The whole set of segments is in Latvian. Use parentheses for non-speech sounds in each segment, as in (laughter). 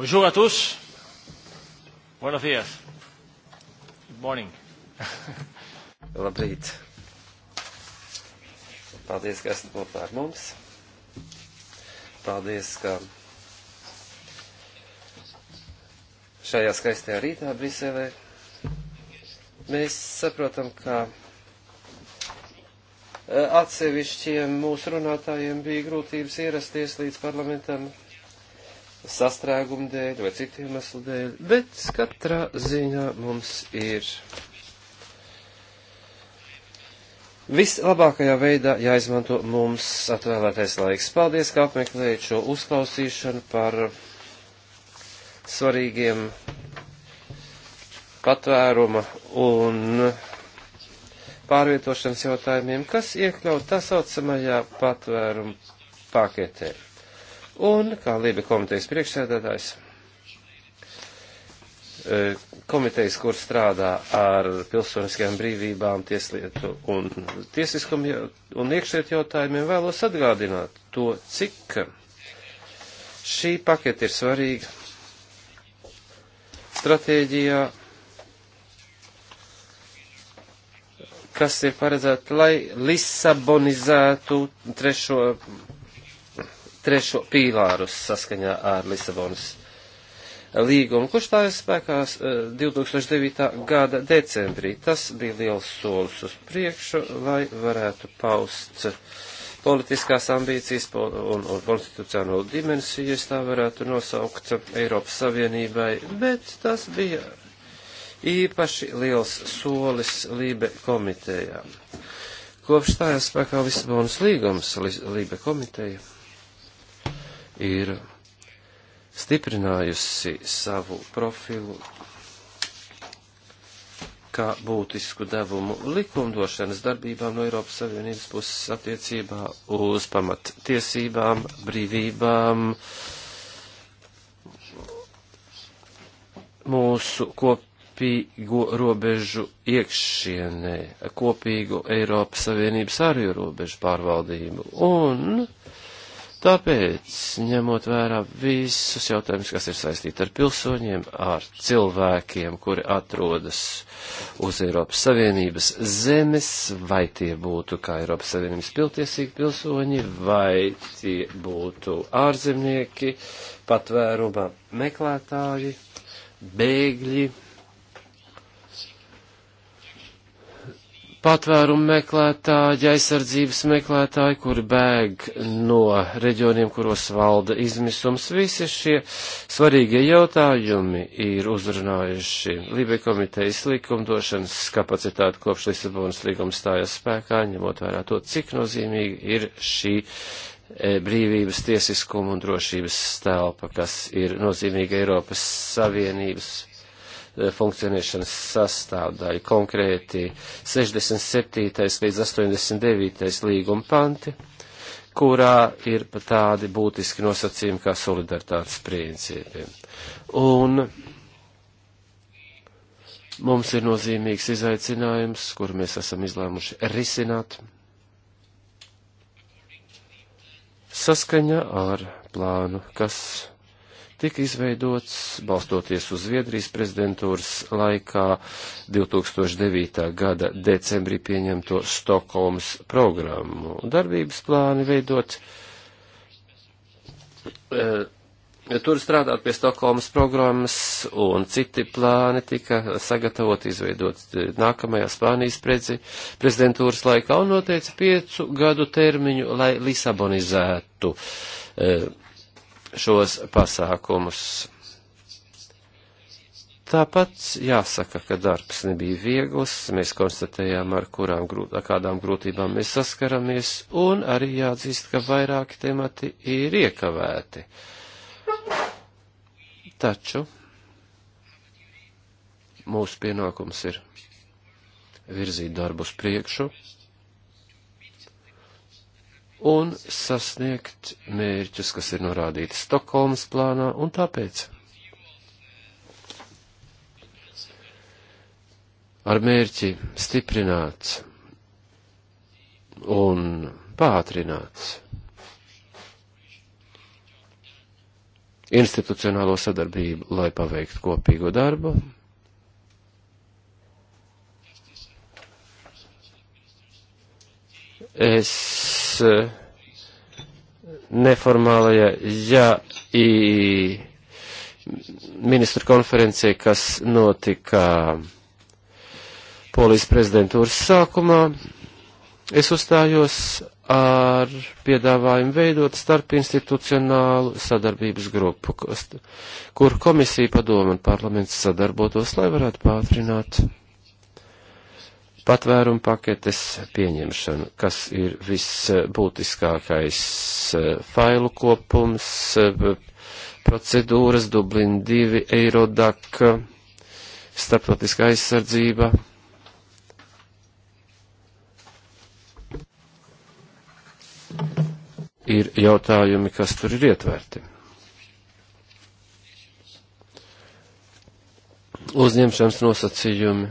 Bonjour à tous. Buenos días. Good morning. (laughs) Labrīt. Paldies, ka esat kopā ar mums. Paldies, ka šajā skaistajā rītā Briselē mēs saprotam, ka e, atsevišķiem mūsu runātājiem bija grūtības ierasties līdz parlamentam sastrēguma dēļ vai citu iemeslu dēļ, bet katrā ziņā mums ir vislabākajā veidā jāizmanto mums atvēlētais laiks. Paldies, ka apmeklējat šo uzklausīšanu par svarīgiem patvēruma un pārvietošanas jautājumiem, kas iekļaut tā saucamajā patvērumu paketē. Un kā Lība komitejas priekšsēdētājs, e, komitejas, kur strādā ar pilsoniskajām brīvībām, tieslietu un tiesiskumu un iekšlietu jautājumiem, vēlos atgādināt to, cik šī paketa ir svarīga stratēģijā, kas ir paredzēta, lai Lisabonizētu trešo trešo pīlāru saskaņā ar Lisabonas līgumu, kurš stājas spēkā 2009. Eh, gada decembrī. Tas bija liels solis uz priekšu, lai varētu paust politiskās ambīcijas un, un konstitucionālo dimensiju, es tā varētu nosaukt Eiropas Savienībai, bet tas bija īpaši liels solis Lībe komitejām. Kopš tā jāspēkā Lisabonas līgums, Lībe komiteja ir stiprinājusi savu profilu kā būtisku devumu likumdošanas darbībām no Eiropas Savienības puses attiecībā uz pamattiesībām, brīvībām, mūsu kopīgo robežu iekšienē, kopīgu Eiropas Savienības ārējo robežu pārvaldību un Tāpēc, ņemot vērā visus jautājumus, kas ir saistīti ar pilsoņiem, ar cilvēkiem, kuri atrodas uz Eiropas Savienības zemes, vai tie būtu kā Eiropas Savienības piltiesīgi pilsoņi, vai tie būtu ārzemnieki, patvēruma meklētāji, bēgļi, patvērumu meklētāji, aizsardzības meklētāji, kuri bēg no reģioniem, kuros valda izmisums. Visi šie svarīgie jautājumi ir uzrunājuši Lībija komitejas likumdošanas kapacitāti kopš Lisabonas līguma stājas spēkā, ņemot vērā to, cik nozīmīgi ir šī e, brīvības, tiesiskuma un drošības stelpa, kas ir nozīmīga Eiropas Savienības E, funkcionēšanas sastāvdaļu, konkrēti 67. līdz 89. līguma panti, kurā ir tādi būtiski nosacījumi kā solidaritātes principi. Un mums ir nozīmīgs izaicinājums, kur mēs esam izlēmuši risināt saskaņa ar plānu, kas tika izveidots, balstoties uz Zviedrijas prezidentūras laikā 2009. gada decembrī pieņemto Stokholmas programmu. Darbības plāni veidot, e, tur strādāt pie Stokholmas programmas un citi plāni tika sagatavot, izveidot eh, nākamajā Spānijas prezi, prezidentūras laikā un noteica piecu gadu termiņu, lai Lisabonizētu. E, šos pasākumus. Tāpat jāsaka, ka darbs nebija viegls, mēs konstatējām, ar kurām grūt, ar kādām grūtībām mēs saskaramies, un arī jāatzīst, ka vairāki temati ir iekavēti. Taču mūsu pienākums ir virzīt darbus priekšu, un sasniegt mērķus, kas ir norādīti Stokholmas plānā, un tāpēc ar mērķi stiprināt un pātrināt institucionālo sadarbību, lai paveiktu kopīgo darbu, es Eh, neformālajā, ja i ministru konferencē, kas notika Polijas prezidentūras sākumā, es uzstājos ar piedāvājumu veidot starpinstitucionālu sadarbības grupu, kur komisija, padoma un parlaments sadarbotos, lai varētu pātrināt patvērumu paketes pieņemšanu, kas ir visbūtiskākais eh, failu kopums, eh, procedūras Dublin 2, Eirodak, eh, starptautiskā aizsardzība. Ir jautājumi, kas tur ir ietverti. Uzņemšanas nosacījumi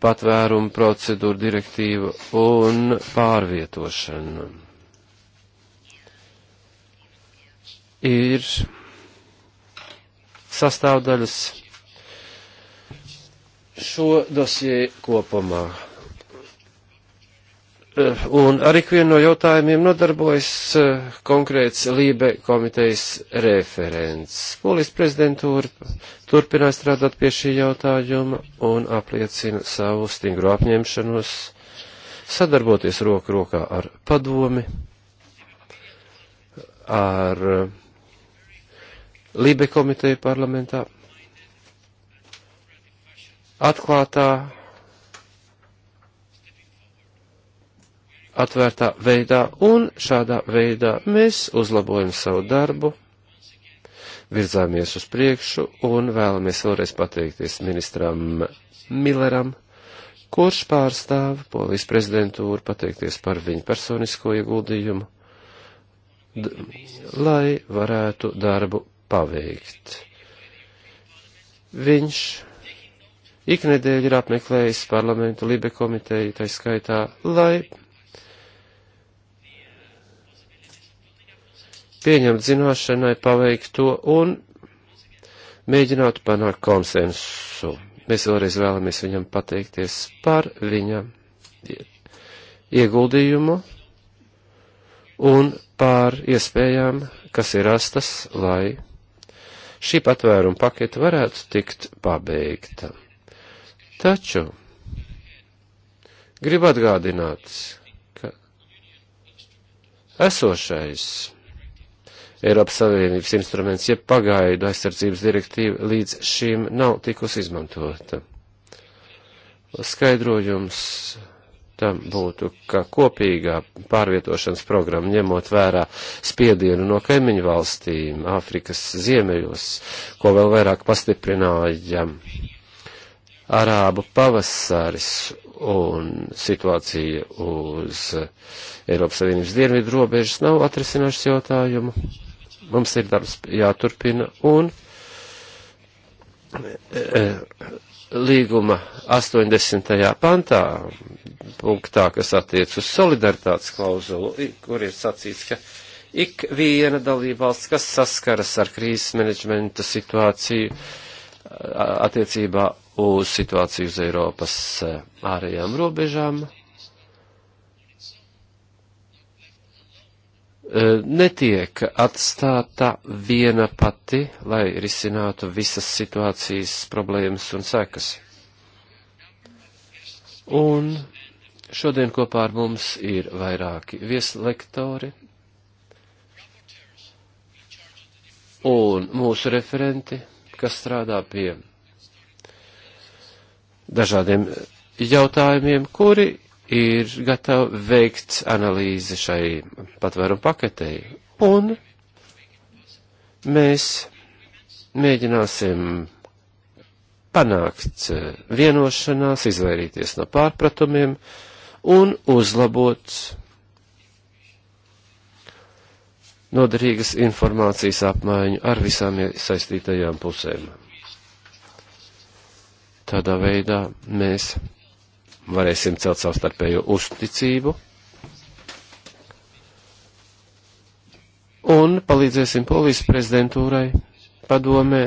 patvērumu procedūru direktīvu un pārvietošanu. Ir sastāvdaļas šo dosie kopumā. Eh, un ar ikvienu no jautājumiem nodarbojas eh, konkrēts Lībe komitejas referents. Polijas prezidentūra turpināja strādāt pie šī jautājuma un apliecina savu stingro apņemšanos sadarboties roku rokā ar padomi, ar eh, Lībe komiteju parlamentā, atklātā atvērtā veidā, un šādā veidā mēs uzlabojam savu darbu, virzāmies uz priekšu un vēlamies vēlreiz pateikties ministram Milleram, kurš pārstāv polijas prezidentūru, pateikties par viņu personisko ieguldījumu, lai varētu darbu paveikt. Viņš iknedēļ ir apmeklējis parlamentu Libe komiteju, tā skaitā, lai pieņemt zināšanai paveikto un mēģinātu panākt konsensu. Mēs vēlreiz vēlamies viņam pateikties par viņa ieguldījumu un par iespējām, kas ir rastas, lai šī patvēruma paketa varētu tikt pabeigta. Taču gribu atgādināt, ka esošais Eiropas Savienības instruments, jeb pagaidu aizsardzības direktīva līdz šim nav tikusi izmantota. Skaidrojums tam būtu, ka kopīgā pārvietošanas programma, ņemot vērā spiedienu no kaimiņu valstīm, Āfrikas ziemeļos, ko vēl vairāk pastiprināja Arābu pavasaris un situācija uz Eiropas Savienības dienvidu robežas, nav atrisinājušas jautājumu Mums ir darbs jāturpina un e, e, līguma 80. pantā, punktā, kas attiec uz solidaritātes klauzulu, kur ir sacīts, ka ik viena dalībvalsts, kas saskaras ar krīzes menedžmenta situāciju attiecībā uz situāciju uz Eiropas e, ārējām robežām, Eh, netiek atstāta viena pati, lai risinātu visas situācijas problēmas un sekas. Un šodien kopā ar mums ir vairāki vieslektori un mūsu referenti, kas strādā pie dažādiem jautājumiem, kuri ir gatava veikt analīzi šai patvērumu paketei. Un mēs mēģināsim panākt eh, vienošanās, izvairīties no pārpratumiem un uzlabot noderīgas informācijas apmaiņu ar visām saistītajām pusēm. Tādā veidā mēs varēsim celt savstarpējo uzticību un palīdzēsim polijas prezidentūrai padomē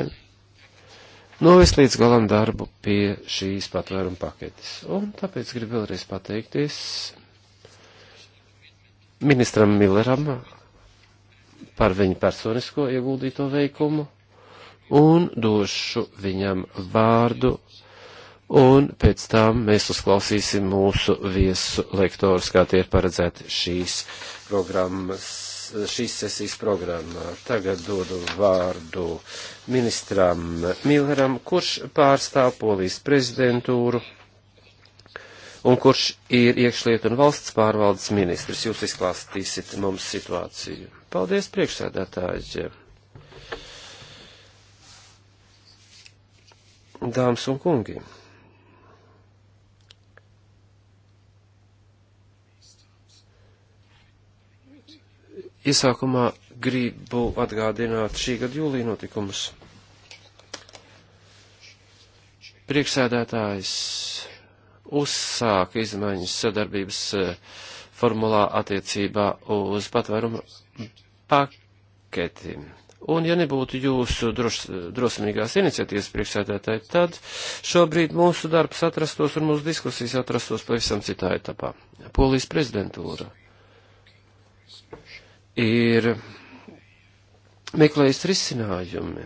novest līdz galam darbu pie šīs patvēruma paketes. Un tāpēc gribu vēlreiz pateikties ministram Milleram par viņu personisko ieguldīto veikumu un došu viņam vārdu Un pēc tam mēs uzklausīsim mūsu viesu lektorus, kā tie ir paredzēti šīs programmas, šīs sesijas programmā. Tagad dodu vārdu ministram Milleram, kurš pārstāv Polijas prezidentūru un kurš ir iekšlietu un valsts pārvaldes ministrs. Jūs izklāstīsiet mums situāciju. Paldies, priekšsēdētāji! Dāmas un kungi! Iesākumā gribu atgādināt šī gada jūlija notikumus. Priekšsēdētājs uzsāka izmaiņas sadarbības eh, formulā attiecībā uz patvērumu paketi. Un ja nebūtu jūsu dros, drosmīgās iniciatīvas priekšsēdētāji, tad šobrīd mūsu darbs atrastos un mūsu diskusijas atrastos pavisam citā etapā. Polijas prezidentūra ir meklējis risinājumi,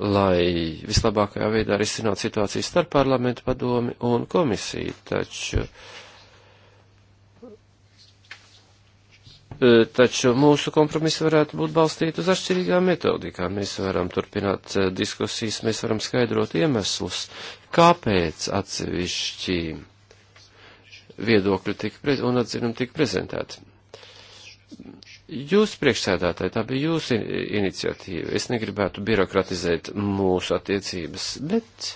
lai vislabākajā veidā risinātu situāciju starp parlamentu padomi un komisiju, taču e, taču mūsu kompromiss varētu būt balstīts uz atšķirīgām metodikām. Mēs varam turpināt e, diskusijas, mēs varam skaidrot iemeslus, kāpēc atsevišķi viedokļu tika un atzinumi tika prezentēti. Jūs priekšsēdātāji, tā bija jūsu iniciatīva. Es negribētu birokratizēt mūsu attiecības, bet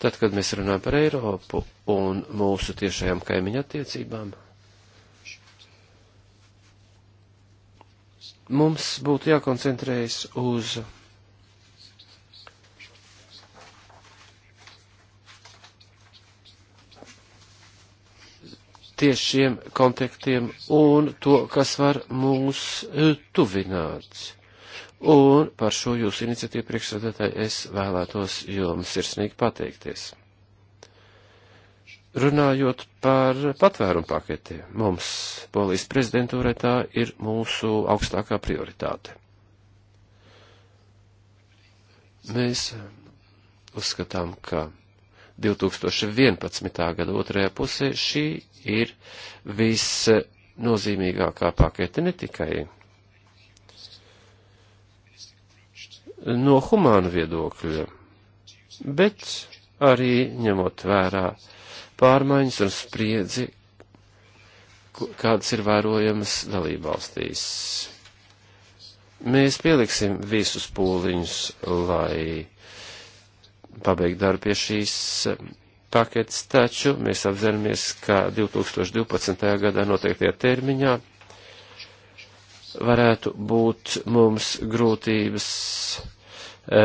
tad, kad mēs runājam par Eiropu un mūsu tiešajām kaimiņu attiecībām, mums būtu jākoncentrējas uz tiešiem kontaktiem un to, kas var mūs e, tuvināt. Un par šo jūsu iniciatīvu priekšsēdētāju es vēlētos jums sirsnīgi pateikties. Runājot par patvērumu paketi, mums, Polijas prezidentūrai, tā ir mūsu augstākā prioritāte. Mēs uzskatām, ka 2011. gada otrajā pusē šī ir visnozīmīgākā pakete ne tikai no humāna viedokļa, bet arī ņemot vērā pārmaiņas un spriedzi, kādas ir vērojamas dalībvalstīs. Mēs pieliksim visus pūliņus, lai pabeigtu darbu pie šīs paketes, taču mēs apzināmies, ka 2012. gadā noteiktajā termiņā varētu būt mums grūtības e,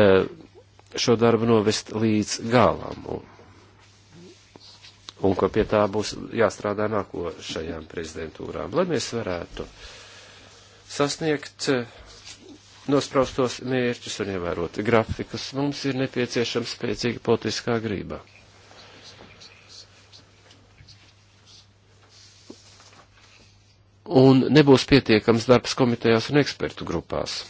šo darbu novest līdz galam. Un, un ka pie tā būs jāstrādā nākošajām prezidentūrām, lai mēs varētu sasniegt e, nospraustos mērķus un ievērot grafikus. Mums ir nepieciešama spēcīga politiskā grība. un nebūs pietiekams darbs komitejās un ekspertu grupās.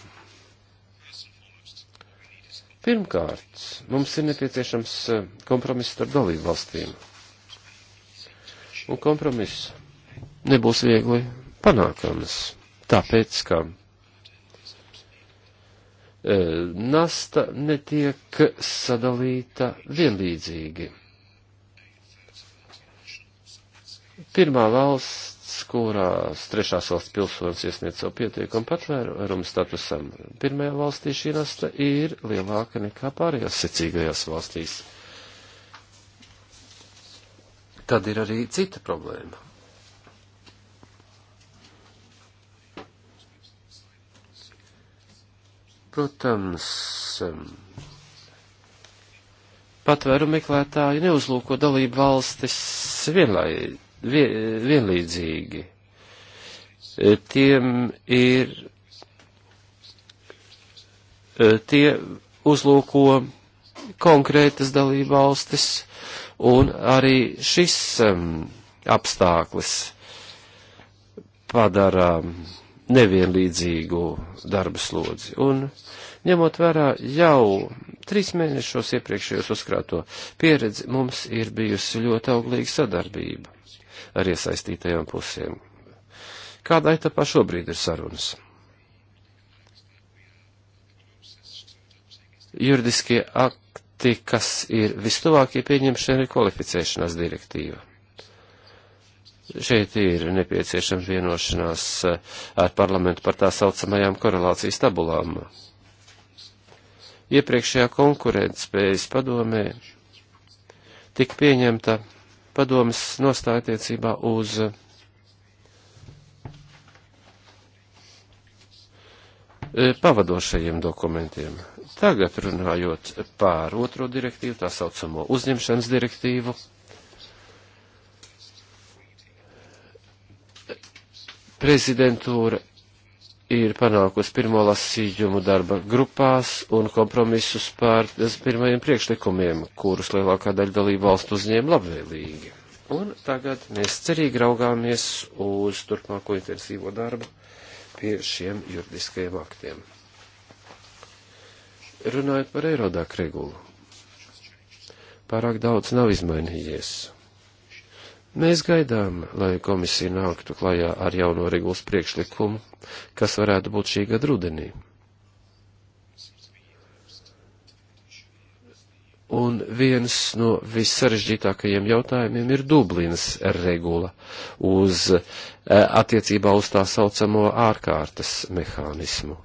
Pirmkārt, mums ir nepieciešams eh, kompromiss starp dalību valstīm. Un kompromiss nebūs viegli panākams, tāpēc, ka e, nasta netiek sadalīta vienlīdzīgi. Pirmā valsts kurās trešās valsts pilsonis iesniedz savu pietiekumu patvērumu statusam, pirmajā valstī šī nasta ir lielāka nekā pārējās secīgajās valstīs. Tad ir arī cita problēma. Protams, patvēru meklētāji neuzlūko dalību valstis vienlai, vienlīdzīgi. Tiem ir, tie uzlūko konkrētas dalībvalstis, un arī šis um, apstākļus padara nevienlīdzīgu darba slodzi. Un ņemot vērā jau trīs mēnešos iepriekšējos uzkrāto pieredzi, mums ir bijusi ļoti auglīga sadarbība ar iesaistītajām pusēm. Kādā etapā šobrīd ir sarunas? Juridiskie akti, kas ir vistuvākie pieņemšana, ir kvalificēšanās direktīva. Šeit ir nepieciešama vienošanās eh, ar parlamentu par tā saucamajām korelācijas tabulām. Iepriekšējā konkurētspējas padomē tika pieņemta padomas nostāja attiecībā uz e, pavadošajiem dokumentiem. Tagad runājot pār otro direktīvu, tā saucamo uzņemšanas direktīvu. Prezidentūra ir panākusi pirmo lasījumu darba grupās un kompromisus pār pirmajiem priekšlikumiem, kurus lielākā daļa dalību valstu uzņēma labvēlīgi. Un tagad mēs cerīgi raugāmies uz turpmāko intensīvo darbu pie šiem juridiskajiem aktiem. Runājot par Eirodak regulu, pārāk daudz nav izmainījies Mēs gaidām, lai komisija nāktu klajā ar jauno regulas priekšlikumu, kas varētu būt šī gada rudenī. Un viens no vissarežģītākajiem jautājumiem ir Dublinas regula uz eh, attiecībā uz tā saucamo ārkārtas mehānismu.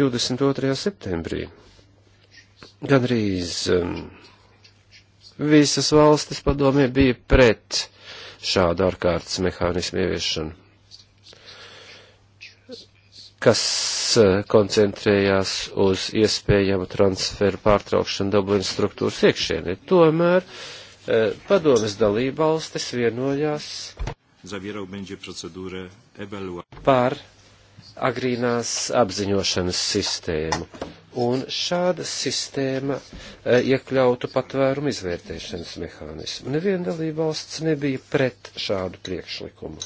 22. septembrī gandrīz um, visas valstis padomē bija pret šādu ārkārtas mehānismu ieviešanu, kas eh, koncentrējās uz iespējamu transferu pārtraukšanu Dublinas struktūras iekšienē. Tomēr eh, padomes dalība valstis vienojās par agrīnās apziņošanas sistēmu un šāda sistēma eh, iekļautu patvērumu izvērtēšanas mehānismu. Neviena dalībvalsts nebija pret šādu priekšlikumu.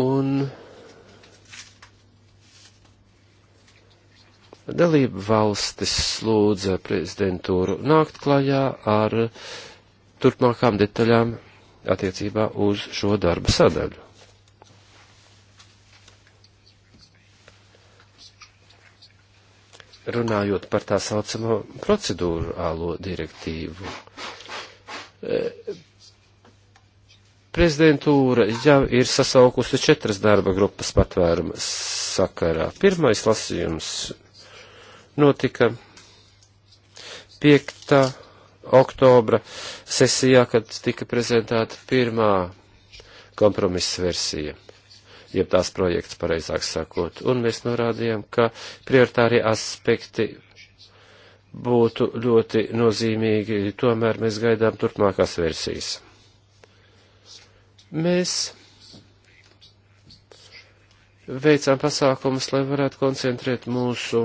Un dalību valstis lūdza prezidentūru nākt klajā ar turpmākām detaļām attiecībā uz šo darba sadaļu. runājot par tā saucamo procedūrālo direktīvu. E, prezidentūra jau ir sasaukusi četras darba grupas patvēruma sakarā. Pirmais lasījums notika 5. oktobra sesijā, kad tika prezentēta pirmā kompromisa versija jeb tās projekts, pareizāk sakot. Un mēs norādījām, ka prioritārie aspekti būtu ļoti nozīmīgi, tomēr mēs gaidām turpmākās versijas. Mēs veicām pasākumus, lai varētu koncentrēt mūsu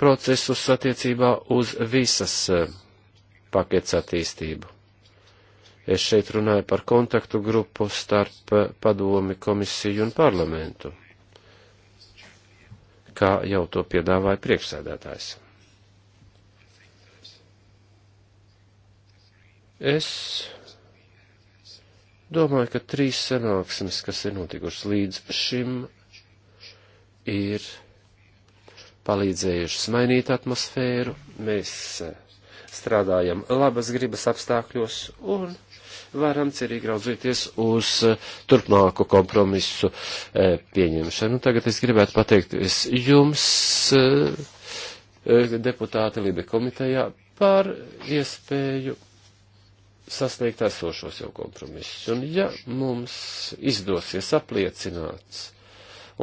procesus attiecībā uz visas paketes attīstību. Es šeit runāju par kontaktu grupu starp padomi, komisiju un parlamentu, kā jau to piedāvāja priekšsēdētājs. Es domāju, ka trīs sanāksmes, kas ir notikušas līdz šim, ir palīdzējušas mainīt atmosfēru. Mēs strādājam labas gribas apstākļos un varam cerīgi raudzīties uz eh, turpmāku kompromisu eh, pieņemšanu. Tagad es gribētu pateikt es jums, eh, deputāti Libe komitejā, par iespēju sasniegt esošos jau kompromisus. Un ja mums izdosies apliecināt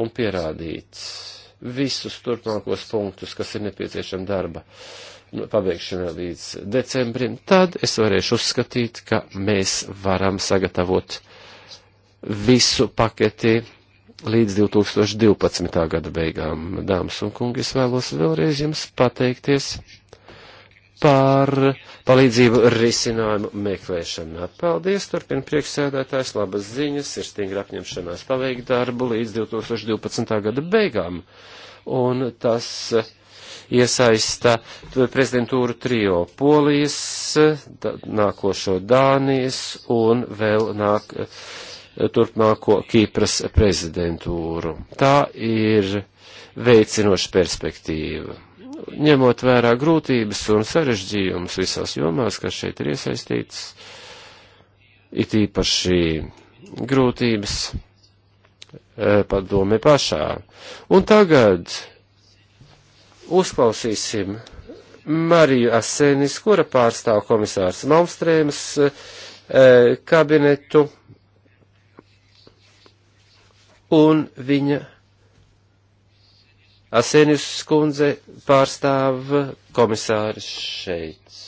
un pierādīt visus turpmākos punktus, kas ir nepieciešami darba uh, pabeigšanai līdz decembrim, tad es varēšu uzskatīt, ka mēs varam sagatavot visu paketi līdz 2012. gada beigām. Dāmas un kungi, es vēlos vēlreiz jums pateikties par palīdzību risinājumu meklēšanā. Paldies, turpin priekšsēdētājs, labas ziņas, ir stingra apņemšanās paveikt darbu līdz 2012. gada beigām. Un tas uh, iesaista prezidentūru trio Polijas, nākošo Dānijas un vēl nāk, turpmāko Kīpras prezidentūru. Tā ir veicinoša perspektīva. Ņemot vērā grūtības un sarežģījumus visās jomās, kas šeit ir iesaistīts, it īpaši grūtības eh, padome pašā. Un tagad Uzklausīsim Mariju Asēnis, kura pārstāv komisārs Malmstrēmas eh, kabinetu, un viņa Asēnis skundze pārstāv komisārs šeit.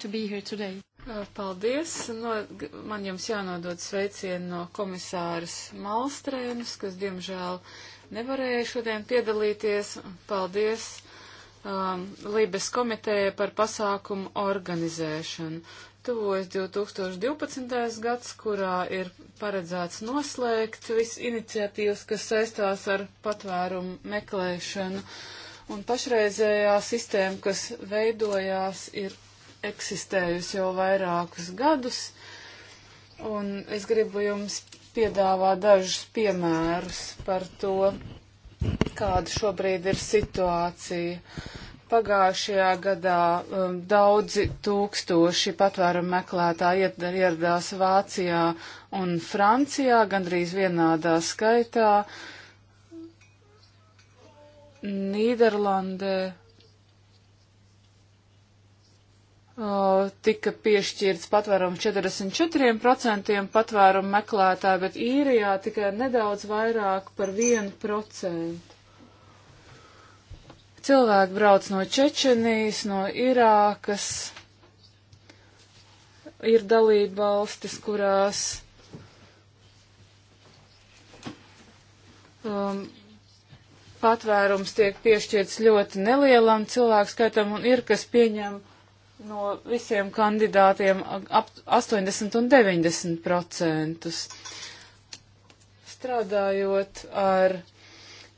To be here today. Paldies! No, man jums jānodod sveicienu no komisāras Malstrēnas, kas diemžēl nevarēja šodien piedalīties. Paldies! um, Lībes komiteja par pasākumu organizēšanu. Tuvojas 2012. gads, kurā ir paredzēts noslēgt visas iniciatīvas, kas saistās ar patvērumu meklēšanu. Un pašreizējā sistēma, kas veidojās, ir eksistējusi jau vairākus gadus. Un es gribu jums piedāvā dažus piemērus par to, kāda šobrīd ir situācija. Pagājušajā gadā um, daudzi tūkstoši patvērumu meklētāji ieradās Vācijā un Francijā, gandrīz vienādā skaitā. Nīderlandē tika piešķirts patvērums 44% patvērumu meklētāju, bet īrijā tikai nedaudz vairāk par 1%. Cilvēki brauc no Čečenijas, no Irākas, ir dalība valstis, kurās um, patvērums tiek piešķirts ļoti nelielam cilvēku skaitam un ir, kas pieņem uh, no visiem kandidātiem ap 80 un 90 procentus. Strādājot ar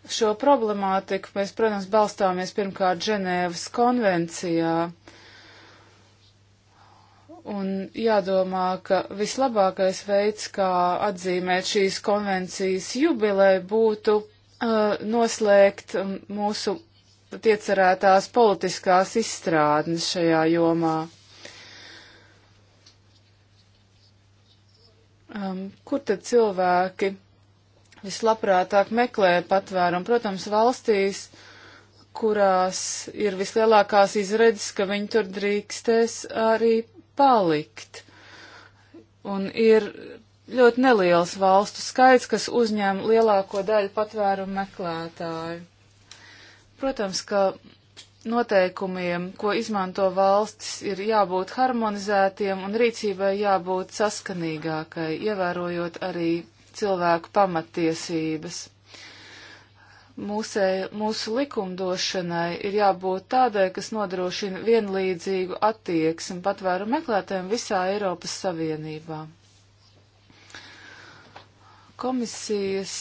šo problemātiku, mēs, protams, balstāmies pirmkārt Ženēvas konvencijā. Un jādomā, ka vislabākais veids, kā atzīmēt šīs konvencijas jubilē, būtu uh, noslēgt um, mūsu iecerētās politiskās izstrādnes šajā jomā. Um, kur tad cilvēki vislabprātāk meklē patvērumu? Protams, valstīs, kurās ir vislielākās izredzes, ka viņi tur drīkstēs arī palikt. Un ir ļoti neliels valstu skaits, kas uzņem lielāko daļu patvērumu meklētāju. Protams, ka noteikumiem, ko izmanto valstis, ir jābūt harmonizētiem un rīcībai jābūt saskanīgākai, ievērojot arī cilvēku pamatiesības. Mūsē, mūsu likumdošanai ir jābūt tādai, kas nodrošina vienlīdzīgu attieksmi patvēru meklētājiem visā Eiropas Savienībā. Komisijas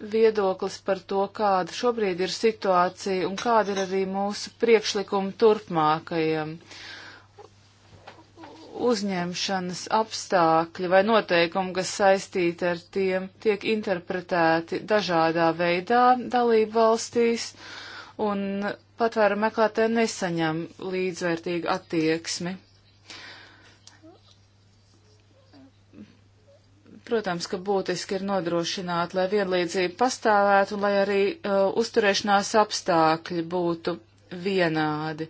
viedoklis par to, kāda šobrīd ir situācija un kāda ir arī mūsu priekšlikuma turpmākajiem. Uzņemšanas apstākļi vai noteikumi, kas saistīti ar tiem, tiek interpretēti dažādā veidā dalību valstīs, un patvēru meklētē nesaņem līdzvērtīgu attieksmi. Protams, ka būtiski ir nodrošināt, lai vienlīdzība pastāvētu un lai arī uh, uzturēšanās apstākļi būtu vienādi.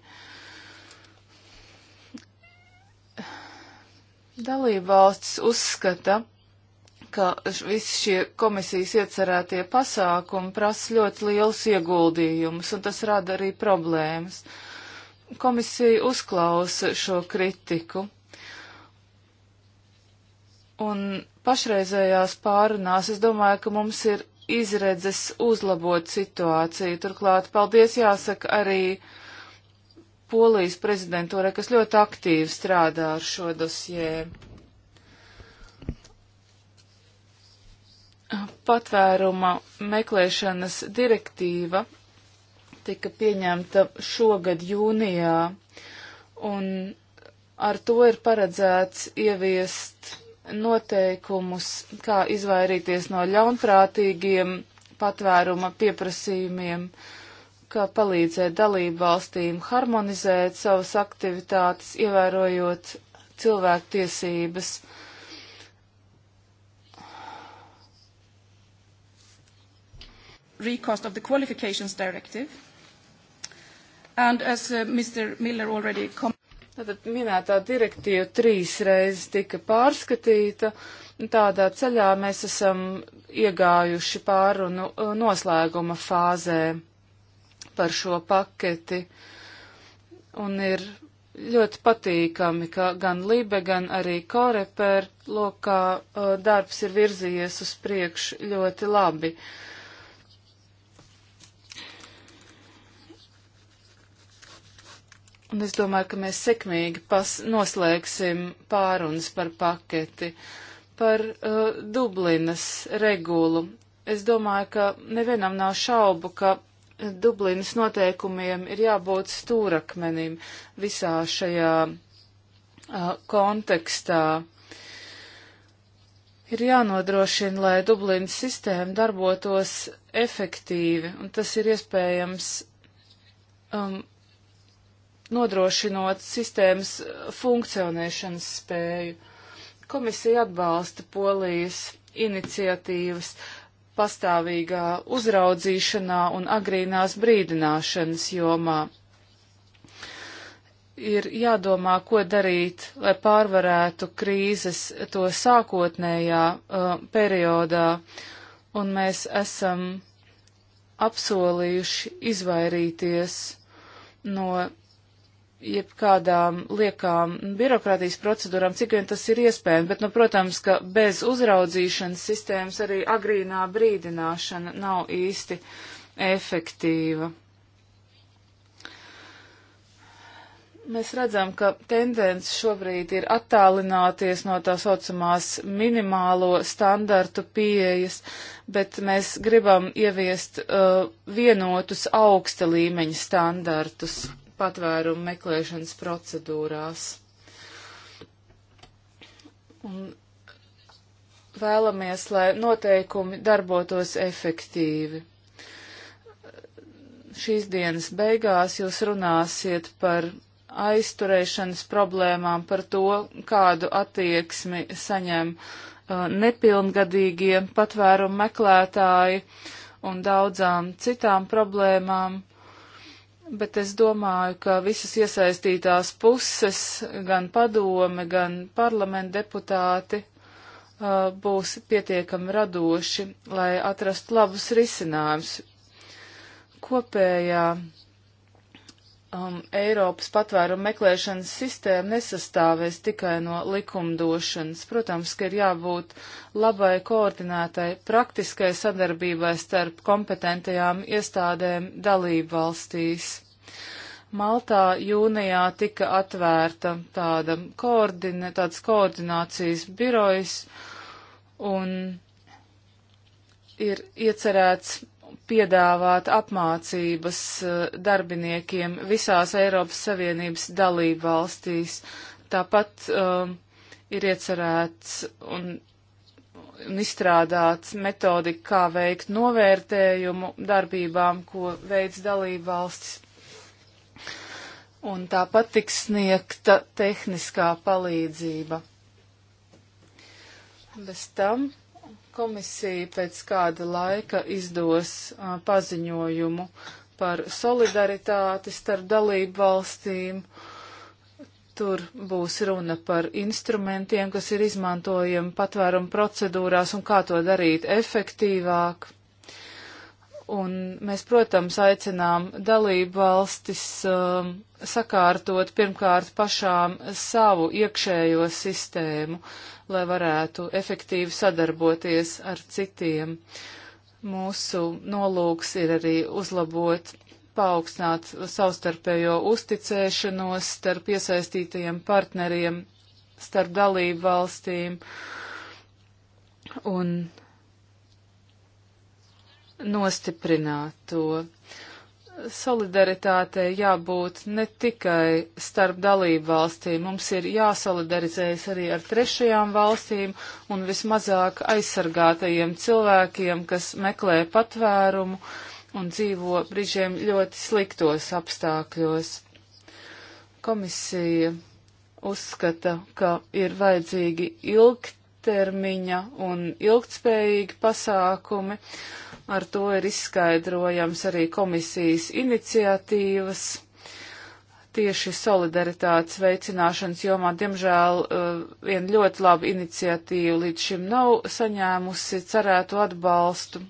Dalībvalsts uzskata, ka visi šie komisijas iecerētie pasākumi prasa ļoti liels ieguldījumus, un tas rada arī problēmas. Komisija uzklausa šo kritiku, un pašreizējās pārunās, es domāju, ka mums ir izredzes uzlabot situāciju. Turklāt paldies jāsaka arī Polijas prezidentūrai, kas ļoti aktīvi strādā ar šo dosjē. Patvēruma meklēšanas direktīva tika pieņemta šogad jūnijā, un ar to ir paredzēts ieviest noteikumus, kā izvairīties no ļaunprātīgiem patvēruma pieprasījumiem, kā palīdzēt dalību valstīm harmonizēt savas aktivitātes, ievērojot cilvēku tiesības. recast of the qualifications directive. And as uh, Mr. Miller already commented, Tātad minētā direktīva trīs reizes tika pārskatīta, un tādā ceļā mēs esam iegājuši pārunu e, noslēguma fāzē par šo paketi. Un ir ļoti patīkami, ka gan Libe, gan arī Koreper lokā e, darbs ir virzījies uz priekšu ļoti labi. Uh, Un es domāju, ka mēs sekmīgi pas, noslēgsim pārunas par paketi, par uh, Dublinas regulu. Es domāju, ka nevienam nav šaubu, ka Dublinas noteikumiem ir jābūt stūrakmenim visā šajā uh, kontekstā. Ir jānodrošina, lai Dublinas sistēma darbotos efektīvi, un tas ir iespējams um, nodrošinot sistēmas funkcionēšanas spēju. Komisija atbalsta polijas iniciatīvas pastāvīgā uzraudzīšanā un agrīnās brīdināšanas jomā. Ir jādomā, ko darīt, lai pārvarētu krīzes to sākotnējā uh, periodā, un mēs esam apsolījuši izvairīties no jebkādām liekām birokrātijas procedūrām, cik vien tas ir iespējams, bet, nu, protams, ka bez uzraudzīšanas sistēmas arī agrīnā brīdināšana nav īsti efektīva. Mēs redzam, ka tendence šobrīd ir attālināties no tā saucamās minimālo standartu pieejas, bet mēs gribam ieviest uh, vienotus augsta līmeņa standartus patvērumu meklēšanas procedūrās. Un vēlamies, lai noteikumi darbotos efektīvi. Šīs dienas beigās jūs runāsiet par aizturēšanas problēmām, par to, kādu attieksmi saņem uh, nepilngadīgie patvērumu meklētāji un daudzām citām problēmām bet es domāju, ka visas iesaistītās puses, gan padome, gan parlamenta deputāti, uh, būs pietiekami radoši, lai atrastu labus risinājumus. Kopējā um, Eiropas patvērumu meklēšanas sistēma nesastāvēs tikai no likumdošanas. Protams, ka ir jābūt labai koordinētai praktiskai sadarbībai starp kompetentajām iestādēm dalību valstīs. Maltā jūnijā tika atvērta tāda koordine, tāds koordinācijas birojs un ir iecerēts piedāvāt apmācības eh, darbiniekiem visās Eiropas Savienības dalību valstīs. Tāpat um, ir iecerēts un, un izstrādāts metodika, kā veikt novērtējumu darbībām, ko veids dalību valstis. Un tāpat tiks sniegta tehniskā palīdzība. Bez tam Komisija pēc kāda laika izdos a, paziņojumu par solidaritāti starp dalību valstīm. Tur būs runa par instrumentiem, kas ir izmantojami patvērumu procedūrās un kā to darīt efektīvāk un mēs, protams, aicinām dalību valstis um, sakārtot pirmkārt pašām savu iekšējo sistēmu, lai varētu efektīvi sadarboties ar citiem. Mūsu nolūks ir arī uzlabot, paaugstināt savstarpējo uzticēšanos starp iesaistītajiem partneriem, starp dalību valstīm un nostiprināt to solidaritātei jābūt ne tikai starp dalību valstīm, mums ir jāsolidarizējas arī ar trešajām valstīm un vismazāk aizsargātajiem cilvēkiem, kas meklē patvērumu un dzīvo brīžiem ļoti sliktos apstākļos. Komisija uzskata, ka ir vajadzīgi ilgtermiņa un ilgtspējīgi pasākumi Ar to ir izskaidrojams arī komisijas iniciatīvas tieši solidaritātes veicināšanas jomā. Diemžēl eh, viena ļoti laba iniciatīva līdz šim nav saņēmusi cerēto atbalstu.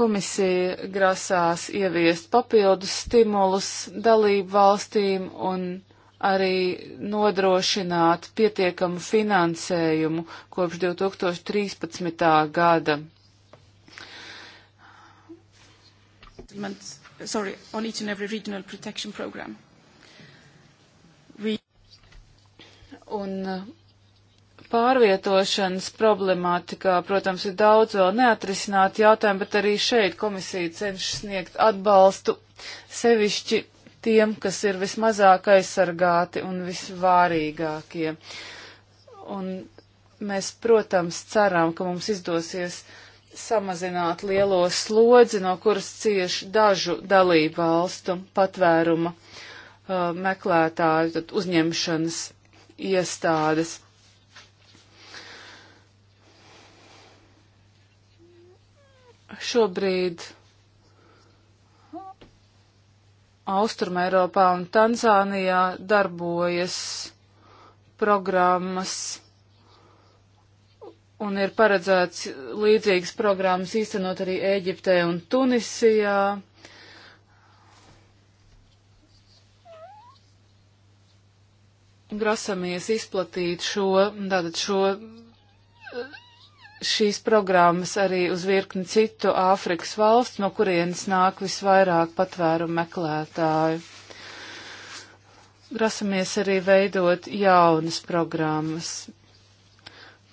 Komisija grasās ieviest papildus stimulus dalību valstīm un arī nodrošināt pietiekamu finansējumu kopš 2013. gada. settlement, sorry, on each and every regional protection program. We Un uh, pārvietošanas problemātikā, protams, ir daudz vēl neatrisināti jautājumi, bet arī šeit komisija cenšas sniegt atbalstu sevišķi tiem, kas ir vismazāk aizsargāti un visvārīgākie. Un mēs, protams, ceram, ka mums izdosies uh, samazināt lielo slodzi, no kuras cieš dažu dalību valstu patvēruma uh, meklētāju uzņemšanas iestādes. Šobrīd Austrum Eiropā un Tanzānijā darbojas programmas un ir paredzēts līdzīgas programmas īstenot arī Ēģiptē un Tunisijā. Grasamies izplatīt šo, tātad šo, šīs programmas arī uz virkni citu Āfrikas valstu, no kurienes nāk visvairāk patvērumu meklētāju. Grasamies arī veidot jaunas programmas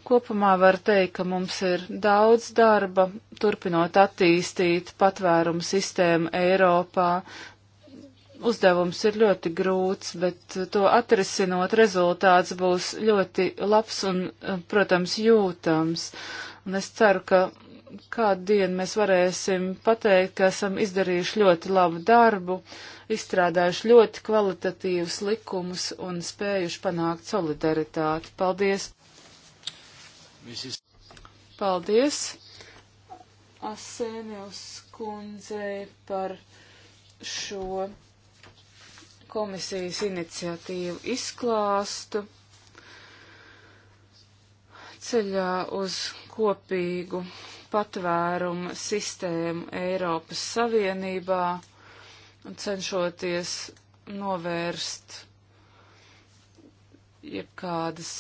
Kopumā var teikt, ka mums ir daudz darba, turpinot attīstīt patvērumu sistēmu Eiropā. Uzdevums ir ļoti grūts, bet to atrisinot rezultāts būs ļoti labs un, protams, jūtams. Un es ceru, ka kādu dienu mēs varēsim pateikt, ka esam izdarījuši ļoti labu darbu, izstrādājuši ļoti kvalitatīvus likumus un spējuši panākt solidaritāti. Paldies! Paldies Asēnevs kundzei par šo komisijas iniciatīvu izklāstu ceļā uz kopīgu patvērumu sistēmu Eiropas Savienībā un cenšoties novērst jebkādas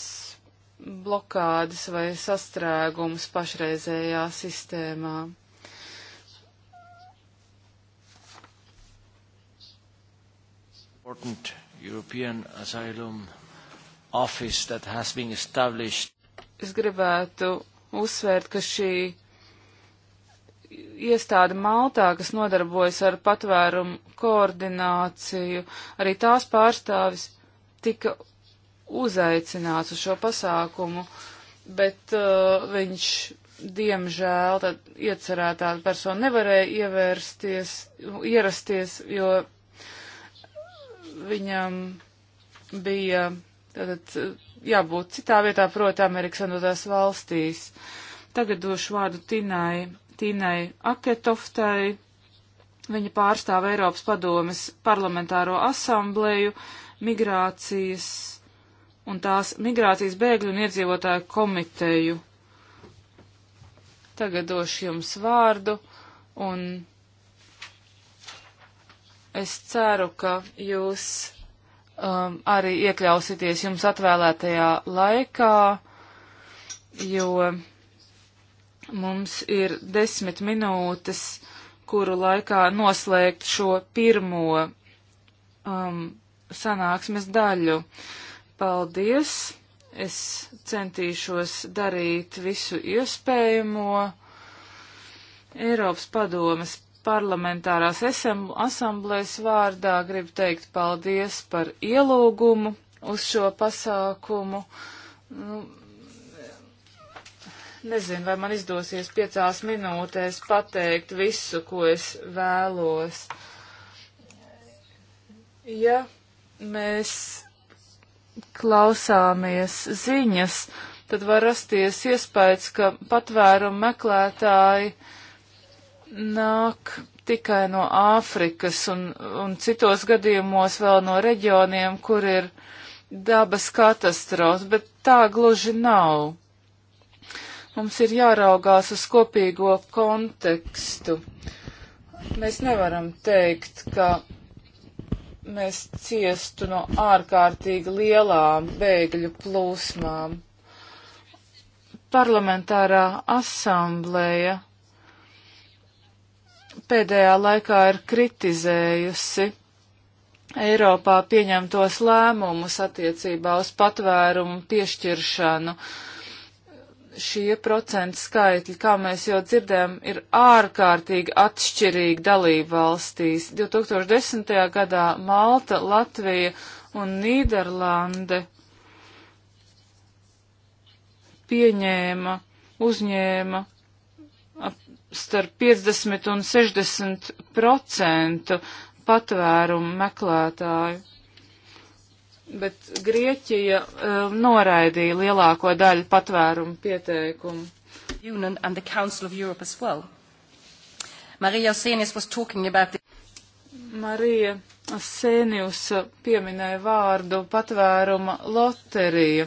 blokādes vai sastrēgumus pašreizējā sistēmā. Important European Asylum Office that has been established. Es gribētu uzsvērt, ka šī iestāde Maltā, kas nodarbojas ar patvērumu koordināciju, arī tās pārstāvis tika uzaicināts uz šo pasākumu, bet uh, viņš, diemžēl, tad iecerētā persona nevarēja ievērsties, ierasties, jo viņam bija tātad, jābūt citā vietā, proti, Amerikas Savienotās valstīs. Tagad došu vārdu Tinai, Tinai Aketoftai. Viņa pārstāv Eiropas padomes parlamentāro asambleju migrācijas un tās migrācijas bēgļu un iedzīvotāju komiteju. Tagad došu jums vārdu un es ceru, ka jūs um, arī iekļausieties jums atvēlētajā laikā, jo mums ir desmit minūtes, kuru laikā noslēgt šo pirmo um, sanāksmes daļu. Uh, Paldies! Es centīšos darīt visu iespējamo. Eiropas padomas parlamentārās asamblēs vārdā gribu teikt paldies par ielūgumu uz šo pasākumu. Nu, nezinu, vai man izdosies piecās minūtēs pateikt visu, ko es vēlos. Ja mēs klausāmies ziņas, tad var rasties iespējas, ka patvērumu meklētāji nāk tikai no Āfrikas un, un citos gadījumos vēl no reģioniem, kur ir dabas katastrofas, bet tā gluži nav. Mums ir jāraugās uz kopīgo kontekstu. Mēs nevaram teikt, ka mēs ciestu no ārkārtīgi lielām bēgļu plūsmām. Parlamentārā asamblēja pēdējā laikā ir kritizējusi Eiropā pieņemtos lēmumus attiecībā uz patvērumu piešķiršanu. Uh, šie procentu skaitļi, kā mēs jau dzirdējam, ir ārkārtīgi atšķirīgi dalību valstīs. 2010. gadā Malta, Latvija un Nīderlande pieņēma, uzņēma starp 50 un 60 procentu patvērumu meklētāju bet Grieķija uh, noraidīja lielāko daļu patvērumu pieteikumu. Union and the Council of Europe as well. Marija Sēnius was talking about the... Marija Sēnius pieminēja vārdu patvēruma loterija.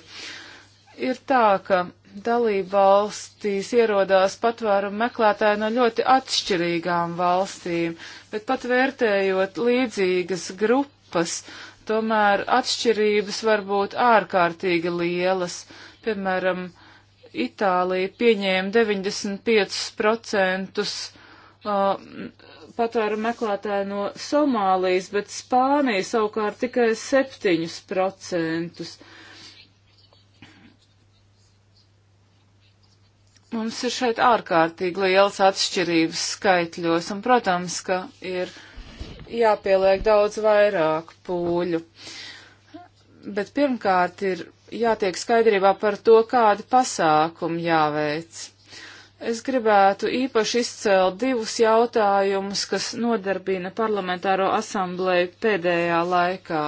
Ir tā, ka dalībvalstīs ierodās patvērumu meklētāji no ļoti atšķirīgām valstīm, bet pat vērtējot līdzīgas grupas, tomēr atšķirības var būt ārkārtīgi lielas. Piemēram, Itālija pieņēma 95% uh, patvēru meklētāju no Somālijas, bet Spānija savukārt tikai 7%. Mums ir šeit ārkārtīgi lielas atšķirības skaitļos, un, protams, ka ir jāpieliek daudz vairāk pūļu. Bet pirmkārt ir jātiek skaidrībā par to, kādi pasākumi jāveic. Es gribētu īpaši izcelt divus jautājumus, kas nodarbina parlamentāro asambleju pēdējā laikā.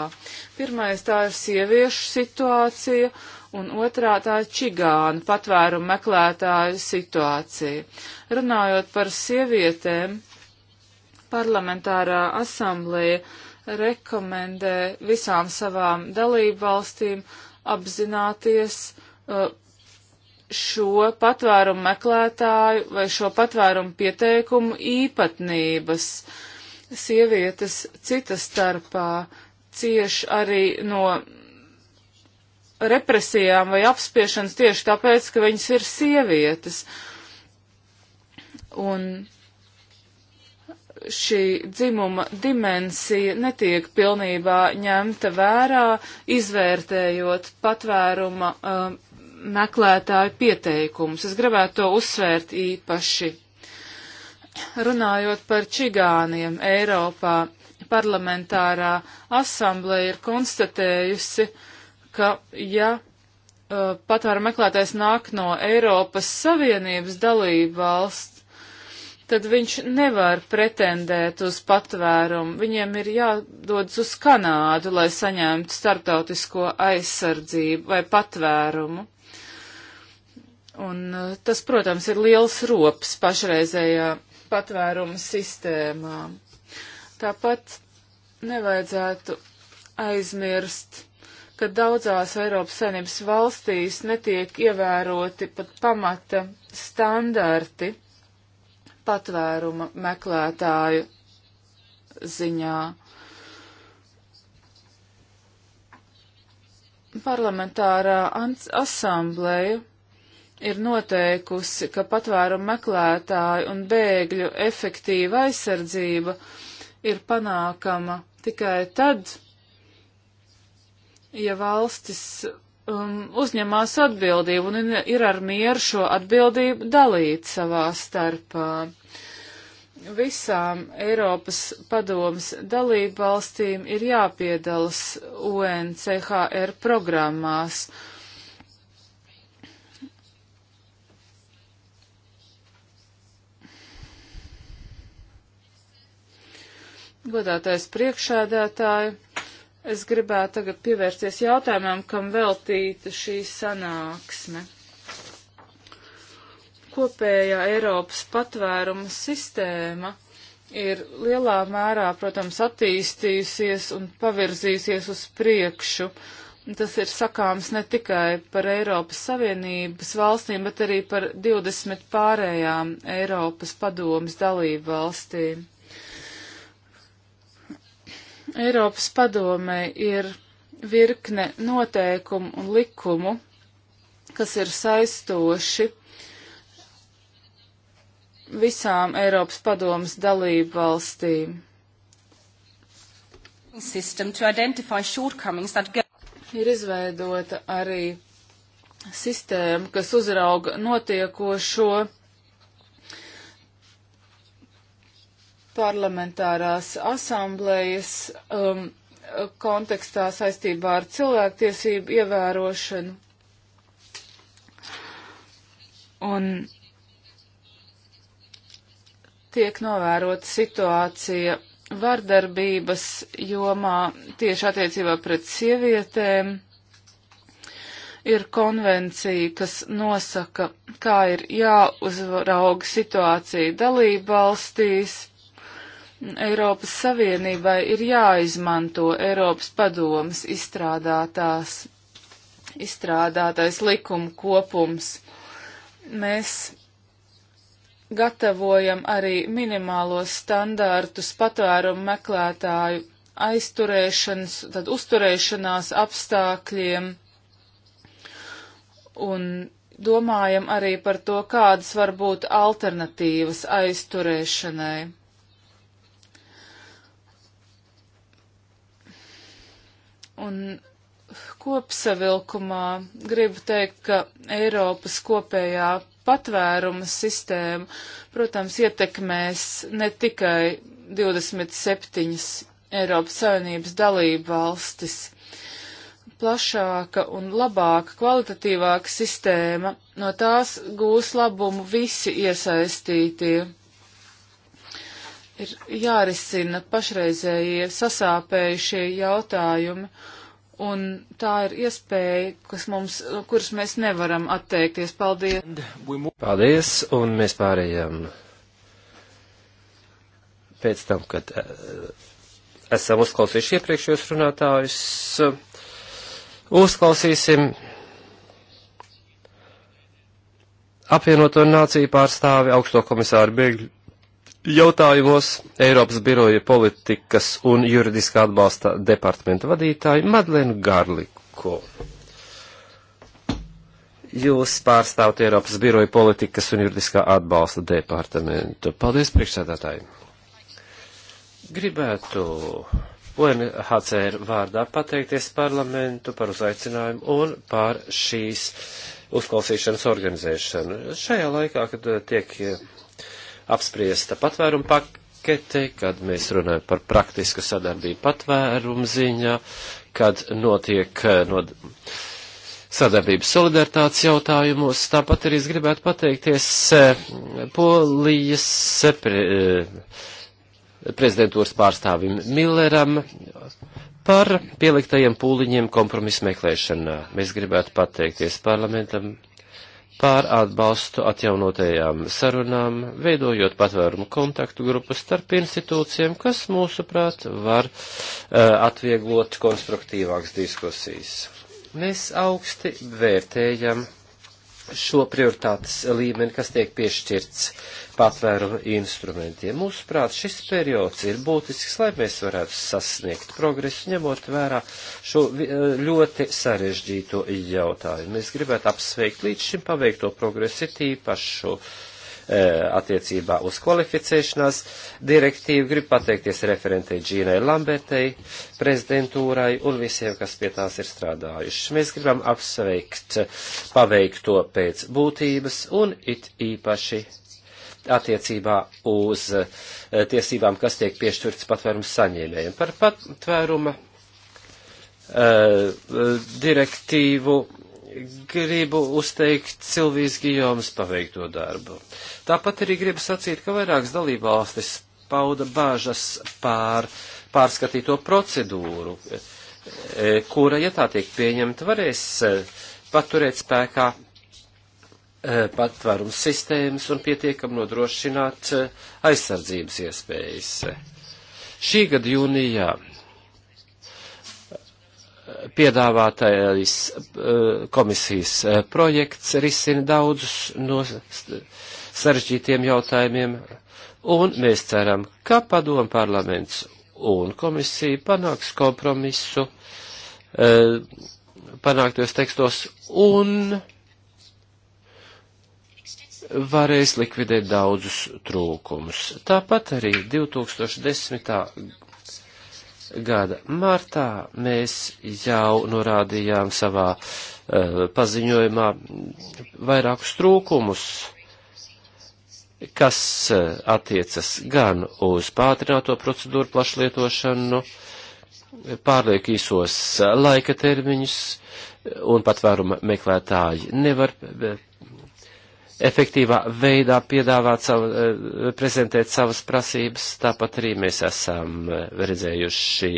Pirmais tā ir sieviešu situācija, un otrā tā ir čigānu patvērumu meklētāju situācija. Runājot par sievietēm, parlamentārā asambleja rekomendē visām savām dalību valstīm apzināties uh, šo patvērumu meklētāju vai šo patvērumu pieteikumu īpatnības. Sievietes citas starpā cieši arī no represijām vai apspiešanas tieši tāpēc, ka viņas ir sievietes. Un šī dzimuma dimensija netiek pilnībā ņemta vērā, izvērtējot patvēruma um, meklētāju pieteikumus. Es gribētu to uzsvērt īpaši. Runājot par čigāniem Eiropā, parlamentārā asambleja ir konstatējusi, ka ja uh, patvēra meklētājs nāk no Eiropas Savienības dalību valsts, tad viņš nevar pretendēt uz patvērumu. Viņiem ir jādodas uz Kanādu, lai saņemtu starptautisko aizsardzību vai patvērumu. Un eh, tas, protams, ir liels rops pašreizējā patvērumu sistēmā. Tāpat nevajadzētu aizmirst, ka daudzās Eiropas saimnības valstīs netiek ievēroti pat pamata standarti patvēruma meklētāju ziņā. Parlamentārā asambleja ir noteikusi, ka patvērumu meklētāju un bēgļu efektīva aizsardzība ir panākama tikai tad, ja valstis um, uzņemās atbildību un ir ar mieru šo atbildību dalīt savā starpā. Visām Eiropas padomas dalībvalstīm ir jāpiedalas UNCHR programmās. Godātais priekšēdētāji. Es gribētu tagad pievērsties jautājumam, kam veltīta šī sanāksme. Kopējā Eiropas patvēruma sistēma ir lielā mērā, protams, attīstījusies un pavirzījusies uz priekšu. Tas ir sakāms ne tikai par Eiropas Savienības valstīm, bet arī par 20 pārējām Eiropas padomas dalību valstīm. Eiropas padomē ir virkne noteikumu un likumu, kas ir saistoši visām Eiropas padomas dalību valstīm. Ir izveidota arī sistēma, kas uzrauga notiekošo parlamentārās asamblējas um, kontekstā saistībā ar cilvēktiesību ievērošanu. Un tiek novērota situācija vardarbības jomā tieši attiecībā pret sievietēm. Ir konvencija, kas nosaka, kā ir jāuzrauga situācija dalība valstīs Eiropas Savienībai ir jāizmanto Eiropas padomas izstrādātās, izstrādātais likuma kopums. Mēs gatavojam arī minimālos standārtus patvērumu meklētāju aizturēšanas, tad uzturēšanās apstākļiem un domājam arī par to, kādas var būt alternatīvas aizturēšanai. Un kopsavilkumā gribu teikt, ka Eiropas kopējā patvēruma sistēma, protams, ietekmēs ne tikai 27 Eiropas Savienības dalību valstis. Plašāka un labāka, kvalitatīvāka sistēma, no tās gūs labumu visi iesaistītie ir jārisina pašreizējie sasāpējušie jautājumi, un tā ir iespēja, kas mums, kuras mēs nevaram atteikties. Paldies! Paldies, un mēs pārējām pēc tam, kad eh, esam uzklausījuši iepriekšējos runātājus, uzklausīsim apvienoto nāciju pārstāvi augsto komisāru bēgļu jautājumos Eiropas biroja politikas un juridiskā atbalsta departamenta vadītāju Madlenu Garliku. Jūs pārstāvat Eiropas biroja politikas un juridiskā atbalsta departamentu. Paldies, priekšsēdētāji. Gribētu UNHCR vārdā pateikties parlamentu par uzaicinājumu un par šīs uzklausīšanas organizēšanu. Šajā laikā, kad tiek apspriesta patvērumu pakete, kad mēs runājam par praktisku sadarbību patvērumu ziņā, kad notiek eh, no sadarbības solidaritātes jautājumos. Tāpat arī es gribētu pateikties eh, Polijas eh, pre, prezidentūras pārstāvim Milleram par pieliktajiem pūliņiem kompromisu meklēšanā. Mēs gribētu pateikties parlamentam pār atbalstu atjaunotajām sarunām, veidojot patvērumu kontaktu grupas starp institūcijiem, kas, mūsuprāt, var uh, atvieglot konstruktīvākas diskusijas. Mēs augsti vērtējam šo prioritātes līmeni, kas tiek piešķirts patvērumu instrumentiem. Mūsuprāt, šis periods ir būtisks, lai mēs varētu sasniegt progresu, ņemot vērā šo ļoti sarežģīto jautājumu. Mēs gribētu apsveikt līdz šim paveikto progresu, ir tīpaši šo E, attiecībā uz kvalificēšanās direktīvu. Gribu pateikties referentei Džīnai Lambertei, prezidentūrai un visiem, kas pie tās ir strādājuši. Mēs gribam apsveikt paveikto pēc būtības un it īpaši attiecībā uz e, tiesībām, kas tiek piešķirts patvērums saņēmējiem. Par patvēruma e, direktīvu gribu uzteikt Silvijas Gijomas paveikto darbu. Tāpat arī gribu sacīt, ka vairākas dalībvalstis pauda bāžas pār pārskatīto procedūru, e, kura, ja tā tiek pieņemta, varēs e, paturēt spēkā e, patvērums sistēmas un pietiekam nodrošināt aizsardzības iespējas. Šī gada jūnijā piedāvātais eh, komisijas eh, projekts risina daudzus no sarežģītiem jautājumiem, un mēs ceram, ka padomu parlaments un komisija panāks kompromisu eh, panāktos tekstos un varēs likvidēt daudzus trūkumus. Tāpat arī 2010 gada martā mēs jau norādījām savā uh, paziņojumā vairākus trūkumus, kas uh, attiecas gan uz pātrināto procedūru plašlietošanu, pārliek īsos eh, laika termiņus, un patvēruma meklētāji nevar efektīvā veidā piedāvāt savu, eh, prezentēt savas prasības. Tāpat arī mēs esam eh, redzējuši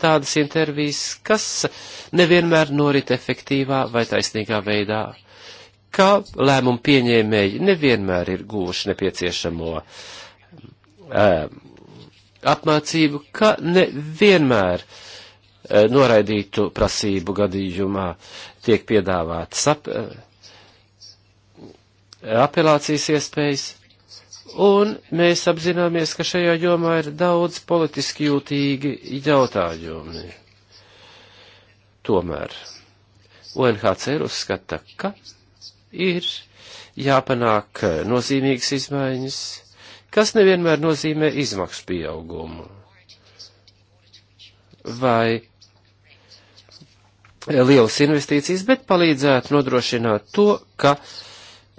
tādas intervijas, kas nevienmēr norit efektīvā vai taisnīgā veidā, ka lēmumu pieņēmēji nevienmēr ir guvuši nepieciešamo um, apmācību, ka nevienmēr noraidītu prasību gadījumā tiek piedāvātas ap, apelācijas iespējas, un mēs apzināmies, ka šajā jomā ir daudz politiski jūtīgi jautājumi. Tomēr UNHCR uzskata, ka ir jāpanāk nozīmīgas izmaiņas, kas nevienmēr nozīmē izmaksu pieaugumu vai lielas investīcijas, bet palīdzētu nodrošināt to, ka uh,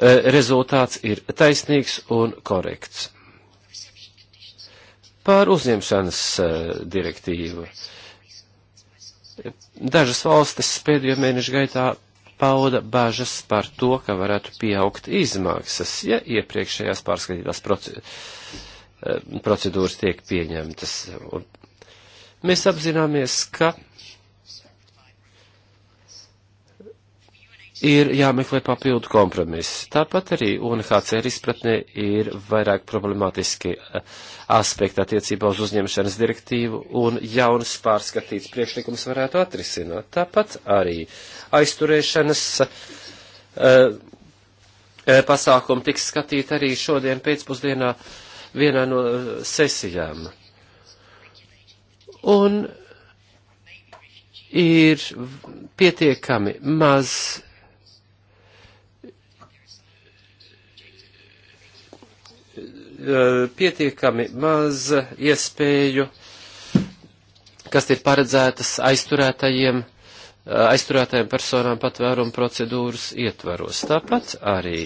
Eh, rezultāts ir taisnīgs un korekts. Par uzņemšanas eh, direktīvu. Dažas valstis pēdējo mēnešu gaitā pauda bažas par to, ka varētu pieaugt izmaksas, ja iepriekšējās pārskatītās eh, procedūras tiek pieņemtas. Un mēs apzināmies, ka ir jāmeklē papildu kompromiss. Tāpat arī UNHCR izpratnē ir vairāk problemātiski eh, aspekti attiecībā uz uzņemšanas direktīvu un jaunas pārskatīts priekšlikums varētu atrisināt. Tāpat arī aizturēšanas uh, pasākumi tiks skatīt arī šodien pēcpusdienā vienā no sesijām. Un ir pietiekami maz Eh, pietiekami maz iespēju, kas ir paredzētas aizturētajiem, eh, aizturētajiem personām patvērumu procedūras ietvaros. Tāpat arī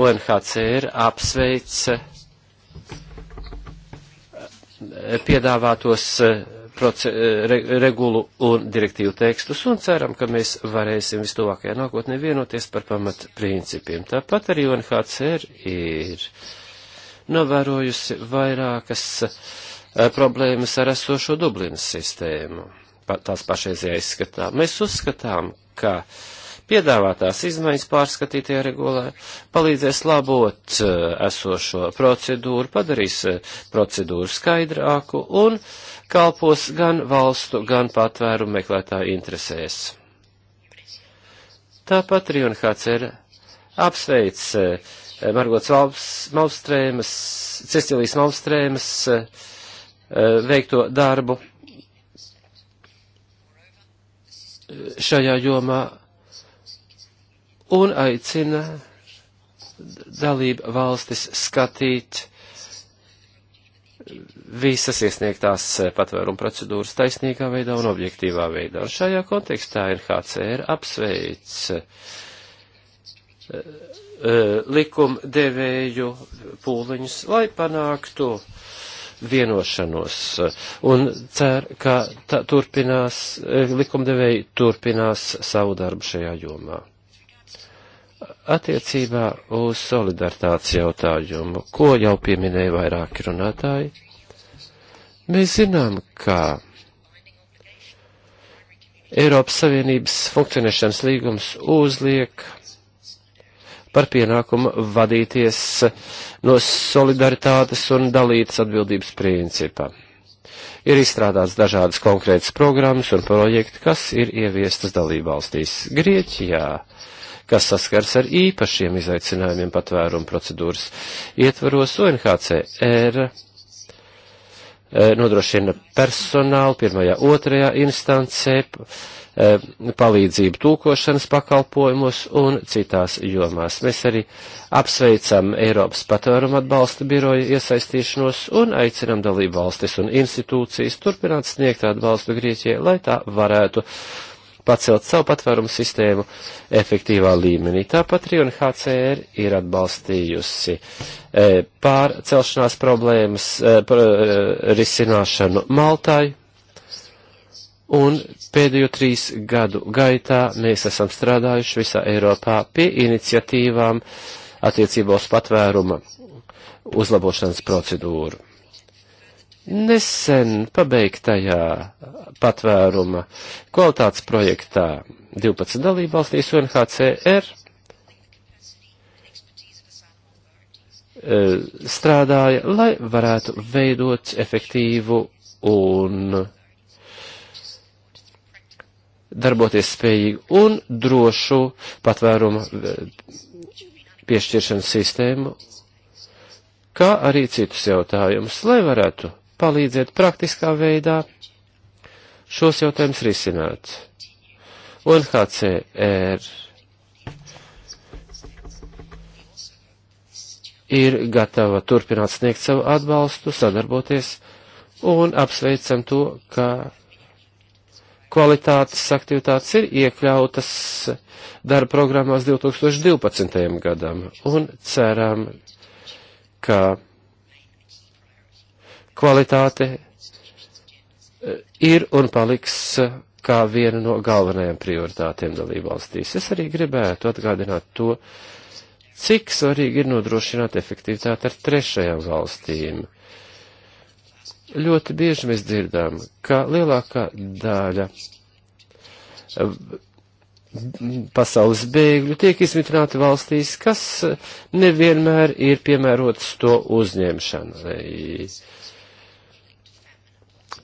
UNHCR apsveica eh, piedāvātos proce, re, regulu un direktīvu tekstus un ceram, ka mēs varēsim vistuvākajā nākotnē vienoties par pamat principiem. Tāpat arī UNHCR ir novērojusi vairākas eh, problēmas ar esošo Dublinas sistēmu. Tās pašreizajā izskatā. Mēs uzskatām, ka piedāvātās izmaiņas pārskatītajā regulē palīdzēs labot eh, esošo procedūru, padarīs eh, procedūru skaidrāku un kalpos gan valstu, gan patvērumu meklētāju interesēs. Tāpat arī UNHCR apsveic Eh, Margots Malmstrēmas, Cecilijas Malmstrēmas eh, veikto darbu eh, šajā jomā un aicina dalību valstis skatīt visas iesniegtās patvērumu procedūras taisnīgā veidā un objektīvā veidā. Un šajā kontekstā NHCR apsveic E, likumdevēju pūliņus, lai panāktu vienošanos. Un cer, ka tā, turpinās, e, likumdevēji turpinās savu darbu šajā jomā. Attiecībā uz solidaritātes jautājumu, ko jau pieminēja vairāki runātāji, mēs zinām, ka Eiropas Savienības funkcionēšanas līgums uzliek par pienākumu vadīties no solidaritātes un dalītas atbildības principa. Ir izstrādāts dažādas konkrētas programmas un projekti, kas ir ieviestas dalībvalstīs. Grieķijā, kas saskars ar īpašiem izaicinājumiem patvērumu procedūras ietvaros, UNHCR eh, nodrošina personālu pirmajā, otrajā instancē, Eh, palīdzību tūkošanas pakalpojumos un citās jomās. Mēs arī apsveicam Eiropas patvērumu atbalsta biroju iesaistīšanos un aicinam dalību valstis un institūcijas turpināt sniegt atbalstu Grieķijai, lai tā varētu pacelt savu patvērumu sistēmu efektīvā līmenī. Tāpat arī UNHCR ir atbalstījusi eh, pārcelšanās problēmas eh, risināšanu Maltai Un pēdējo trīs gadu gaitā mēs esam strādājuši visā Eiropā pie iniciatīvām attiecībā uz patvēruma uzlabošanas procedūru. Nesen pabeigtajā patvēruma kvalitātes projektā 12 dalībvalstīs UNHCR e, strādāja, lai varētu veidot efektīvu un darboties spējīgu un drošu patvērumu eh, piešķiršanas sistēmu, kā arī citus jautājumus, lai varētu palīdzēt praktiskā veidā šos jautājumus risināt. UNHCR ir gatava turpināt sniegt savu atbalstu, sadarboties, un apsveicam to, ka kvalitātes aktivitātes ir iekļautas darba programmās 2012. gadam un ceram, ka kvalitāte e, ir un paliks e, kā viena no galvenajām prioritātēm dalībvalstīs. Es arī gribētu atgādināt to, cik svarīgi ir nodrošināt efektivitāti ar trešajām valstīm. Ļoti bieži mēs dzirdām, ka lielākā daļa eh, pasaules bēgļu tiek izmitināti valstīs, kas nevienmēr ir piemērotas to uzņemšanai.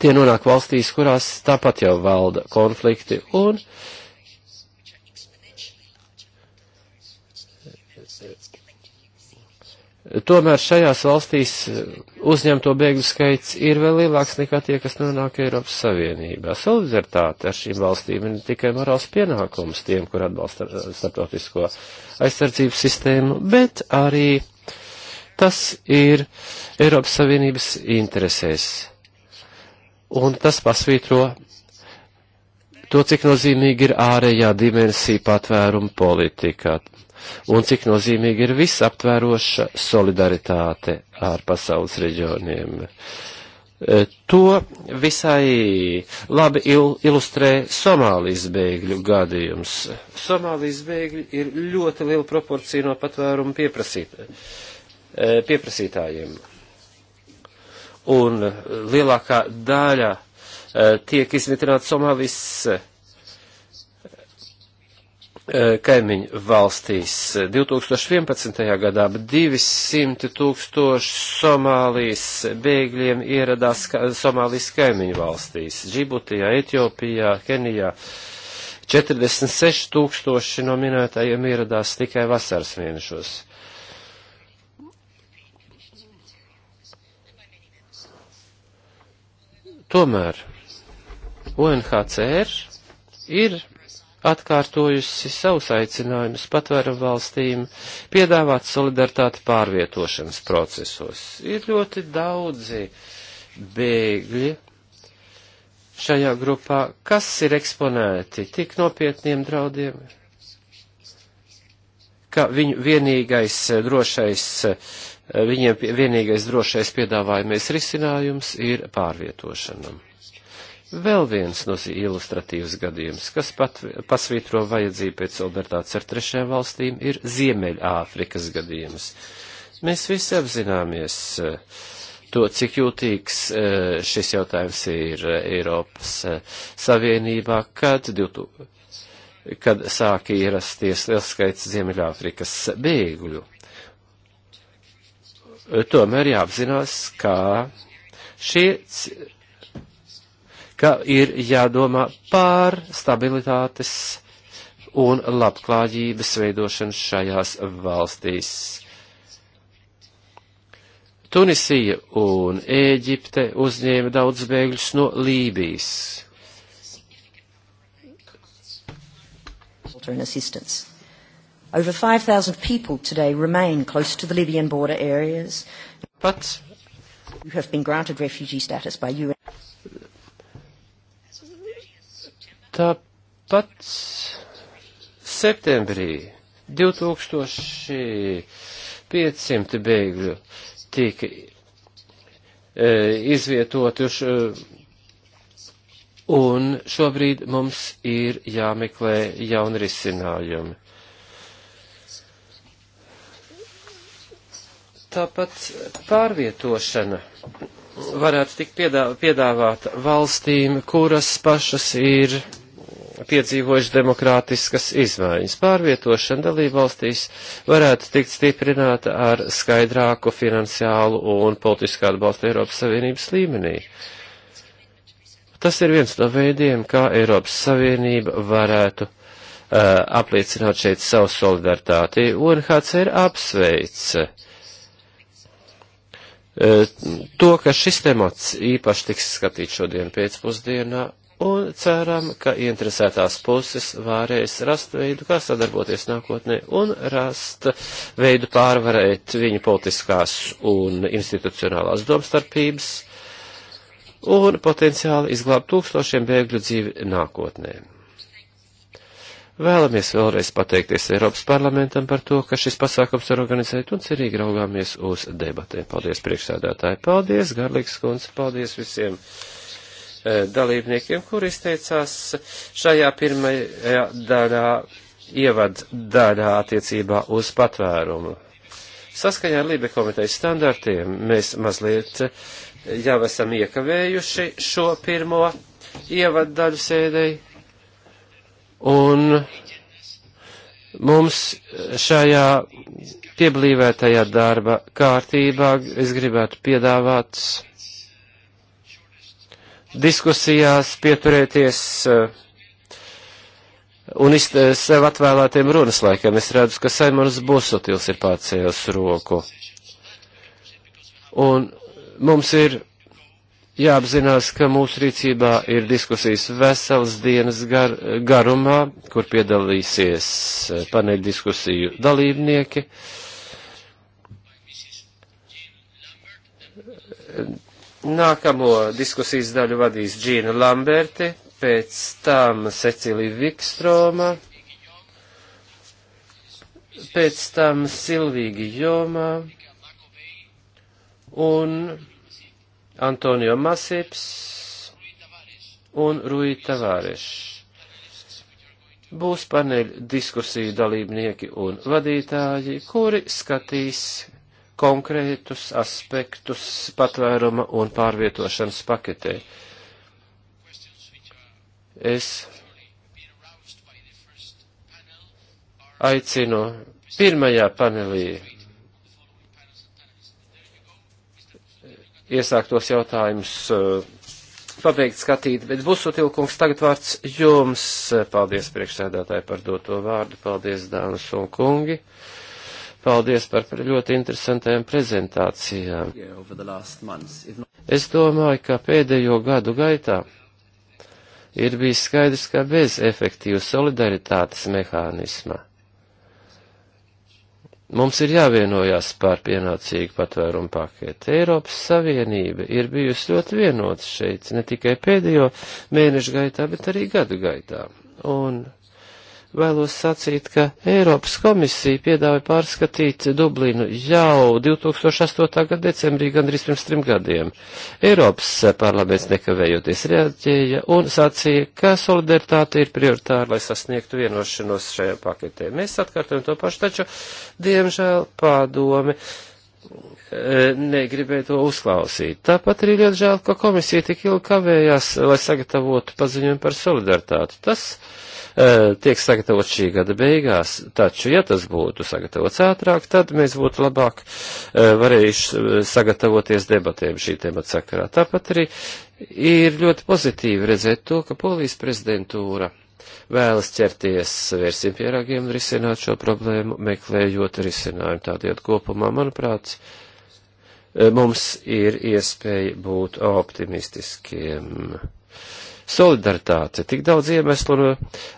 Tie nonāk valstīs, kurās tāpat jau valda konflikti, un uh, Tomēr šajās valstīs eh, uzņemto bēgļu skaits ir vēl lielāks nekā tie, kas nonāk Eiropas Savienībā. Solidaritāte ar šīm valstīm ir ne tikai morāls pienākums tiem, kur atbalsta eh, starptautisko aizsardzības sistēmu, bet arī tas ir Eiropas Savienības interesēs. Un tas pasvītro to, cik nozīmīgi ir ārējā dimensija patvēruma politikā un cik nozīmīgi ir visaptvēroša solidaritāte ar pasaules reģioniem. E, to visai labi il ilustrē Somālijas bēgļu gadījums. Somālijas bēgļi ir ļoti liela proporcija no patvērumu pieprasīt, e, pieprasītājiem. Un lielākā daļa e, tiek izmitināta Somālijas Eh, kaimiņu valstīs. 2011. Eh, gadā 200 tūkstoši Somālijas bēgļiem ieradās ka Somālijas kaimiņu valstīs - Džibutijā, Etiopijā, Kenijā. 46 tūkstoši no minētajiem ieradās tikai vasaras mēnešos. Tomēr UNHCR ir atkārtojusi savus aicinājumus patvērumu valstīm piedāvāt solidaritāti pārvietošanas procesos. Ir ļoti daudzi bēgļi šajā grupā, kas ir eksponēti tik nopietniem draudiem, ka viņu vienīgais drošais, viņiem vienīgais drošais piedāvājumais risinājums ir pārvietošanam. Vēl viens no ilustratīvs gadījums, kas pat pasvītro vajadzību pēc solidaritātes ar trešajām valstīm, ir Ziemeļāfrikas gadījums. Mēs visi apzināmies eh, to, cik jūtīgs eh, šis jautājums ir eh, Eiropas Savienībā, kad, 2000, kad sāka ierasties liels skaits Ziemeļāfrikas bēgļu. Tomēr jāapzinās, kā šie ka ir jādomā pār stabilitātes un labklājības veidošanu šajās valstīs. Tunisija un Ēģipte uzņēma daudz bēgļus no Lībijas. Over 5,000 people today remain close to the Libyan border areas. But who have been granted refugee status by UN. Tāpat septembrī 2500 bēgļu tika e, izvietoti uz, e, un šobrīd mums ir jāmeklē jauni risinājumi. Tāpat pārvietošana varētu tikt piedāvāta valstīm, kuras pašas ir piedzīvojuši demokrātiskas izmaiņas. Pārvietošana dalībvalstīs varētu tikt stiprināta ar skaidrāku finansiālu un politisku atbalstu Eiropas Savienības līmenī. Tas ir viens no veidiem, kā Eiropas Savienība varētu uh, apliecināt šeit savu solidaritāti. UNHCR apsveic uh, to, ka šis temats īpaši tiks skatīts šodien pēcpusdienā un ceram, ka interesētās puses varēs rast veidu, kā sadarboties nākotnē un rast veidu pārvarēt viņu politiskās un institucionālās domstarpības un potenciāli izglābt tūkstošiem bēgļu dzīvi nākotnē. Vēlamies vēlreiz pateikties Eiropas parlamentam par to, ka šis pasākums ir organizēts un cerīgi raugāmies uz debatēm. Paldies priekšsēdētāji, paldies, Garlīgs kundze, paldies visiem! Eh, dalībniekiem, kur izteicās šajā pirmajā daļā, ievad daļā attiecībā uz patvērumu. Saskaņā ar Lībe komitejas standartiem mēs mazliet eh, jau esam iekavējuši šo pirmo ievadu daļu sēdēji, un mums šajā pieblīvētajā darba kārtībā es gribētu piedāvāt diskusijās pieturēties eh, un eh, sev atvēlētiem runas laikiem. Es redzu, ka Saimons Busotils ir pārcēlis roku. Un mums ir jāapzinās, ka mūsu rīcībā ir diskusijas veselas dienas gar, garumā, kur piedalīsies eh, paneļa diskusiju dalībnieki. Nākamo diskusijas daļu vadīs Džīna Lamberti, pēc tam Cecilija Vikstroma, pēc tam Silvīgi Jomā un Antonio Masips un Rui Tavāreš. Būs paneļ diskusiju dalībnieki un vadītāji, kuri skatīs konkrētus aspektus patvēruma un pārvietošanas paketē. Es aicinu pirmajā panelī iesāktos jautājumus eh, pabeigt skatīt, bet Busutilkungs tagad vārds jums. Paldies priekšsēdētāji par doto vārdu, paldies dāmas un kungi. Paldies par ļoti interesantām prezentācijām. Es domāju, ka pēdējo gadu gaitā ir bijis skaidrs, ka bez efektīvas solidaritātes mehānisma mums ir jāvienojās par pienācīgu patvērumu paketi. Eiropas Savienība ir bijusi ļoti vienota šeit, ne tikai pēdējo mēnešu gaitā, bet arī gadu gaitā. Un vēlos sacīt, ka Eiropas komisija piedāvāja pārskatīt Dublinu jau 2008. gada decembrī, gandrīz pirms trim gadiem. Eiropas parlaments nekavējoties reaģēja un sacīja, ka solidaritāte ir prioritāra, lai sasniegtu vienošanos šajā paketē. Mēs atkārtojam to pašu, taču, diemžēl, pādome e, negribēja to uzklausīt. Tāpat arī ļoti žēl, ka komisija tik ilgi kavējās, lai sagatavotu paziņojumu par solidaritāti. Tas Eh, tiek sagatavots šī gada beigās, taču, ja tas būtu sagatavots ātrāk, tad mēs būtu labāk eh, varējuši eh, sagatavoties debatēm šī temata sakarā. Tāpat arī ir ļoti pozitīvi redzēt to, ka Polijas prezidentūra vēlas ķerties vērsim pierāgiem un risināt šo problēmu, meklējot risinājumu tādiet kopumā, manuprāt, mums ir iespēja būt optimistiskiem solidaritāte. Tik daudz iemeslu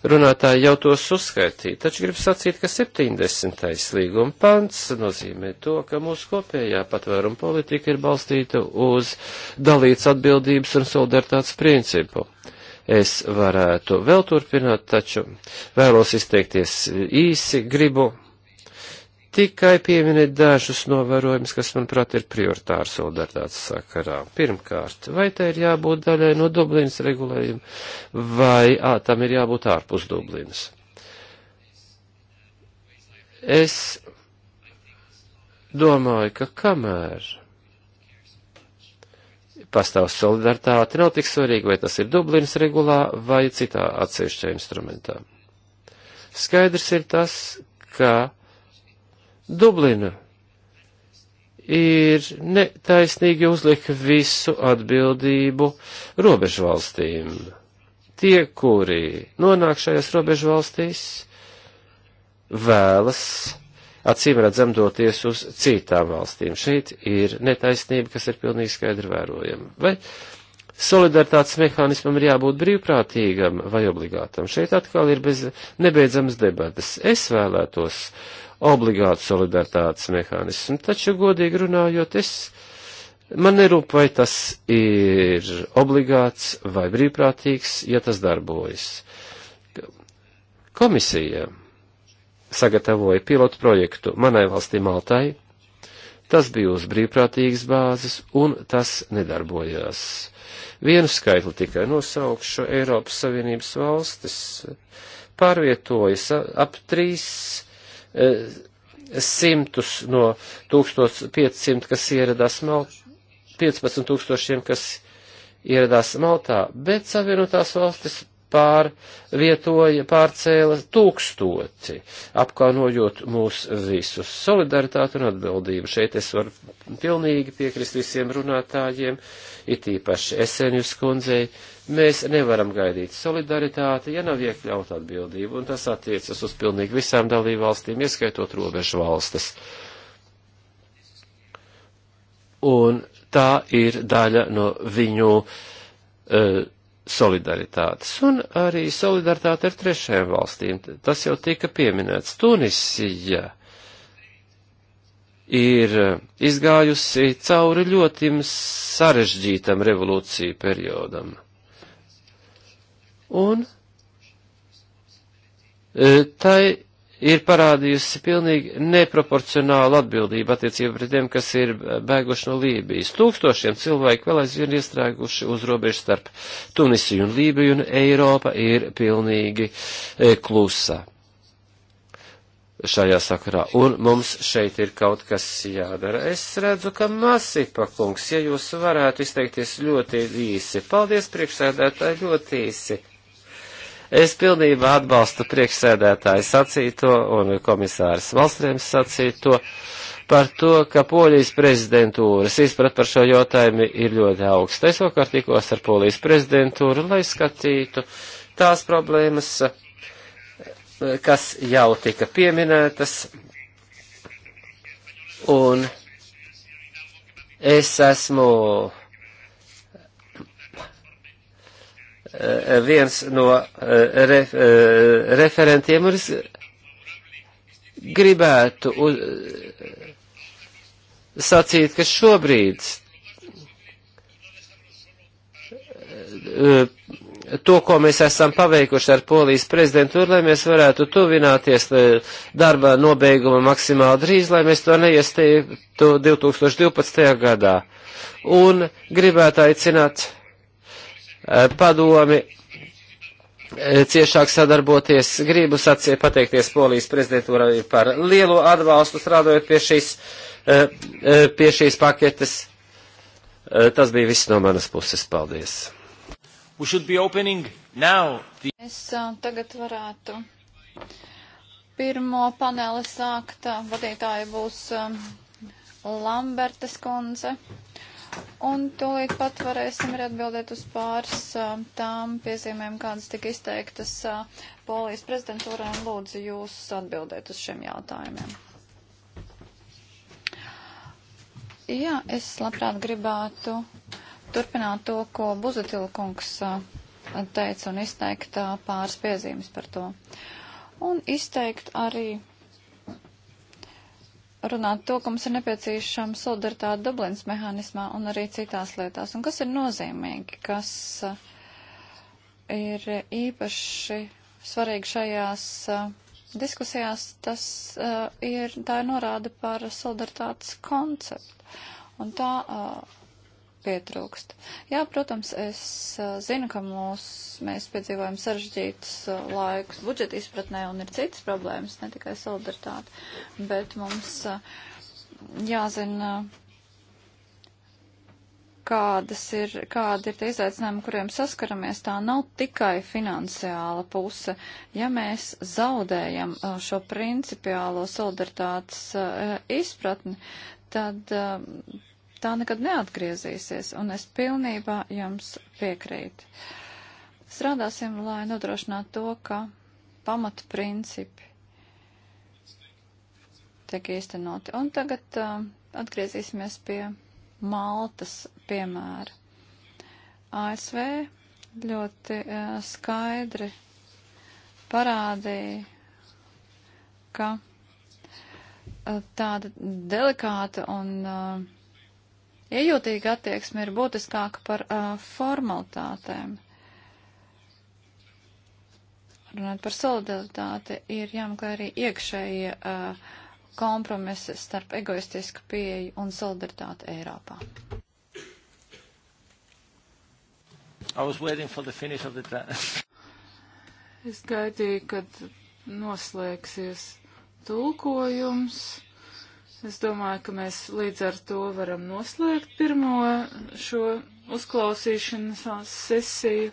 runātāji jau tos uzskaitīja, taču grib sacīt, ka 70. līguma pants nozīmē to, ka mūsu kopējā patvēruma politika ir balstīta uz dalīts atbildības un solidaritātes principu. Es varētu vēl turpināt, taču vēlos izteikties īsi, gribu tikai pieminēt dažus novērojumus, kas, manuprāt, ir prioritāri solidaritātes sakarā. Pirmkārt, vai tā ir jābūt daļai no Dublinas regulējuma, vai ā, tam ir jābūt ārpus Dublinas? Es domāju, ka kamēr pastāv solidaritāte, nav tik svarīgi, vai tas ir Dublinas regulā vai citā atsevišķā instrumentā. Skaidrs ir tas, ka Dublina ir netaisnīgi uzlika visu atbildību robežu valstīm. Tie, kuri nonāk šajās robežu valstīs, vēlas acīm redzam doties uz citām valstīm. Šeit ir netaisnība, kas ir pilnīgi skaidri vērojama. Vai solidaritātes mehānismam ir jābūt brīvprātīgam vai obligātam. Šeit atkal ir bez nebeidzamas debatas. Es vēlētos obligātu solidaritātes mehānismu, taču godīgi runājot, es. Man nerūp, vai tas ir obligāts vai brīvprātīgs, ja tas darbojas. Komisija sagatavoja pilotu projektu manai valstī Maltai, Tas bija uz brīvprātīgas bāzes, un tas nedarbojās. Vienu skaitli tikai nosaukšu Eiropas Savienības valstis pārvietojas ap 300 e, no 1500, kas ieradās Maltā, 15 tūkstošiem, kas ieradās Maltā, bet Savienotās valstis pārvietoja, pārcēla tūkstoti, apkaunojot mūs visus. Solidaritāte un atbildība. Šeit es varu pilnīgi piekrist visiem runātājiem, it īpaši Esenjus kundzei. Mēs nevaram gaidīt solidaritāti, ja nav iekļaut atbildību, un tas attiecas uz pilnīgi visām dalībvalstīm, ieskaitot robežu valstis. Un tā ir daļa no viņu uh, solidaritātes un arī solidaritāte ar trešajām valstīm. Tas jau tika pieminēts. Tunisija ir izgājusi cauri ļoti sarežģītam revolūciju periodam. Un e, tai ir parādījusi pilnīgi neproporcionālu atbildību attiecībā pret tiem, kas ir bēguši no Lībijas. Tūkstošiem cilvēku vēl aizvien iestrēguši uz robežu starp Tunisiju un Lībiju, un Eiropa ir pilnīgi e, klusa šajā sakarā, un mums šeit ir kaut kas jādara. Es redzu, ka Masipa kungs, ja jūs varētu izteikties ļoti īsi. Paldies, priekšsēdētāji, ļoti īsi. Es pilnībā atbalstu priekšsēdētāju sacīto un komisārs Valstrēms sacīto par to, ka Polijas prezidentūras izprat par šo jautājumu ir ļoti augsta. Es vakar tikos ar Polijas prezidentūru, lai skatītu tās problēmas, kas jau tika pieminētas. Un es esmu Eh, viens no eh, re, eh, referentiem, un es gribētu uz, sacīt, ka šobrīd to, ko mēs esam paveikuši ar Polijas prezidentu, lai mēs varētu tuvināties darba nobeiguma maksimāli drīz, lai mēs to neiesteiktu 2012. gadā. Un gribētu aicināt Eh, padomi eh, ciešāk sadarboties. Gribu sacīt pateikties Polijas prezidentūrai par lielo atbalstu strādājot pie šīs, eh, pie šīs paketes. Tas bija viss no manas puses. Paldies! The... Es tagad varētu pirmo paneli sākt. Vadītāja būs Lambertes kundze. Un tūlīt pat varēsim arī atbildēt uz pāris tām piezīmēm, kādas tika izteiktas Polijas prezidentūrā, un lūdzu jūs atbildēt uz šiem jautājumiem. Jā, es labprāt gribētu turpināt to, ko Buzatila kungs teica un izteikt pāris piezīmes par to. Un izteikt arī runāt to, ka mums ir nepieciešama solidaritāte Dublins mehānismā un arī citās lietās. Un kas ir nozīmīgi, kas eh, ir īpaši svarīgi šajās eh, diskusijās, tas eh, ir, tā ir norāda par solidaritātes konceptu. Un tā uh, pietrūkst. Jā, protams, es zinu, ka mūs, mēs piedzīvojam sarežģītus laikus budžeta izpratnē un ir citas problēmas, ne tikai solidaritāte, bet mums jāzina, kādas ir, kāda ir tie izaicinājumi, kuriem saskaramies. Tā nav tikai finansiāla puse. Ja mēs zaudējam šo principiālo solidaritātes izpratni, tad tā nekad neatgriezīsies, un es pilnībā jums piekrītu. Strādāsim, lai nodrošinātu to, ka pamatprincipi tiek īstenoti. Un tagad uh, atgriezīsimies pie Maltas piemēra. ASV ļoti uh, skaidri parādīja, ka uh, tāda delikāta un uh, Iejūtīga attieksme ir būtiskāka par uh, formalitātēm. Runāt par solidaritāti ir jāmeklē arī iekšēji uh, kompromisi starp egoistisku pieeju un solidaritāti Eiropā. (laughs) es gaidīju, kad noslēgsies tulkojums. Es domāju, ka mēs līdz ar to varam noslēgt pirmo šo uzklausīšanas sesiju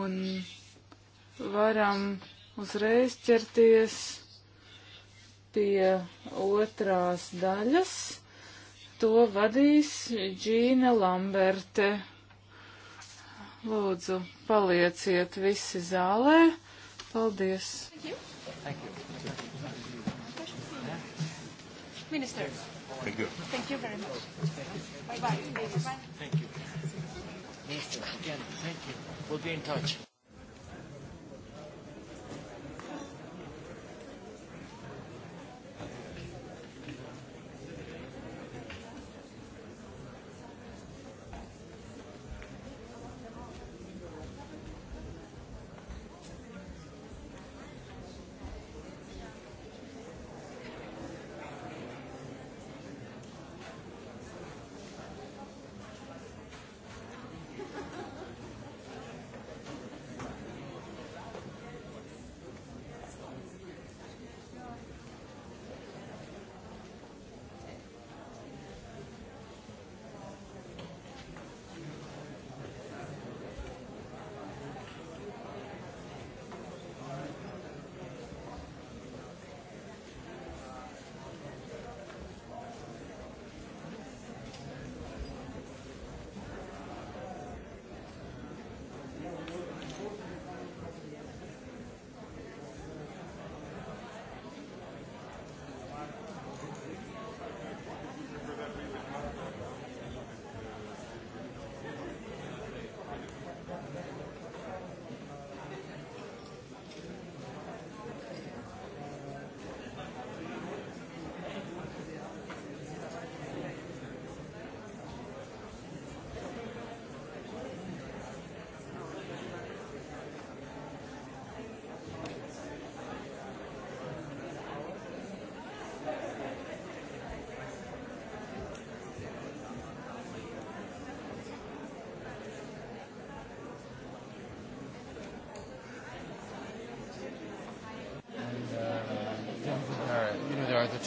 un varam uzreiz ķerties pie otrās daļas. To vadīs Džīna Lamberte. Lūdzu, palieciet visi zālē. Paldies! Thank you. Thank you. Minister. Thank you. Thank you very much. Bye-bye. Thank you. Minister, again, thank you. We'll be in touch.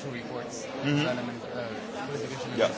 two reports, mm-hmm. Solomon, uh, yeah.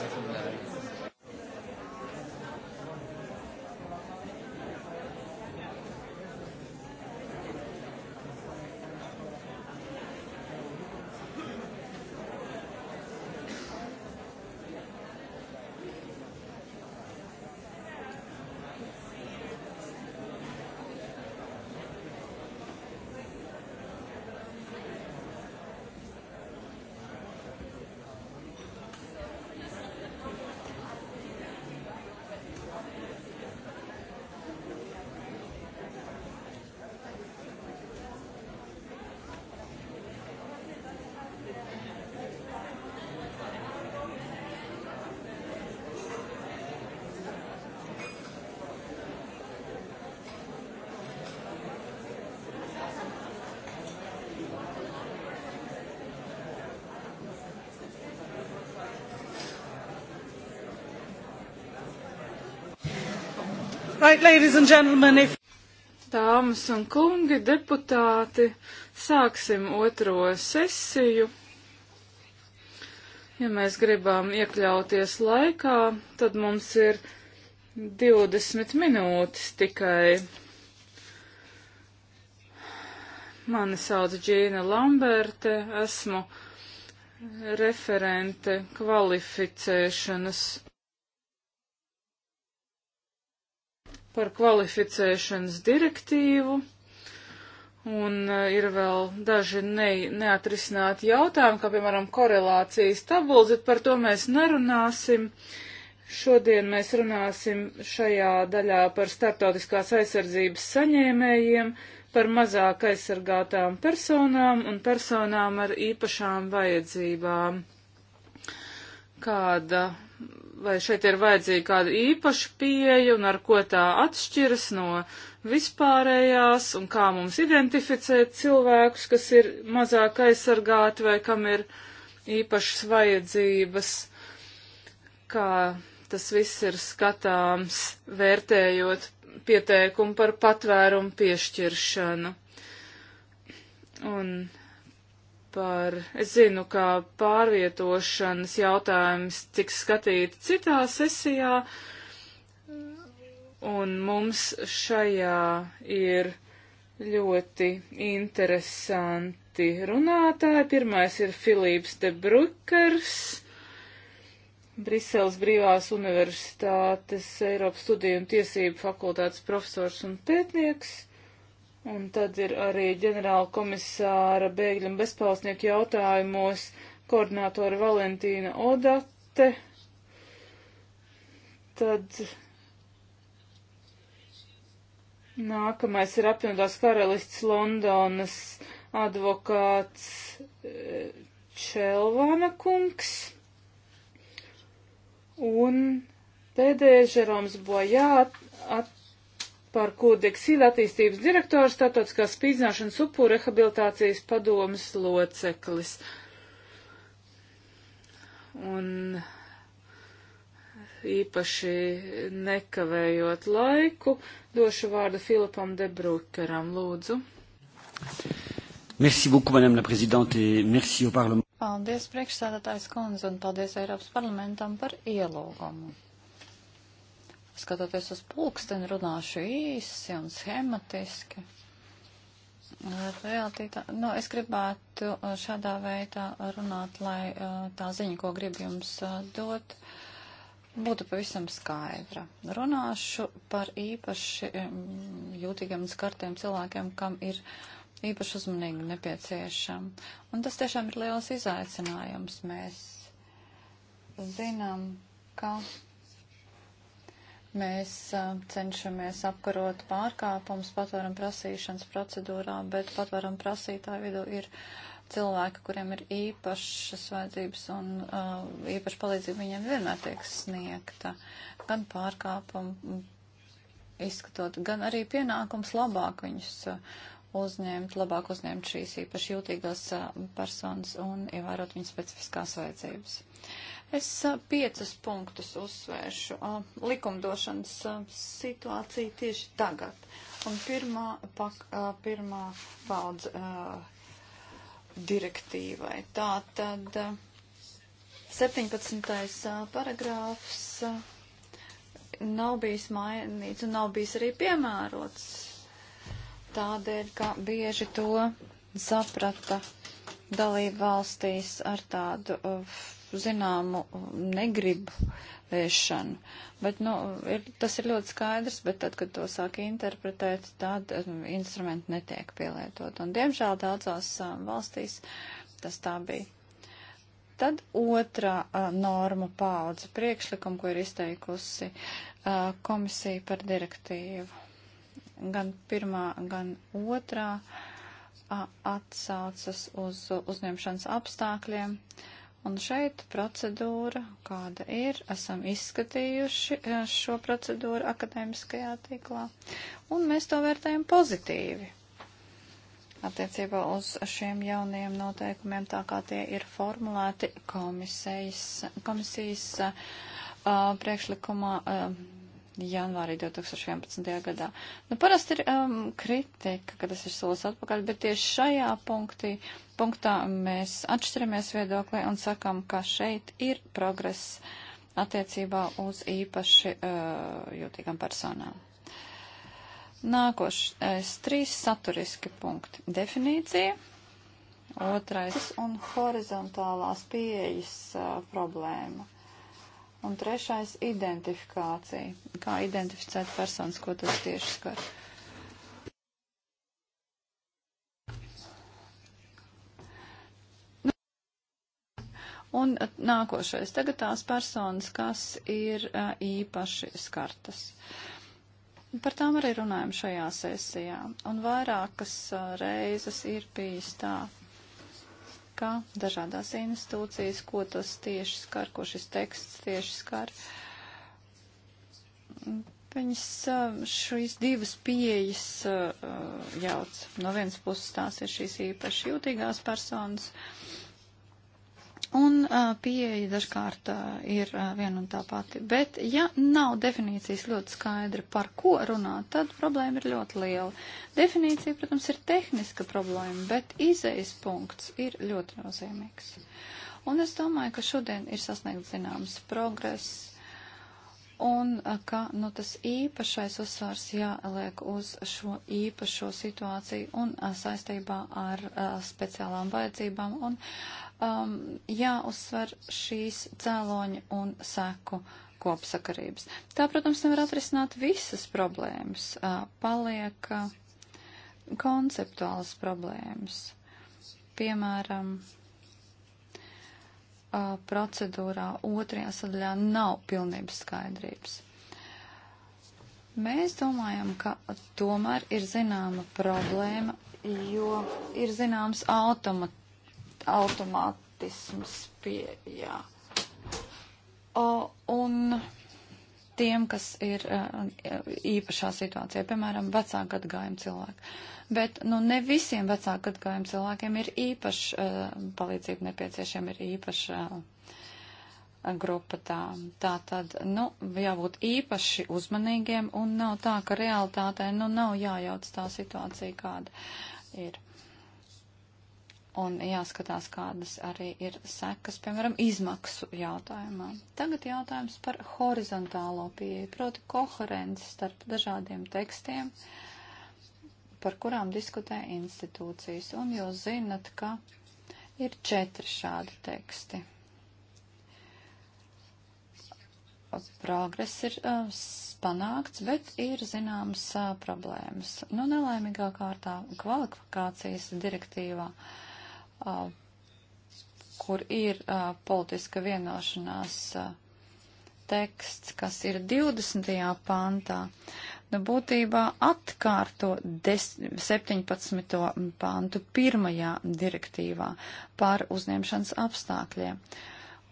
Right, ladies and gentlemen, if... Dāmas un kungi, deputāti, sāksim otro sesiju. Ja mēs gribam iekļauties laikā, tad mums ir 20 minūtes tikai. Mani sauc Džīna Lamberte, esmu referente kvalificēšanas par kvalificēšanas direktīvu. Un eh, ir vēl daži ne, neatrisināti jautājumi, kā piemēram korelācijas tabulas, bet par to mēs nerunāsim. Šodien mēs runāsim šajā daļā par starptautiskās aizsardzības saņēmējiem, par mazāk aizsargātām personām un personām ar īpašām vajadzībām kāda, vai šeit ir vajadzīga kāda īpaša pieeja un ar ko tā atšķiras no vispārējās un kā mums identificēt cilvēkus, kas ir mazāk aizsargāti vai kam ir īpašas vajadzības, kā tas viss ir skatāms, vērtējot pieteikumu par patvērumu piešķiršanu. Un par, es zinu, kā pārvietošanas jautājums tiks skatīti citā sesijā, un mums šajā ir ļoti interesanti runātāji. Pirmais ir Filips de Brukers. Briseles Brīvās Universitātes Eiropas studiju un tiesību fakultātes profesors un pētnieks. Un tad ir arī ģenerāla komisāra bēgļu un bezpalsnieku jautājumos koordinātori Valentīna Odate. Tad Nākamais ir apvienotās karalists Londonas advokāts eh, Čelvana kungs. Un pēdējais Žeroms Bojā at, at, par kodeksīdu attīstības direktors, statotiskās spīdzināšanas upuru rehabilitācijas padomas loceklis. Un īpaši nekavējot laiku, došu vārdu Filipam Debrukeram, lūdzu. Merci beaucoup, madame la présidente, et merci au parlement. Paldies, priekšsēdētājs kundze, un paldies Eiropas parlamentam par ielūgumu skatoties uz pulksteni, runāšu īsi un schematiski. Realtītā, nu, es gribētu uh, šādā veidā runāt, lai uh, tā ziņa, ko gribu jums uh, dot, būtu pavisam skaidra. Runāšu par īpaši um, jūtīgiem un skartiem cilvēkiem, kam ir īpaši uzmanīgi nepieciešama. Un tas tiešām ir liels izaicinājums. Mēs zinām, ka Mēs cenšamies apkarot pārkāpumus patvaram prasīšanas procedūrā, bet patvaram prasītāju vidū ir cilvēki, kuriem ir īpašas vajadzības un uh, īpaša palīdzība viņiem vienmēr tiek sniegta. Gan pārkāpumu izskatot, gan arī pienākums labāk viņus uzņemt, labāk uzņemt šīs īpaši jūtīgās personas un ievērot viņas specifiskās vajadzības. Uh, Es piecus punktus uzsvēršu. Likumdošanas situācija tieši tagad. Un pirmā, pak, pirmā paudze direktīvai. Tā tad 17. paragrāfs nav bijis mainīts un nav bijis arī piemērots. Tādēļ, ka bieži to saprata dalību valstīs ar tādu uh, zināmu um, negribu vēršanu. Bet, nu, ir, tas ir ļoti skaidrs, bet tad, kad to sāk interpretēt, tad um, instrumenti netiek pielietot. Un, diemžēl, daudzās um, valstīs tas tā bija. Tad otrā a, uh, norma paudze priekšlikumu, ko ir izteikusi a, uh, komisija par direktīvu. Gan pirmā, gan otrā a, atsaucas uz uzņemšanas apstākļiem. A, Un šeit procedūra, kāda ir, esam izskatījuši eh, šo procedūru akadēmiskajā tīklā, un mēs to vērtējam pozitīvi. Attiecībā uz šiem jaunajiem noteikumiem, tā kā tie ir formulēti komisijas, komisijas uh, priekšlikumā, uh, janvārī 2011. gadā. Nu, parasti ir um, kritika, ka tas ir solis atpakaļ, bet tieši šajā punktī, punktā mēs atšķiramies viedoklī un sakam, ka šeit ir progress attiecībā uz īpaši uh, jūtīgām personām. Nākošais trīs saturiski punkti. Definīcija, otrais un horizontālās pieejas uh, problēma. Un trešais - identifikācija. Kā identificēt personas, ko tas tieši skar. Nu. Un nākošais. Tagad tās personas, kas ir īpaši skartas. Par tām arī runājam šajā sesijā. Un vairākas reizes ir bijis tā, ka dažādās institūcijas, ko tas tieši skar, ko šis teksts tieši skar, viņas šīs divas pieejas jauc. No vienas puses tās ir šīs īpaši jūtīgās personas, uh, Un uh, pieeja dažkārt uh, ir uh, viena un tā pati. Bet, ja nav definīcijas ļoti skaidra, par ko runāt, tad problēma ir ļoti liela. Definīcija, protams, ir tehniska problēma, bet izejas punkts ir ļoti nozīmīgs. Un es domāju, ka šodien ir sasniegts zināms progress un uh, ka nu, tas īpašais uzsvars jāliek uz šo īpašo situāciju un uh, saistībā ar uh, speciālām vajadzībām. Un, uh, um, jāuzsver šīs cēloņa un seku kopsakarības. Tā, protams, nevar atrisināt visas problēmas. Uh, paliek uh, konceptuālas problēmas. Piemēram, uh, procedūrā otrajā sadaļā nav pilnības skaidrības. Mēs domājam, ka tomēr ir zināma problēma, jo ir zināms automat automātisms pieejā. Un tiem, kas ir eh, īpašā situācijā, piemēram, vecāku gadgājumu cilvēku. Bet nu, ne visiem vecāku gadgājumu cilvēkiem ir īpaša eh, palīdzība nepieciešama, ir īpaša eh, grupa tā. Tā tad, nu, jābūt īpaši uzmanīgiem un nav tā, ka realitātē, nu, nav jājauc tā situācija, kāda ir un jāskatās, kādas arī ir sekas, piemēram, izmaksu jautājumā. Tagad jautājums par horizontālo pieeju, proti koherenci starp dažādiem tekstiem, par kurām diskutē institūcijas. Un jūs zinat, ka ir četri šādi teksti. progress ir uh, panākts, bet ir zināmas uh, problēmas. Nu, nelaimīgā kārtā kvalifikācijas direktīvā kur ir politiska vienošanās teksts, kas ir 20. pantā, nu būtībā atkārto 17. pantu pirmajā direktīvā par uzņemšanas apstākļiem.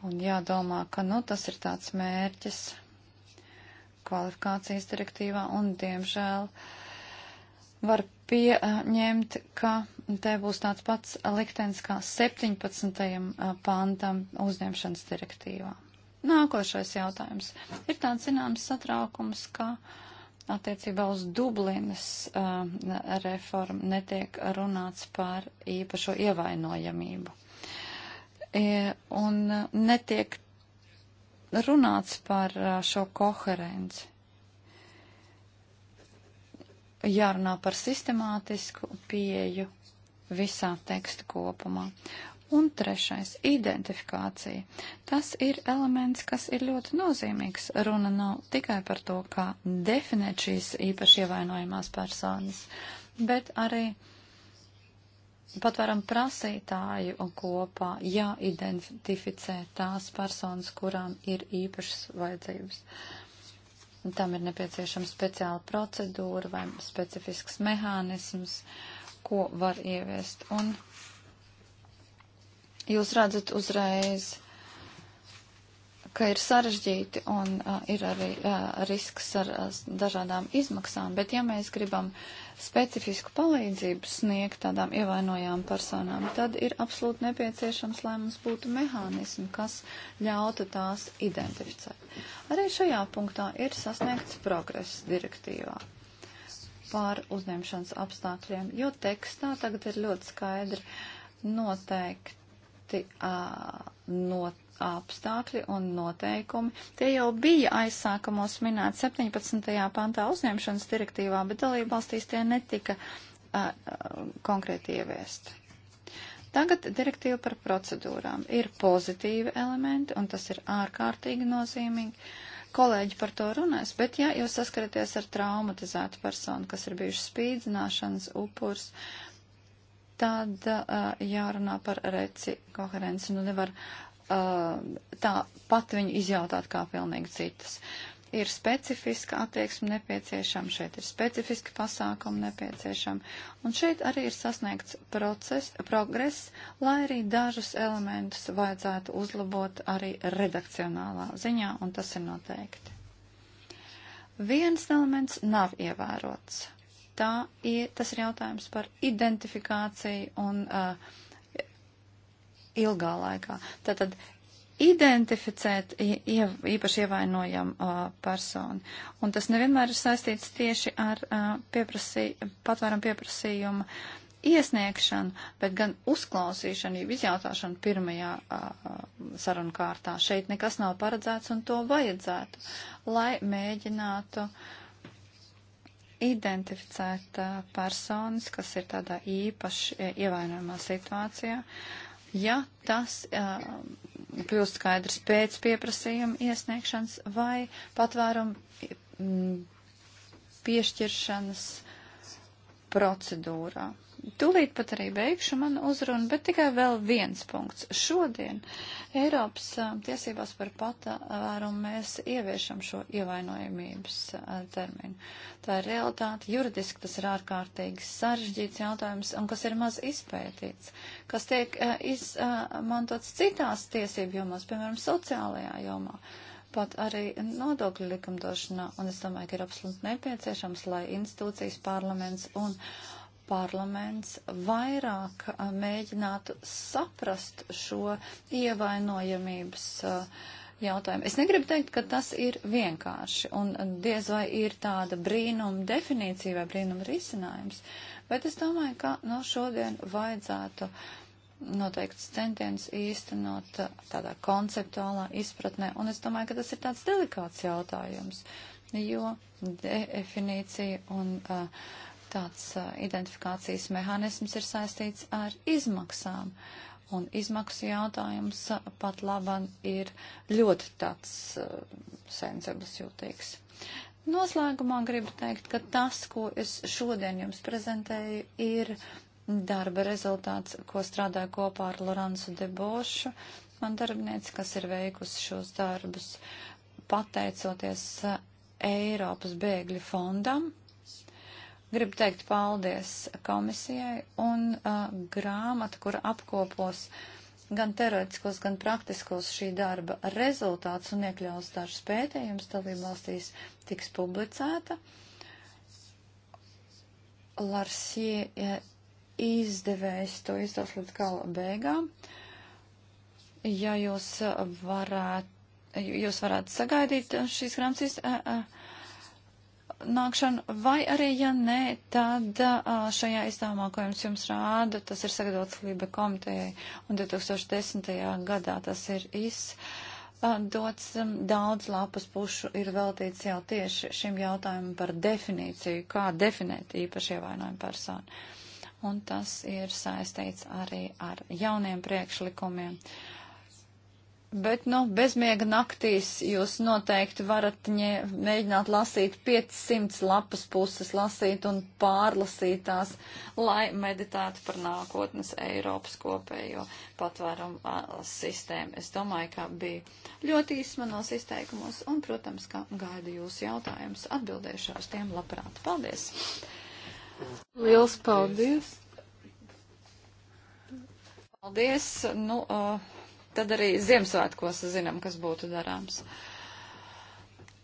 Un jādomā, ka nu tas ir tāds mērķis kvalifikācijas direktīvā un, diemžēl, var pieņemt, ka te būs tāds pats liktenis kā 17. pāntam uzņemšanas direktīvā. Nākošais jautājums. Ir tāds zināms satraukums, ka attiecībā uz Dublinas uh, reformu netiek runāts par īpašo ievainojamību. E, un netiek runāts par šo koherenci. Jārunā par sistemātisku pieju visā teksta kopumā. Un trešais - identifikācija. Tas ir elements, kas ir ļoti nozīmīgs. Runa nav tikai par to, kā definēt šīs īpaši ievainojamās personas, bet arī patvaram prasītāju kopā jāidentificē tās personas, kurām ir īpašas vajadzības. Tam ir nepieciešama speciāla procedūra vai specifisks mehānisms. Uh, ko var ieviest. Un jūs redzat uzreiz, ka ir sarežģīti un uh, ir arī uh, risks ar uh, dažādām izmaksām, bet ja mēs gribam specifisku palīdzību sniegt tādām ievainojām personām, tad ir absolūti nepieciešams, lai mums būtu mehānismi, kas ļautu tās identificēt. Arī šajā punktā ir sasniegts progress direktīvā par uzņemšanas apstākļiem, jo tekstā tagad ir ļoti skaidri noteikti uh, no apstākļi un noteikumi. Tie jau bija aizsākumos minēt 17. pantā uzņemšanas direktīvā, bet dalība valstīs tie netika uh, konkrēti ieviesti. Tagad direktīva par procedūrām. Ir pozitīvi elementi, un tas ir ārkārtīgi nozīmīgi. Uh, kolēģi par to runās, bet ja jūs saskaraties ar traumatizētu personu, kas ir bijuši spīdzināšanas upurs, tad uh, jārunā par reci koherenci. Nu, nevar uh, tā pat viņu izjautāt kā pilnīgi citas. Uh, ir specifiska attieksme nepieciešama, šeit ir specifiski pasākumi nepieciešami, un šeit arī ir sasniegts proces, progress, lai arī dažus elementus vajadzētu uzlabot arī redakcionālā ziņā, un tas ir noteikti. Viens elements nav ievērots. Tā ir, tas ir jautājums par identifikāciju un uh, ilgā laikā. Tātad identificēt īpaši ievainojam uh, personu. Un tas nevienmēr ir saistīts tieši ar uh, pieprasī, patvērumu pieprasījumu iesniegšanu, bet gan uzklausīšanu, jau izjautāšanu pirmajā uh, sarunu kārtā. Šeit nekas nav paredzēts un to vajadzētu, lai mēģinātu identificēt uh, personas, kas ir tādā īpaši ievainojumā situācijā. Ja tas uh, kļūst skaidrs pēc pieprasījuma iesniegšanas vai patvērumu mm, piešķiršanas procedūrā. Tūlīt pat arī beigšu manu uzrunu, bet tikai vēl viens punkts. Šodien Eiropas tiesībās par patvērumu mēs ieviešam šo ievainojamības terminu. Tā ir realitāte, juridiski tas ir ārkārtīgi sarežģīts jautājums un kas ir maz izpētīts, kas tiek izmantots citās tiesību jomās, piemēram, sociālajā jomā pat arī nodokļu likumdošanā, un es domāju, ka ir absolūti nepieciešams, lai institūcijas, parlaments un parlaments vairāk mēģinātu saprast šo ievainojamības jautājumu. Es negribu teikt, ka tas ir vienkārši, un diez vai ir tāda brīnuma definīcija vai brīnuma risinājums, bet es domāju, ka no nu, šodien vajadzētu noteikts centiens īstenot tādā konceptuālā izpratnē, un es domāju, ka tas ir tāds delikāts jautājums, jo definīcija un uh, Tāds uh, identifikācijas mehānisms ir saistīts ar izmaksām. Un izmaksu jautājums uh, pat laban ir ļoti tāds uh, sensibles jūtīgs. Noslēgumā gribu teikt, ka tas, ko es šodien jums prezentēju, ir darba rezultāts, ko strādāju kopā ar Loransu Debošu, man darbinieci, kas ir veikusi šos darbus, pateicoties Eiropas bēgļu fondam, Gribu teikt paldies komisijai un uh, grāmata, kura apkopos gan teorētiskos, gan praktiskos šī darba rezultāts un iekļaus dažus pētījumus dalībvalstīs, tiks publicēta. Larsie ja, uh, izdevējs to izdos līdz gala beigām. Ja jūs uh, varētu, jūs varētu sagaidīt šīs grāmatas nākšanu, vai arī, ja nē, tad uh, šajā izdevumā, ko jums, jums rāda, tas ir sagatavots Lība komitejai, un 2010. gadā tas ir izdots. Um, daudz lapas pušu ir veltīts jau tieši šim jautājumam par definīciju, kā definēt īpaši ievainojumu personu. Un tas ir saistīts arī ar jauniem priekšlikumiem. Uh, Bet, nu, bezmiega naktīs jūs noteikti varat ņē, mēģināt lasīt 500 lapas puses, lasīt un pārlasīt tās, lai meditētu par nākotnes Eiropas kopējo patvērumu sistēmu. Es domāju, ka bija ļoti īsts manos izteikumos un, protams, ka gaidu jūs jautājumus. Atbildēšu ar tiem labprāt. Paldies! Liels paldies! Paldies! Nu, uh, tad arī Ziemassvētkos zinām, kas būtu darāms.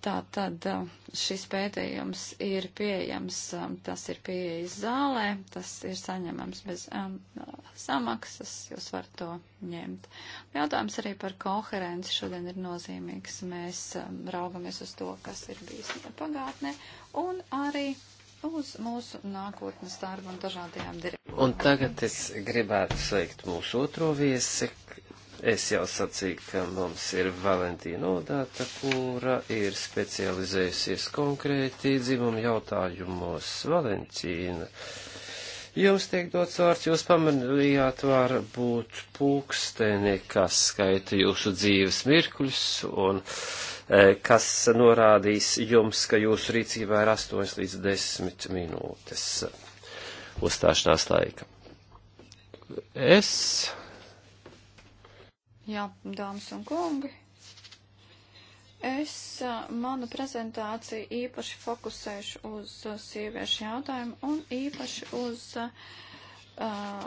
Tā tad uh, šis pētījums ir pieejams, um, tas ir pieejams zālē, tas ir saņemams bez um, samaksas, jūs varat to ņemt. Jautājums arī par koherenci šodien ir nozīmīgs. Mēs um, raugamies uz to, kas ir bijis pagātnē un arī uz mūsu nākotnes darbu un dažādajām direktīvām. Un tagad es gribētu sveikt mūsu otro viesi, Es jau sacīju, ka mums ir Valentīna Odāta, kura ir specializējusies konkrēti dzimumu jautājumos. Valentīna, jums tiek dots vārds, jūs pamanījāt var būt pūksteni, kas skaita jūsu dzīves mirkļus un e, kas norādīs jums, ka jūsu rīcībā ir 8 līdz 10 minūtes uzstāšanās laika. Es Jā, dāmas un kungi. Es manu prezentāciju īpaši fokusēšu uz sieviešu jautājumu un īpaši uz, uh,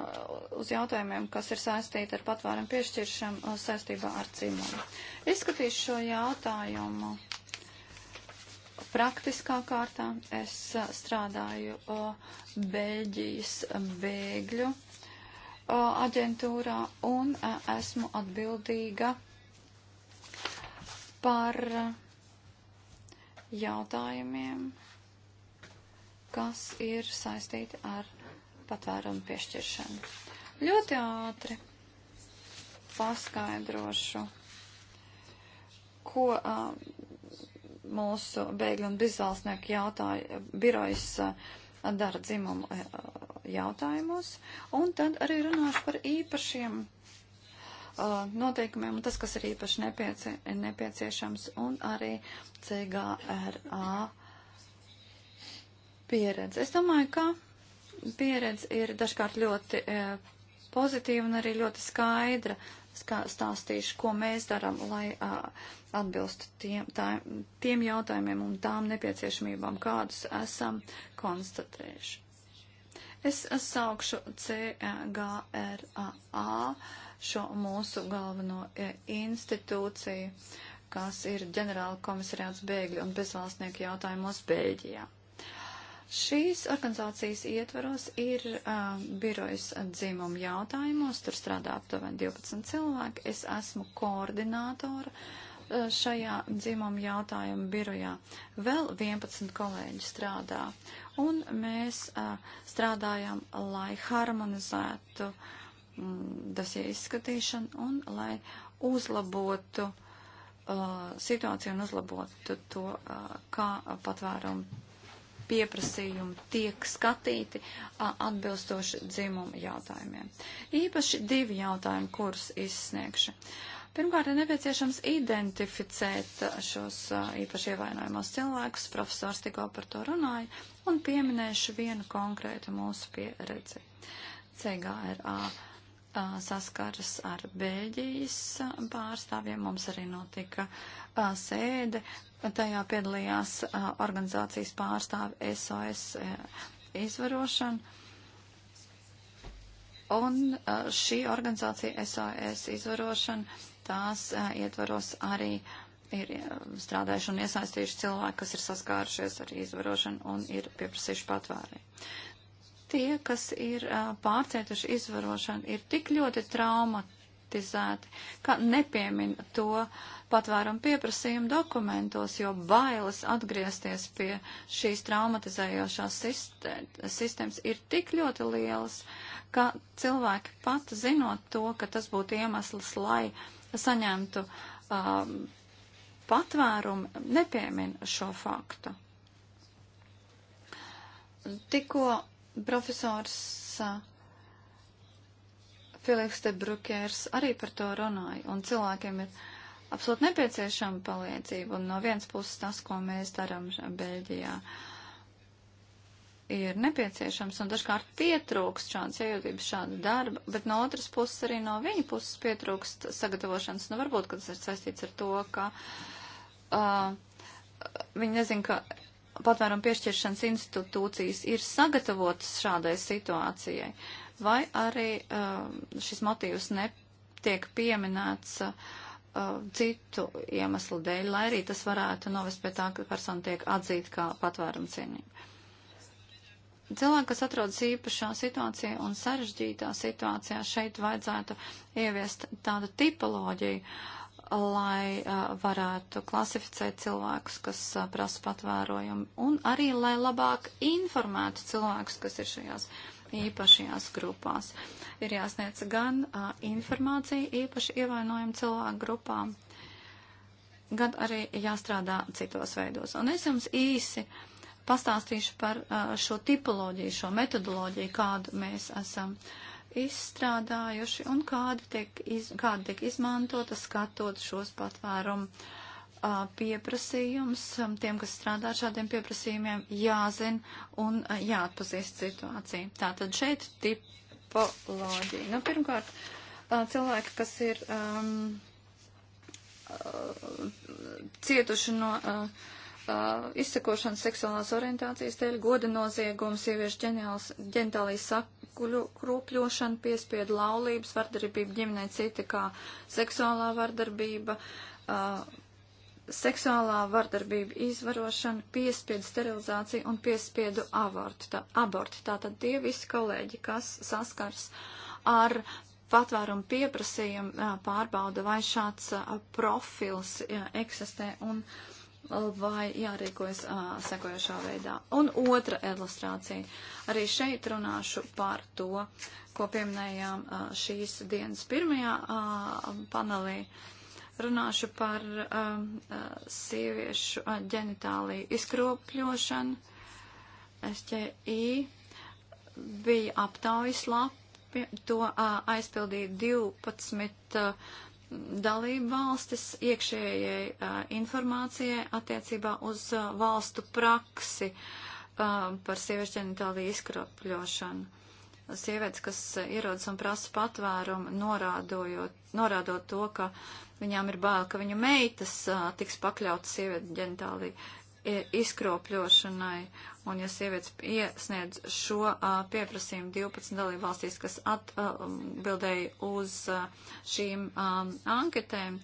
uz jautājumiem, kas ir saistīti ar patvērumu piešķiršanu saistībā ar dzimumu. Izskatīšu šo jautājumu praktiskā kārtā. Es strādāju Beļģijas bēgļu aģentūrā un esmu atbildīga par jautājumiem, kas ir saistīti ar patvērumu piešķiršanu. Ļoti ātri paskaidrošu, ko uh, mūsu bēgļu un bizvalstnieku jautāja birojas. Uh, dara dzimumu e, jautājumos. Un tad arī runāšu par īpašiem e, noteikumiem, un tas, kas ir īpaši nepiecie, nepieciešams, un arī CGRA pieredze. Es domāju, ka pieredze ir dažkārt ļoti e, pozitīva un arī ļoti skaidra. Stāstīšu, ko mēs darām, lai uh, atbilstu tiem, tā, tiem jautājumiem un tām nepieciešamībām, kādus esam konstatējuši. Es saukšu CGRAA šo mūsu galveno e, institūciju, kas ir ģenerāla komisariāts bēgļu un bezvalstnieku jautājumos Bēļģijā. Šīs organizācijas ietvaros ir uh, um, birojas dzimumu jautājumos, tur strādā aptuveni 12 cilvēki. Es esmu koordinātora uh, šajā dzimumu jautājumu birojā. Vēl 11 kolēģi strādā, un mēs uh, strādājam, lai harmonizētu mm, dosie izskatīšanu un lai uzlabotu uh, situāciju un uzlabotu to, uh, kā patvērumu pieprasījumi tiek skatīti atbilstoši dzimumu jautājumiem. Īpaši divi jautājumi, kurus izsniegšu. Pirmkārt, ir nepieciešams identificēt šos īpaši ievainojumos cilvēkus, profesors tikko par to runāja, un pieminēšu vienu konkrētu mūsu pieredzi. CGRA saskaras ar Bēļģijas pārstāvjiem. Mums arī notika sēde, Tajā piedalījās organizācijas pārstāvi SOS izvarošana. Un šī organizācija SOS izvarošana, tās ietvaros arī ir strādājuši un iesaistījuši cilvēki, kas ir saskārušies ar izvarošanu un ir pieprasījuši patvērību. Tie, kas ir pārcietuši izvarošanu, ir tik ļoti traumatizēti politizēti, ka nepiemin to patvērumu pieprasījumu dokumentos, jo bailes atgriezties pie šīs traumatizējošās sistēmas ir tik ļoti lielas, ka cilvēki pat zinot to, ka tas būtu iemesls, lai saņemtu um, patvērumu, nepiemin šo faktu. Tikko profesors uh, Filips de Brukers arī par to runāja, un cilvēkiem ir absolūti nepieciešama palīdzība, un no vienas puses tas, ko mēs darām Beļģijā, ir nepieciešams, un dažkārt pietrūkst šādas iejūtības, šāda darba, bet no otras puses arī no viņa puses pietrūkst sagatavošanas, nu varbūt, ka tas ir saistīts ar to, ka uh, viņi nezin, ka patvērumu piešķiršanas institūcijas ir sagatavotas šādai situācijai. Uh, vai arī uh, šis motīvs netiek pieminēts uh, citu iemeslu dēļ, lai arī tas varētu novest pie tā, ka persona tiek atzīta kā patvērumu cienība. Cilvēki, kas atrodas īpašā situācijā un sarežģītā situācijā, šeit vajadzētu ieviest tādu tipoloģiju, lai uh, varētu klasificēt cilvēkus, kas uh, prasa patvērojumu, un arī, lai labāk informētu cilvēkus, kas ir šajās uh, īpašajās grupās. Ir jāsniedz gan uh, informācija īpaši ievainojumu cilvēku grupām, gan arī jāstrādā citos veidos. Un es jums īsi pastāstīšu par uh, šo tipoloģiju, šo metodoloģiju, kādu mēs esam izstrādājuši un kāda tiek, iz, kāda tiek izmantota skatot šos patvērumu pieprasījums tiem, kas strādā šādiem pieprasījumiem, jāzina un jāatpazīst situāciju. Tātad šeit tipoloģija. Nu, pirmkārt, cilvēki, kas ir um, cietuši no. Uh, Uh, izsekošanas seksuālās orientācijas dēļ, goda noziegums, sieviešu ģenitālijas sakuļu kropļošana, piespiedu laulības, vardarbība ģimenē cita kā seksuālā vardarbība, uh, seksuālā vardarbība, izvarošana, piespiedu sterilizācija un piespiedu abortu. Tā, aborti. Tātad tie visi kolēģi, kas saskars ar patvērumu pieprasījumu, pārbauda, vai šāds profils eksistē un vai jārīkojas sekojošā veidā. Un otra ilustrācija. Arī šeit runāšu par to, ko pieminējām šīs dienas pirmajā panelī Runāšu par um, uh, sieviešu uh, ģenitāliju izkropļošanu. SķI bija aptaujas lapi, to uh, aizpildīja 12 uh, dalību valstis iekšējai uh, informācijai attiecībā uz uh, valstu praksi uh, par sieviešu ģenitāliju izkropļošanu sievietes, kas ierodas un prasa patvērumu, norādot to, ka Viņām ir bail, ka viņu meitas uh, tiks pakļautas sievietes ģenitālī izkropļošanai, un ja sievietes iesniedz šo uh, pieprasījumu 12 dalībvalstīs, kas atbildēja um, uh, uz uh, šīm um, anketēm,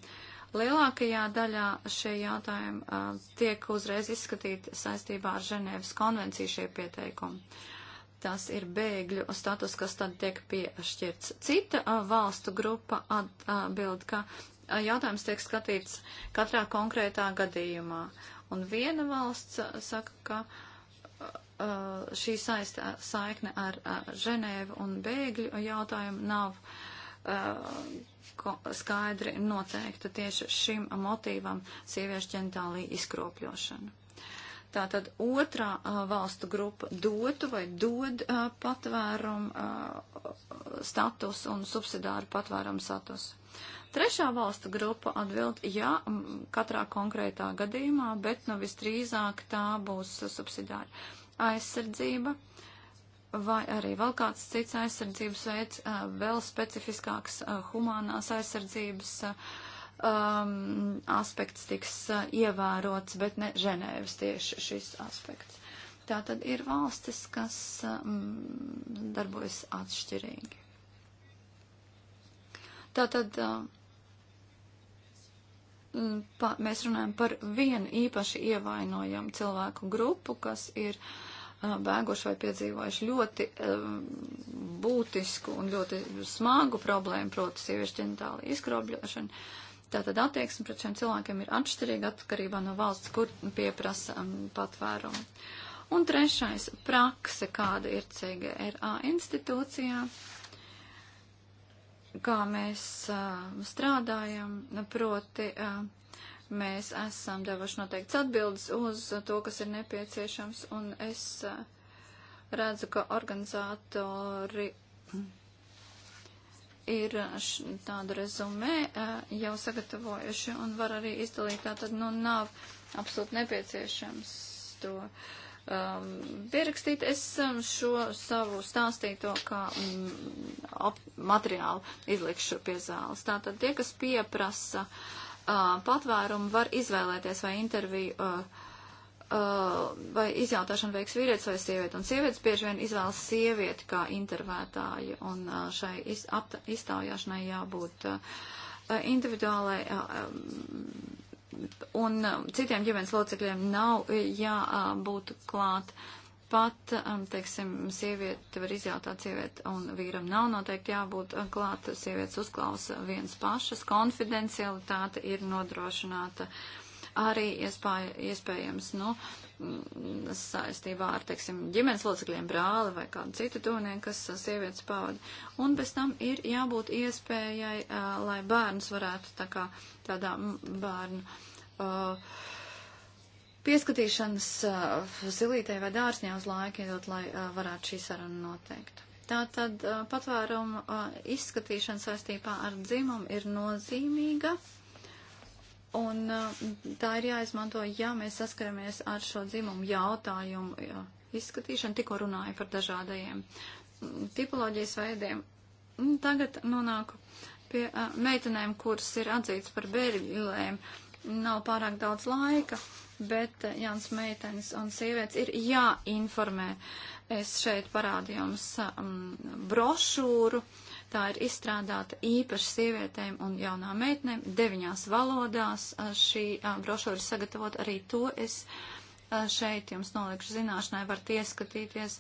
lielākajā daļā šie jautājumi uh, tiek uzreiz izskatīti saistībā ar Ženēvas konvenciju šie pieteikumi. Tas ir bēgļu status, kas tad tiek piešķirts. Cita uh, valstu grupa atbild, uh, ka jautājums tiek skatīts katrā konkrētā gadījumā. Un viena valsts uh, saka, ka uh, uh, šī saista, saikne ar Ženēvu un bēgļu jautājumu nav skaidri noteikta tieši šim motīvam sieviešu ģentālī izkropļošana. Tātad otrā a, valstu grupa dotu vai dod patvērumu status un subsidāru patvērumu status. Trešā valstu grupa atbild, jā, katrā konkrētā gadījumā, bet nu visdrīzāk tā būs subsidāra aizsardzība vai arī vēl kāds cits aizsardzības veids, vēl specifiskāks humānās aizsardzības um, aspekts tiks ievērots, bet ne Ženēvas tieši šis aspekts. Tā tad ir valstis, kas um, darbojas atšķirīgi. Tā tad um, Mm, pa, mēs runājam par vienu īpaši ievainojamu cilvēku grupu, kas ir uh, bēguši vai piedzīvojuši ļoti uh, būtisku un ļoti smagu problēmu, proti sieviešu ģenitāli izkrobļošanu. Tātad attieksme pret šiem cilvēkiem ir atšķirīga atkarībā no valsts, kur pieprasa um, patvērumu. Un trešais - prakse, kāda ir CGRA institūcijā. Uh, kā mēs strādājam, proti mēs esam devuši noteikts atbildes uz to, kas ir nepieciešams, un es redzu, ka organizatori ir tādu rezumē jau sagatavojuši un var arī izdalīt tā tad, nu, nav absolūti nepieciešams to uh, um, pierakstīt. Es um, šo savu stāstīto kā um, op, materiālu izlikšu pie zāles. Tātad tie, kas pieprasa uh, patvērumu, var izvēlēties vai interviju. Uh, Uh, vai izjautāšana veiks vīrietis vai sievieti, un sievietes bieži vien izvēlas sievieti kā intervētāju, un uh, šai iz, apta, iztaujāšanai jābūt uh, uh individuālai uh, um, un um, citiem ģimenes locekļiem nav e, jābūt klāt. Pat, um, teiksim, sieviete var izjautāt sievieti, un vīram nav noteikti jābūt klāt. Sievietes uzklausa viens pašas, konfidencialitāte ir nodrošināta. Arī iespēj, iespējams, nu, Mm, saistībā ar, teiksim, ģimenes locekļiem brāli vai kādu citu tūnieku, kas uh, sievietes pavada. Un bez tam ir jābūt iespējai, uh, lai bērns varētu tā kā tādā mm, bērnu. Uh, pieskatīšanas uh, zilītē vai dārsņā uz laiku iedot, lai uh, varētu šī saruna noteikt. Tātad uh, patvēruma uh, izskatīšana saistībā ar dzimumu ir nozīmīga. Uh, Un eh, tā ir jāizmanto, ja mēs saskaramies ar šo dzimumu jautājumu jā. izskatīšanu, tikko runāju par dažādajiem mm, tipoloģijas veidiem. Tagad nonāku pie uh, meitenēm, kuras ir atzīts par bērļiem. Nav pārāk daudz laika, bet uh, jauns meitenes un sievietes ir jāinformē. Es šeit parādīju jums um, brošūru. Uh, Tā ir izstrādāta īpaši sievietēm un jaunām meitnēm deviņās valodās. Šī brošūra sagatavot arī to es šeit jums nolikšu zināšanai, varat ieskatīties.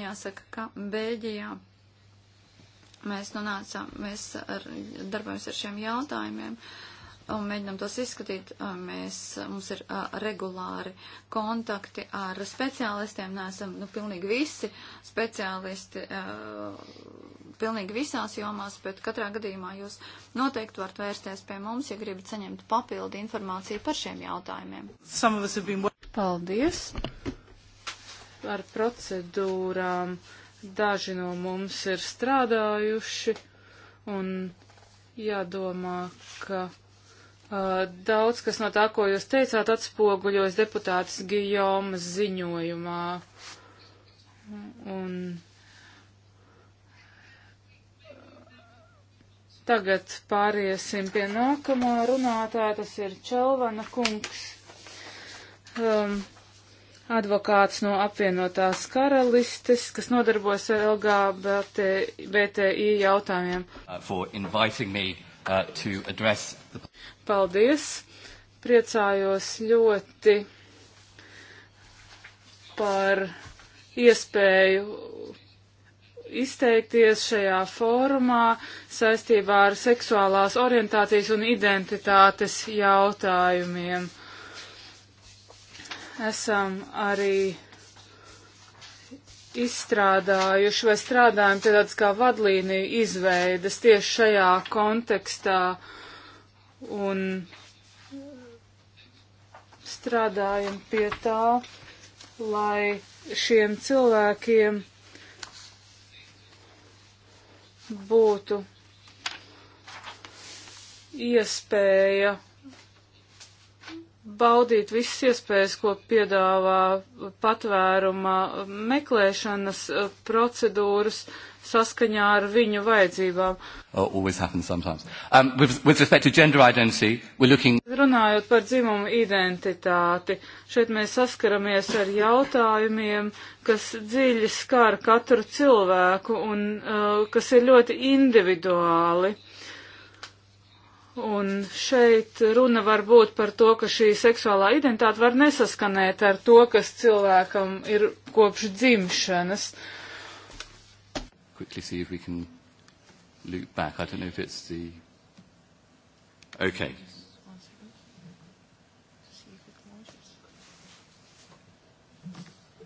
Jāsaka, ka Beļģijā mēs nonācām, mēs ar, darbojamies ar šiem jautājumiem un mēģinām tos izskatīt. Mēs, mums ir a, regulāri kontakti ar speciālistiem, neesam, nu, pilnīgi visi speciālisti a, pilnīgi visās jomās, bet katrā gadījumā jūs noteikti varat vērsties pie mums, ja gribat saņemt papildu informāciju par šiem jautājumiem. Been... Paldies ar procedūrām. Daži no mums ir strādājuši un jādomā, ka uh, daudz kas no tā, ko jūs teicāt, atspoguļojas deputātas Gijomas ziņojumā. Un, un Tagad pāriesim pie nākamā runātāja, tas ir Čelvana kungs, um, advokāts no apvienotās karalistes, kas nodarbojas ar LGBTI jautājumiem. Uh, me, uh, the... Paldies! Priecājos ļoti par iespēju izteikties šajā fórumā saistībā ar seksuālās orientācijas un identitātes jautājumiem. Esam arī izstrādājuši vai strādājam pie tādas kā vadlīniju izveidas tieši šajā kontekstā un strādājam pie tā, lai šiem cilvēkiem būtu iespēja baudīt visas iespējas, ko piedāvā patvēruma meklēšanas eh, procedūras, uh, saskaņā ar viņu vajadzībām. Oh, um, with, with identity, looking... Runājot par dzimumu identitāti, šeit mēs saskaramies ar jautājumiem, kas dziļi skar katru cilvēku un uh, kas ir ļoti individuāli. Un šeit runa var būt par to, ka šī seksuālā identitāte var nesaskanēt ar to, kas cilvēkam ir kopš dzimšanas. Uh, quickly see if we can loop back. I don't know if it's the... Okay.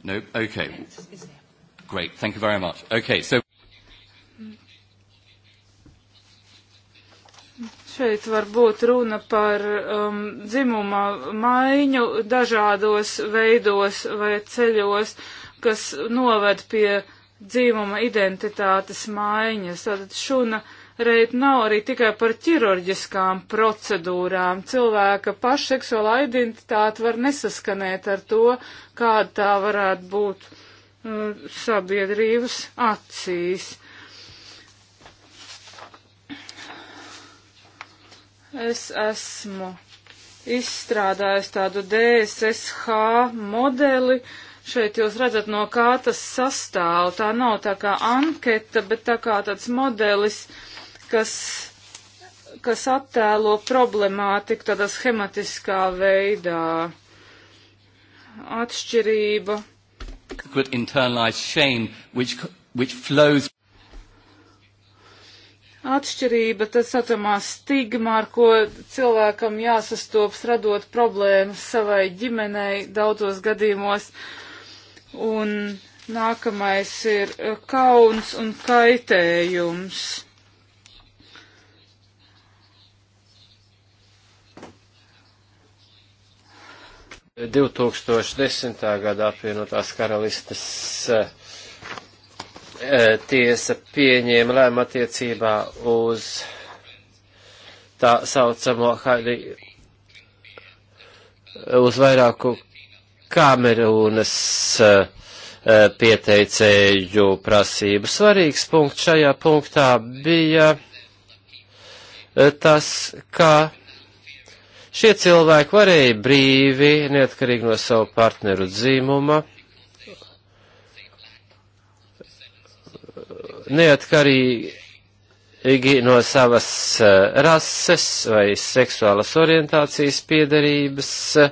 No? Okay. Great. Thank you very much. Okay, so... Šeit var būt runa par um, dzimuma maiņu dažādos veidos vai ceļos, kas noved pie uh, dzīvuma identitātes maiņas. Tātad šuna reit nav arī tikai par ķirurģiskām procedūrām. Cilvēka paša seksuālā identitāte var nesaskanēt ar to, kāda tā varētu būt uh, sabiedrības acīs. Es esmu izstrādājis tādu DSSH modeli, uh, Šeit jūs redzat, no kā tas sastāv. Tā nav tā kā anketa, bet tā kā tāds modelis, kas, kas attēlo problemātiku tādā schematiskā veidā. Atšķirība. Could internalize shame, which, which flows atšķirība, tā saucamā stigma, ar ko cilvēkam jāsastops, radot problēmas savai ģimenei daudzos gadījumos. Uh, Un nākamais ir eh, kauns un kaitējums. Divtūkstošdesmitā gada apvienotās karalistes eh, eh, tiesa pieņēma lēmu attiecībā uz tā saucamo haidī uz vairāku Kamerūnas eh, eh, pieteicēju prasību. Svarīgs punkts šajā punktā bija eh, tas, ka šie cilvēki varēja brīvi, neatkarīgi no savu partneru dzīmuma, neatkarīgi no savas eh, rases vai seksuālas orientācijas piedarības, eh,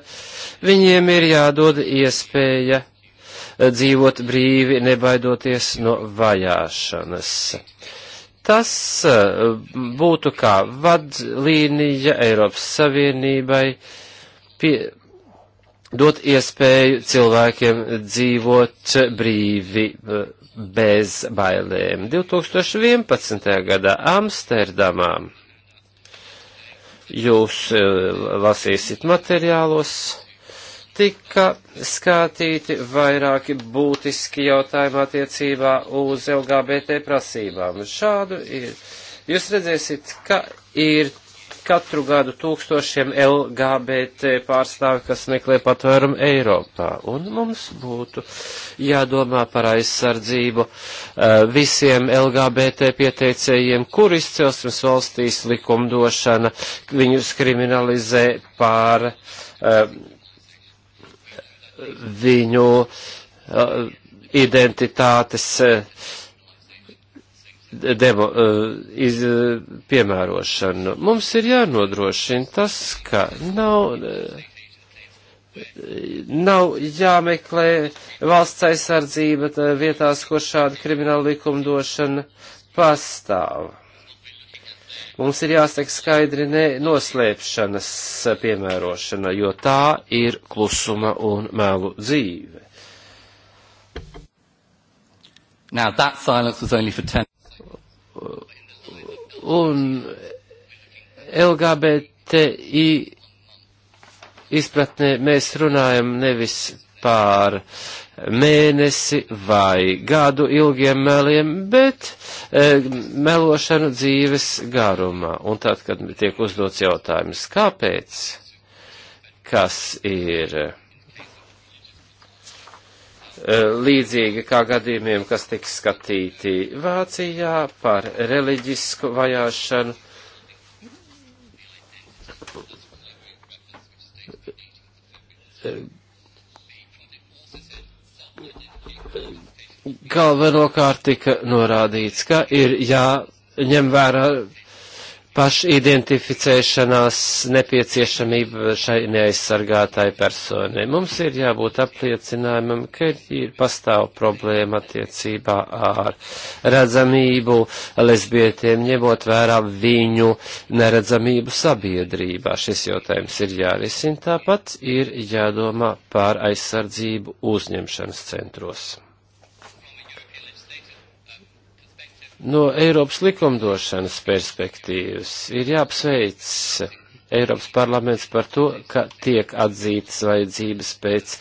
viņiem ir jādod iespēja eh, dzīvot brīvi, nebaidoties no vajāšanas. Tas būtu kā vadlīnija Eiropas Savienībai pie, dot iespēju cilvēkiem dzīvot brīvi bez bailēm. 2011. gadā Amsterdamā jūs e, lasīsit materiālos, tika skatīti vairāki būtiski jautājumi attiecībā uz LGBT prasībām. Šādu ir. Jūs redzēsiet, ka ir katru gadu tūkstošiem LGBT pārstāvi, kas meklē patvērumu Eiropā. Un mums būtu jādomā par aizsardzību eh, visiem LGBT pieteicējiem, kur izcelsmes valstīs likumdošana viņus kriminalizē pār eh, viņu eh, identitātes demo, eh, iz, eh, piemērošanu. Mums ir jānodrošina tas, ka nav, eh, nav jāmeklē valsts aizsardzība vietās, kur šāda krimināla likumdošana pastāv. Mums ir jāsaka skaidri ne noslēpšanas piemērošana, jo tā ir klusuma un mēlu dzīve. Now that silence was only for 10 un LGBTI izpratnē mēs runājam nevis pār mēnesi vai gadu ilgiem meliem, bet e, melošanu dzīves garumā. Un tad, kad tiek uzdots jautājums, kāpēc, kas ir Eh, līdzīgi kā gadījumiem, kas tika skatīti Vācijā par reliģisku vajāšanu. Galvenokārt tika norādīts, ka ir jāņem vērā pašidentificēšanās nepieciešamība šai neaizsargātai personai. Mums ir jābūt apliecinājumam, ka ir pastāv problēma attiecībā ar redzamību lesbietiem, ņemot vērā viņu neredzamību sabiedrībā. Šis jautājums ir jārisina, tāpat ir jādomā par aizsardzību uzņemšanas centros. No Eiropas likumdošanas perspektīvas ir jāapsveic Eiropas parlaments par to, ka tiek atzītas vajadzības pēc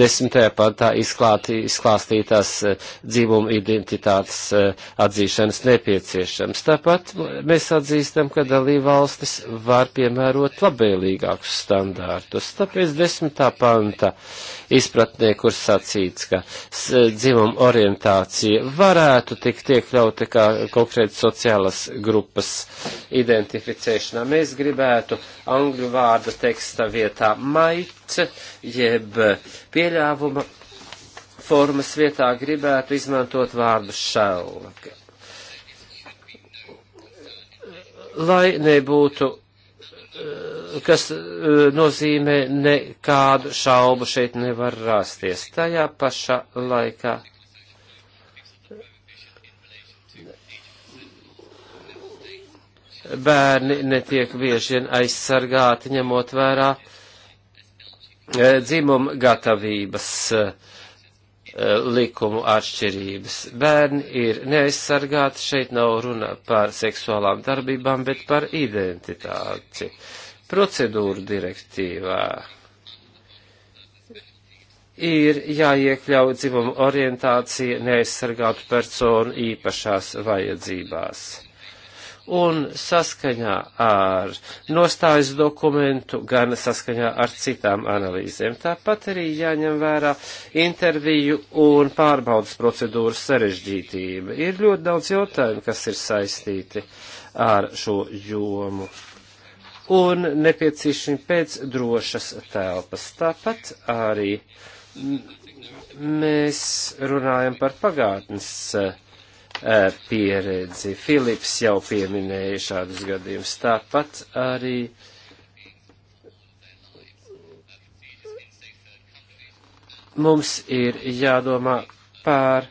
desmitajā pantā izklāti, izklāstītās eh, dzīvuma identitātes eh, atzīšanas nepieciešams. Tāpat mēs atzīstam, ka dalībvalstis var piemērot labvēlīgākus standārtus. Tāpēc desmitā panta izpratnē, kur sacīts, ka eh, dzīvuma orientācija varētu tikt iekļauta kā konkrēti sociālas grupas identificēšanā. Mēs gribētu angļu vārda teksta vietā might, jeb pieļāvuma formas vietā gribētu izmantot vārdu shall. Lai nebūtu, eh, kas eh, nozīmē nekādu šaubu šeit nevar rasties. Tajā pašā laikā bērni netiek bieži vien aizsargāti, ņemot vērā e, dzimuma gatavības e, e, likumu atšķirības. Bērni ir neaizsargāti, šeit nav runa par seksuālām darbībām, bet par identitāti. Procedūra direktīvā ir jāiekļauj dzimumu orientācija neaizsargātu personu īpašās vajadzībās un saskaņā ar nostājas dokumentu, gan saskaņā ar citām analīzēm. Tāpat arī jāņem vērā interviju un pārbaudas procedūras sarežģītība. Ir ļoti daudz jautājumu, kas ir saistīti ar šo jomu un nepieciešami pēc drošas telpas. Tāpat arī mēs runājam par pagātnes uh, pieredzi. Filips jau pieminēja šādus gadījumus. Tāpat arī mums ir jādomā par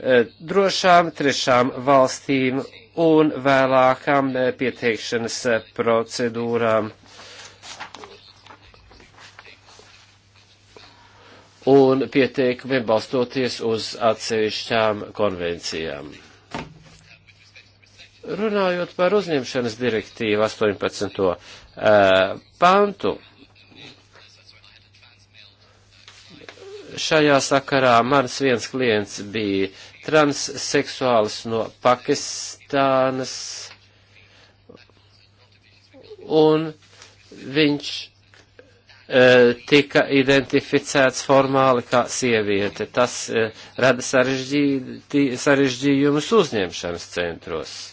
drošām trešām valstīm un vēlākām pieteikšanas procedūrām un pieteikumiem balstoties uz atsevišķām konvencijām. Runājot par uzņemšanas direktīvu 18. Eh, pantu, šajā sakarā mans viens klients bija transseksuāls no Pakistānas, un viņš E, tika identificēts formāli kā sieviete. Tas e, rada sarežģījumus uzņemšanas centros. E,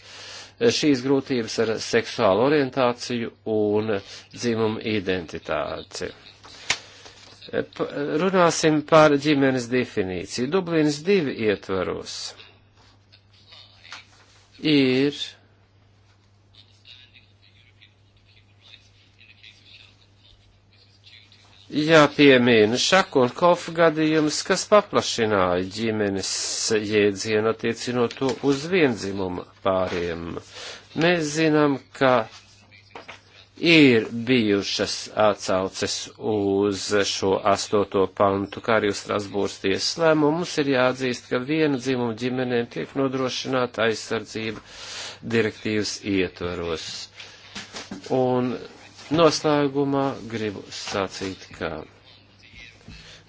šīs grūtības ar seksuālu orientāciju un dzimumu identitāti. Runāsim par ģimenes definīciju. Dublīnas divi ietvaros ir jāpiemina Šaku un Kofu gadījums, kas paplašināja ģimenes jēdzienu attiecinot to uz viendzimumu pāriem. Mēs zinām, ka ir bijušas atsauces uz šo astoto pantu, kā arī uz Strasbūras tiesas lēmumu. Mums ir jāatzīst, ka viena dzimuma ģimenēm tiek nodrošināta aizsardzība direktīvas ietvaros. Un Noslēgumā gribu sacīt, ka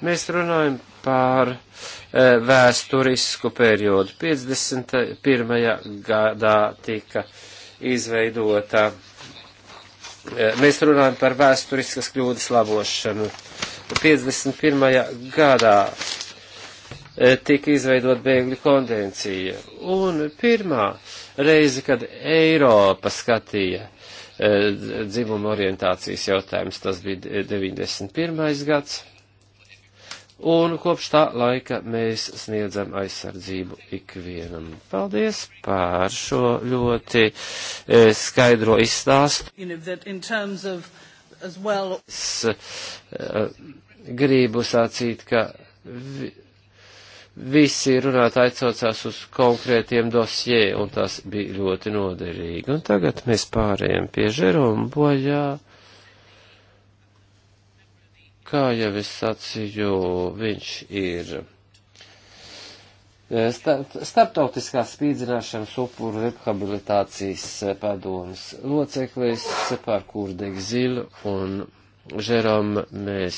mēs runājam par e, vēsturisku periodu. 51. gadā tika izveidota. E, mēs runājam par vēsturiskas kļūdas labošanu. 51. gadā e, tika izveidot bēgļu konvencija. Un pirmā reize, kad Eiropa skatīja Eh, dzimuma orientācijas jautājums, tas bija 91. gads, un kopš tā laika mēs sniedzam aizsardzību ikvienam. Paldies pār šo ļoti eh, skaidro izstāstu. Es eh, gribu sacīt, ka visi runātāji atsaucās uz konkrētiem dosjē, un tas bija ļoti noderīgi. Un tagad mēs pārējām pie Žeroma bojā. Kā jau es sacīju, viņš ir eh, starptautiskās spīdzināšanas upuru rehabilitācijas eh, padomas loceklis par kurdu egzilu un Žerom, mēs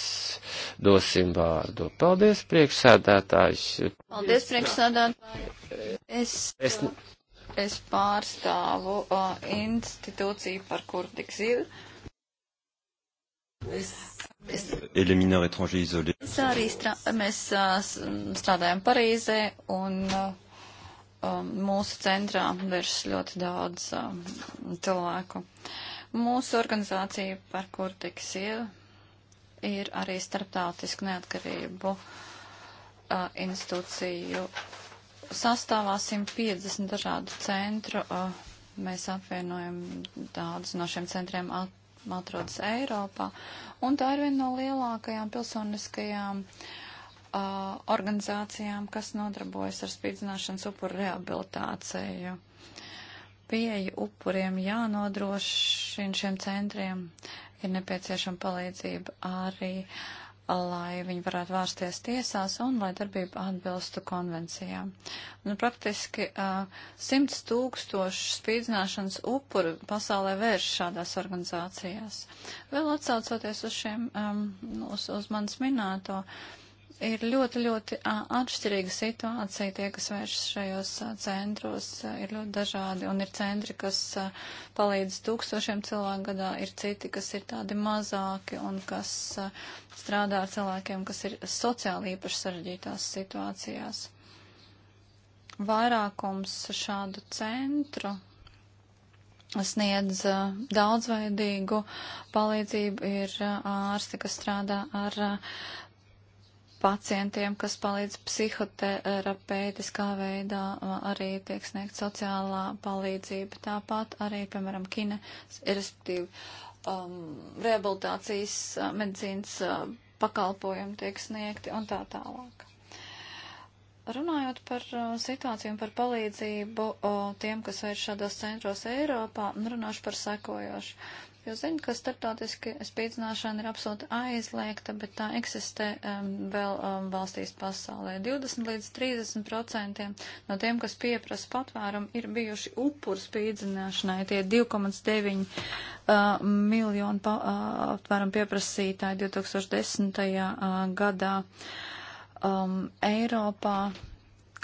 dosim vārdu. Paldies, priekšsādātājs. Paldies, priekšsādātājs. Es, es, es pārstāvu uh, institūciju, par kur tik zinu. Es, es, es arī strā, mēs uh, strādājam Parīzē un uh, um, mūsu centrā vēršas ļoti daudz uh, cilvēku. Uh, Mūsu organizācija, par kur tiks ieva, ir arī starptautisku neatkarību uh, institūciju sastāvā 150 dažādu centru. Uh, mēs apvienojam daudz no šiem centriem at, atrodas Eiropā. Un tā ir viena no lielākajām pilsoniskajām uh, organizācijām, kas nodarbojas ar spīdzināšanas upuru rehabilitāciju. Uh, pieeju upuriem jānodrošina šiem centriem, ir nepieciešama palīdzība arī, lai viņi varētu vērsties tiesās un lai darbība atbilstu konvencijām. Nu, praktiski simts uh, tūkstošu spīdzināšanas upuru pasaulē vērš šādās organizācijās. Vēl atsaucoties uz šiem, um, uz, uz manis minēto, uh, ir ļoti, ļoti atšķirīga situācija. Tie, kas vēršas šajos centros, ir ļoti dažādi. Un ir centri, kas palīdz tūkstošiem cilvēku gadā, ir citi, kas ir tādi mazāki un kas strādā ar cilvēkiem, kas ir sociāli īpaši sarežģītās situācijās. Vairākums šādu centru sniedz daudzveidīgu palīdzību, ir ārsti, kas strādā ar pacientiem, kas palīdz psihoterapeitiskā veidā, arī tiek sniegt sociālā palīdzība. Tāpat arī, piemēram, kine, respektīvi, um, rehabilitācijas medicīnas pakalpojumi tiek sniegti un tā tālāk. Runājot par situāciju un par palīdzību o, tiem, kas vairs šādos centros Eiropā, nu, runāšu par sekojošu. Jo zinu, ka startautiski spīdzināšana ir absolūti aizliegta, bet tā eksistē um, vēl um, valstīs pasaulē. 20 līdz 30 procentiem no tiem, kas pieprasa patvērumu, ir bijuši upuri spīdzināšanai. Tie 2,9 uh, miljonu uh, patvērumu uh, pieprasītāji 2010. Uh, gadā um, Eiropā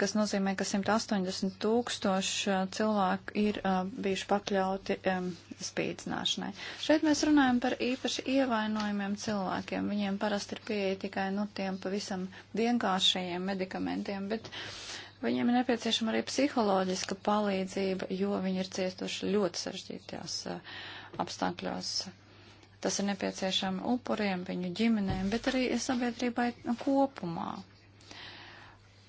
kas nozīmē, ka 180 tūkstoši uh, cilvēku ir uh, bijuši pakļauti um, spīdzināšanai. Šeit mēs runājam par īpaši ievainojumiem cilvēkiem. Viņiem parasti ir pieeja tikai no nu, tiem pavisam vienkāršajiem medikamentiem, bet viņiem ir nepieciešama arī psiholoģiska palīdzība, jo viņi ir cietuši ļoti sarežģītās uh, apstākļos. Tas ir nepieciešama upuriem, viņu ģimenēm, bet arī sabiedrībai kopumā.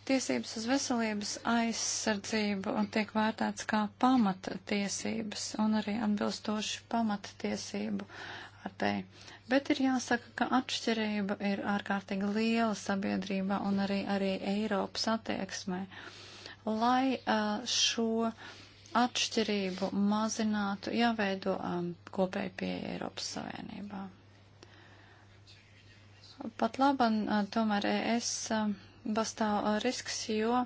Tiesības uz veselības aizsardzību tiek vērtēts kā pamattiesības un arī atbilstoši pamattiesību ārtei. Bet ir jāsaka, ka atšķirība ir ārkārtīgi liela sabiedrībā un arī, arī Eiropas attieksmē. Lai šo atšķirību mazinātu, jāveido kopēji pieeja Eiropas Savienībā. Pat labam, tomēr ES pastāv uh, risks, jo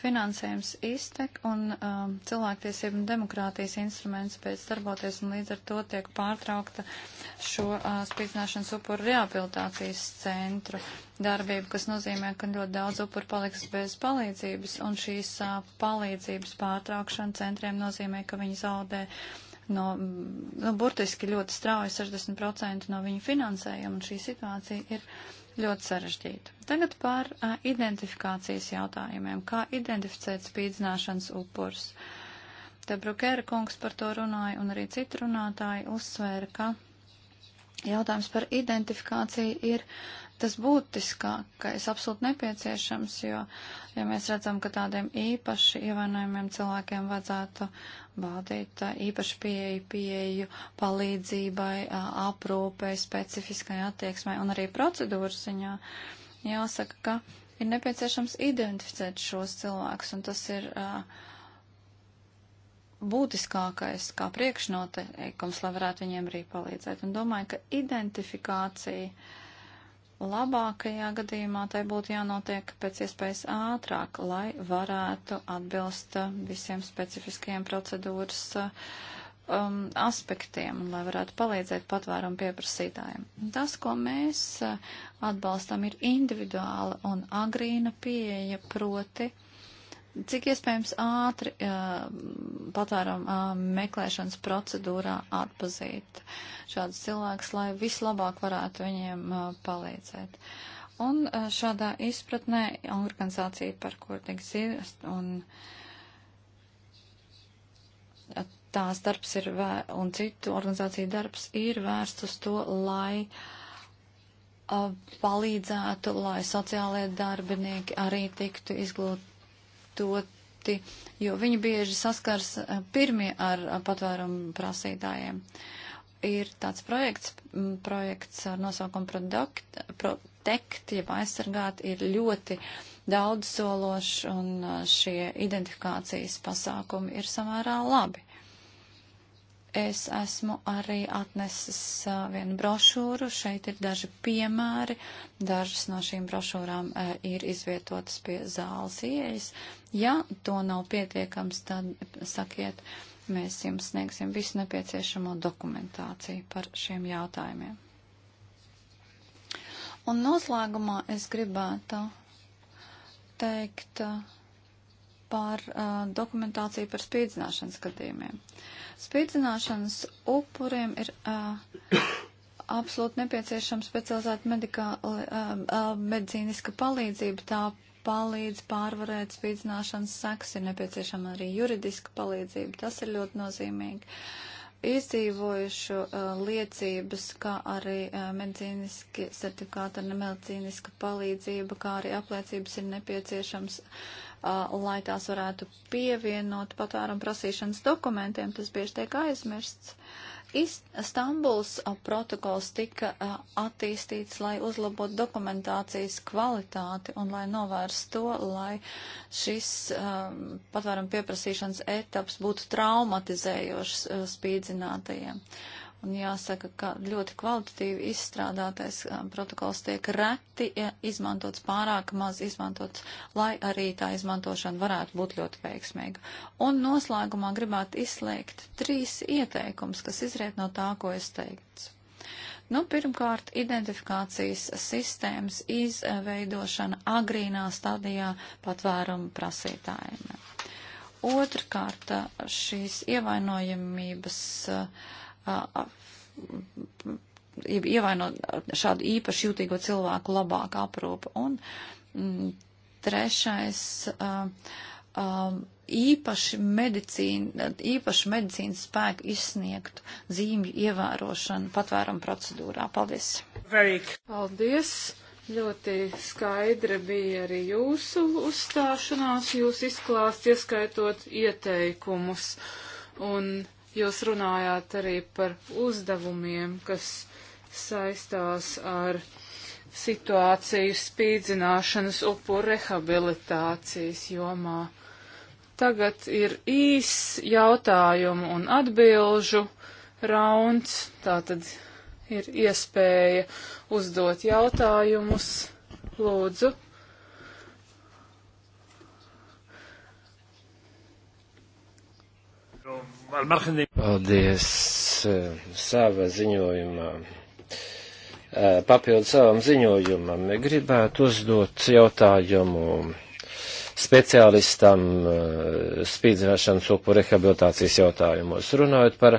finansējums iztek un um, cilvēktiesību un demokrātijas instruments pēc darboties un līdz ar to tiek pārtraukta šo uh, spīdzināšanas upuru rehabilitācijas centru darbību, kas nozīmē, ka ļoti daudz upuru paliks bez palīdzības un šīs uh, palīdzības pārtraukšana centriem nozīmē, ka viņi zaudē no, mm, no nu, burtiski ļoti strauji 60% no viņu finansējuma un šī situācija ir ļoti sarežģīta. Tagad par uh, identifikācijas jautājumiem. Kā identificēt spīdzināšanas upurs? Te Brukēra kungs par to runāja un arī citi runātāji uzsvēra, ka jautājums par identifikāciju ir tas būtiskākais absolūti nepieciešams, jo, ja mēs redzam, ka tādiem īpaši ievainojumiem cilvēkiem vajadzētu baudīt īpaši pieeju, pieeju palīdzībai, aprūpei, specifiskai attieksmai un arī procedūras ziņā, jāsaka, ka ir nepieciešams identificēt šos cilvēkus, un tas ir uh, būtiskākais kā priekšnoteikums, lai varētu viņiem arī palīdzēt. Un domāju, ka identifikācija uh, Labākajā gadījumā tai būtu jānotiek pēc iespējas ātrāk, lai varētu atbilst eh, visiem specifiskajiem procedūras eh, um, aspektiem un lai varētu palīdzēt patvērumu pieprasītājiem. Tas, ko mēs eh, atbalstam, ir individuāla un agrīna pieeja proti cik iespējams ātri uh, patēram uh, meklēšanas procedūrā atpazīt šādus cilvēkus, lai vislabāk varētu viņiem uh, palīdzēt. Un uh, šādā izpratnē organizācija, par kur tiek zirst, un tās darbs ir, vēr, un citu organizāciju darbs ir vērsts uz to, lai uh, palīdzētu, lai sociālie darbinieki arī tiktu izglūt, izglītoti, jo viņi bieži saskars eh, pirmie ar eh, patvērumu prasītājiem. Ir tāds projekts, projekts ar nosaukumu produkt, Protect, jeb aizsargāt, ir ļoti daudz sološs un eh, šie identifikācijas pasākumi ir samērā labi es esmu arī atnesis uh, vienu brošūru. Šeit ir daži piemēri. Dažas no šīm brošūrām uh, ir izvietotas pie zāles ieejas. Ja to nav pietiekams, tad sakiet, mēs jums sniegsim visu nepieciešamo dokumentāciju par šiem jautājumiem. Un noslēgumā es gribētu teikt. Uh, par uh, dokumentāciju par spīdzināšanas gadījumiem. Spīdzināšanas upuriem ir uh, absolūti nepieciešama specializēta medikāli, uh, uh, medicīniska palīdzība. Tā palīdz pārvarēt spīdzināšanas sekas, ir nepieciešama arī juridiska palīdzība. Tas ir ļoti nozīmīgi. Izdzīvojušu uh, liecības, kā arī uh, medicīniski certifikāti un medicīniska palīdzība, kā arī apliecības ir nepieciešams. Uh, lai tās varētu pievienot patvērumu prasīšanas dokumentiem. Tas bieži tiek aizmirsts. Stambuls protokols tika attīstīts, lai uzlabotu dokumentācijas kvalitāti un lai novērstu to, lai šis um, patvērumu pieprasīšanas etaps būtu traumatizējošs spīdzinātajiem. Uh, Un jāsaka, ka ļoti kvalitatīvi izstrādātais protokols tiek reti izmantots, pārāk maz izmantots, lai arī tā izmantošana varētu būt ļoti veiksmīga. Un noslēgumā gribētu izslēgt trīs ieteikums, kas izriet no tā, ko es teiktu. Nu, pirmkārt, identifikācijas sistēmas izveidošana agrīnā stadijā patvērumu prasītājiem. Otrkārt, šīs ievainojamības uh, ievainot šādu īpaši jūtīgo cilvēku labāk aprūpa. Un m, mm, trešais. Uh, um, īpaši, medicīna, īpaši medicīnas spēku izsniegtu zīmju ievērošanu patvērumu procedūrā. Paldies! Very. Paldies! Ļoti skaidra bija arī jūsu uzstāšanās, jūs izklāsts, ieskaitot ieteikumus. Un Jūs runājāt arī par uzdevumiem, kas saistās ar situāciju spīdzināšanas upuru rehabilitācijas jomā. Tagad ir īss jautājumu un atbilžu rauns, tātad ir iespēja uzdot jautājumus. Lūdzu. Paldies eh, sava ziņojumā. Eh, Papildu savam ziņojumam gribētu uzdot jautājumu speciālistam eh, spīdzināšanas upu rehabilitācijas jautājumos. Runājot par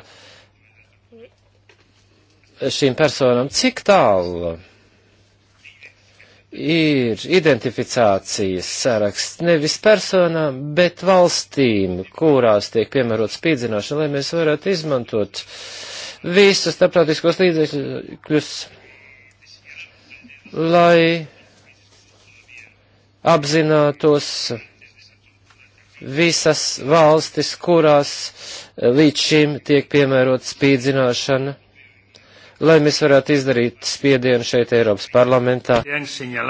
šīm personām, cik tālu ir identifikācijas saraksts nevis personām, bet valstīm, kurās tiek piemērots spīdzināšana, lai mēs varētu izmantot visus starptautiskos līdzekļus, lai apzinātos visas valstis, kurās līdz šim tiek piemērot spīdzināšana lai mēs varētu izdarīt spiedienu šeit Eiropas parlamentā. Eh,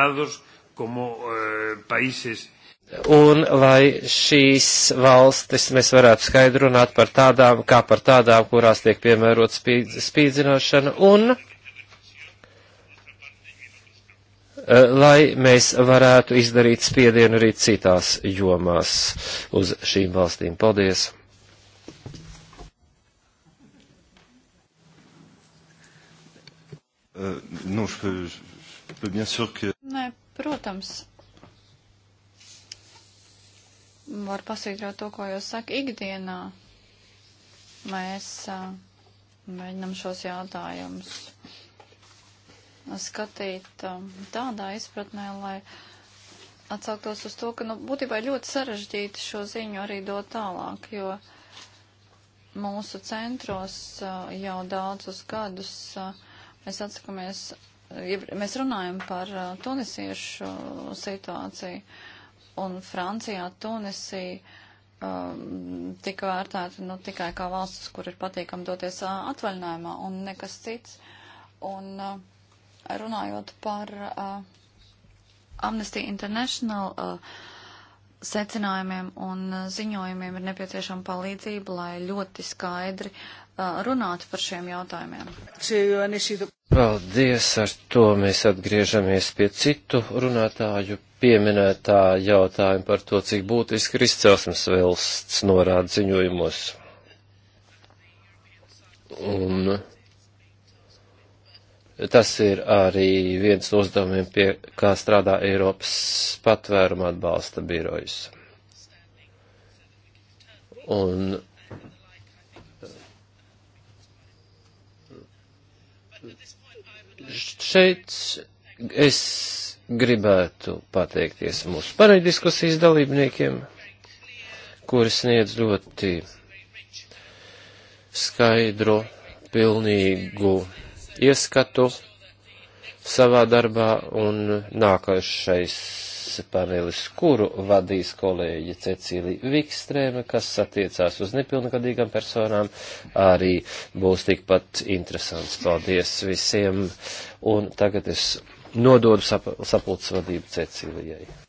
un lai šīs valstis mēs varētu skaidrunāt par tādām, kā par tādām, kurās tiek piemērot spīd, spīdzināšana, un eh, lai mēs varētu izdarīt spiedienu arī citās jomās uz šīm valstīm. Paldies! Euh, non, je peux, je peux bien sûr que. Nē, protams. Var pasvītrot to, ko jūs saka ikdienā. Mēs uh, mēģinam šos jautājumus skatīt uh, tādā izpratnē, lai atsauktos uz to, ka nu, būtībā ir ļoti sarežģīti šo ziņu arī dot tālāk, jo mūsu centros uh, jau daudzus gadus uh, Mēs atsakamies, ja mēs runājam par uh, tunisiešu situāciju, un Francijā Tunisija um, tika vērtēta nu, tikai kā valsts, kur ir patīkam doties uh, atvaļinājumā, un nekas cits. Un uh, runājot par uh, Amnesty International. Uh, secinājumiem un uh, ziņojumiem ir nepieciešama palīdzība, lai ļoti skaidri Uh, runāt par šiem jautājumiem. Paldies, ar to mēs atgriežamies pie citu runātāju pieminētā jautājuma par to, cik būtiski ir izcelsmes vēlsts norāda ziņojumos. Un tas ir arī viens no uzdevumiem, pie kā strādā Eiropas patvēruma atbalsta birojas. Un šeit es gribētu pateikties mūsu pareidiskusijas dalībniekiem, kuri sniedz ļoti skaidru, pilnīgu ieskatu savā darbā un nākošais panelis, kuru vadīs kolēģi Cecīlija Vikstrēma, kas attiecās uz nepilngadīgām personām, arī būs tikpat interesants. Paldies visiem, un tagad es nododu sap sapulces vadību Cecīlijai.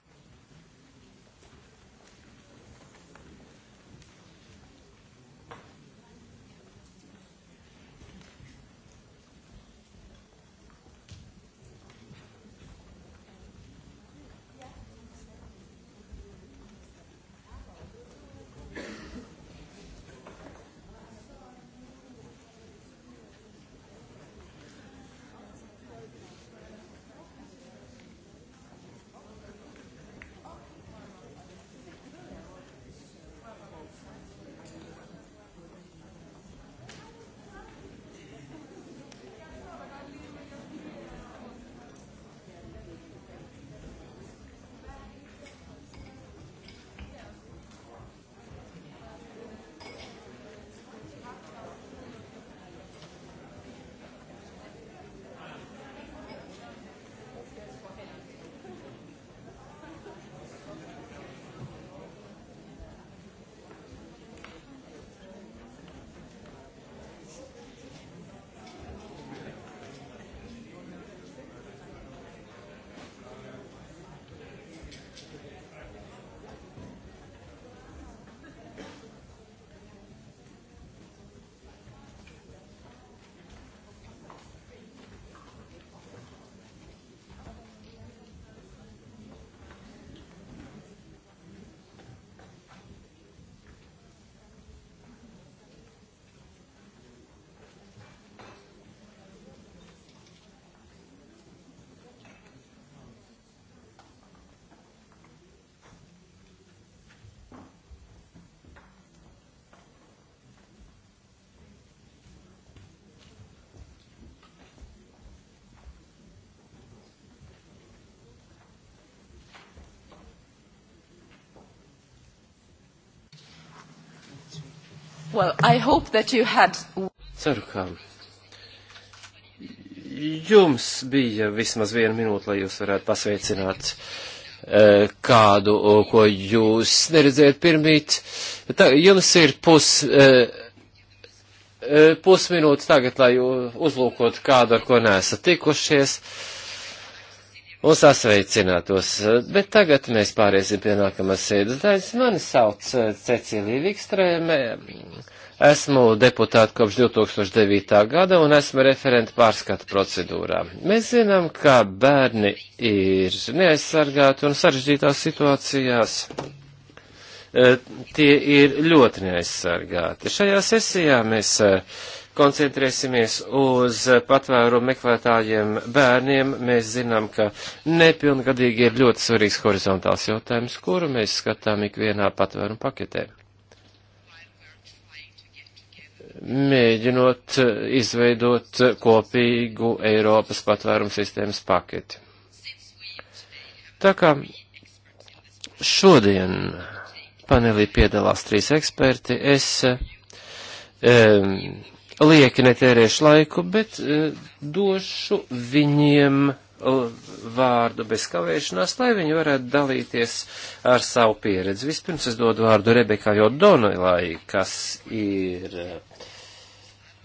Well, I hope that you had... Ceru, ka jums bija vismaz viena minūte, lai jūs varētu pasveicināt e, kādu, ko jūs neredzējat pirmīt. Tā, jums ir pus, e, e, pusminūte tagad, lai uzlūkot kādu, ar ko neesat tikušies un sasveicinātos. Bet tagad mēs pāriesim pie nākamās sēdes daļas. Mani sauc eh, Cecilija Vikstrēme. Esmu deputāti kopš 2009. gada un esmu referenti pārskata procedūrā. Mēs zinām, ka bērni ir neaizsargāti un sarežģītās situācijās. Eh, tie ir ļoti neaizsargāti. Šajā sesijā mēs uh, koncentrēsimies uz patvērumu meklētājiem bērniem. Mēs zinām, ka nepilngadīgi ir ļoti svarīgs horizontāls jautājums, kuru mēs skatām ikvienā patvērumu paketē. Mēģinot izveidot kopīgu Eiropas patvērumu sistēmas paketi. Tā kā šodien panelī piedalās trīs eksperti, es um, e, lieki netērēšu laiku, bet e, došu viņiem e, vārdu bez kavēšanās, lai viņi varētu dalīties ar savu pieredzi. Vispirms es dodu vārdu Rebekai Odonelai, kas ir e,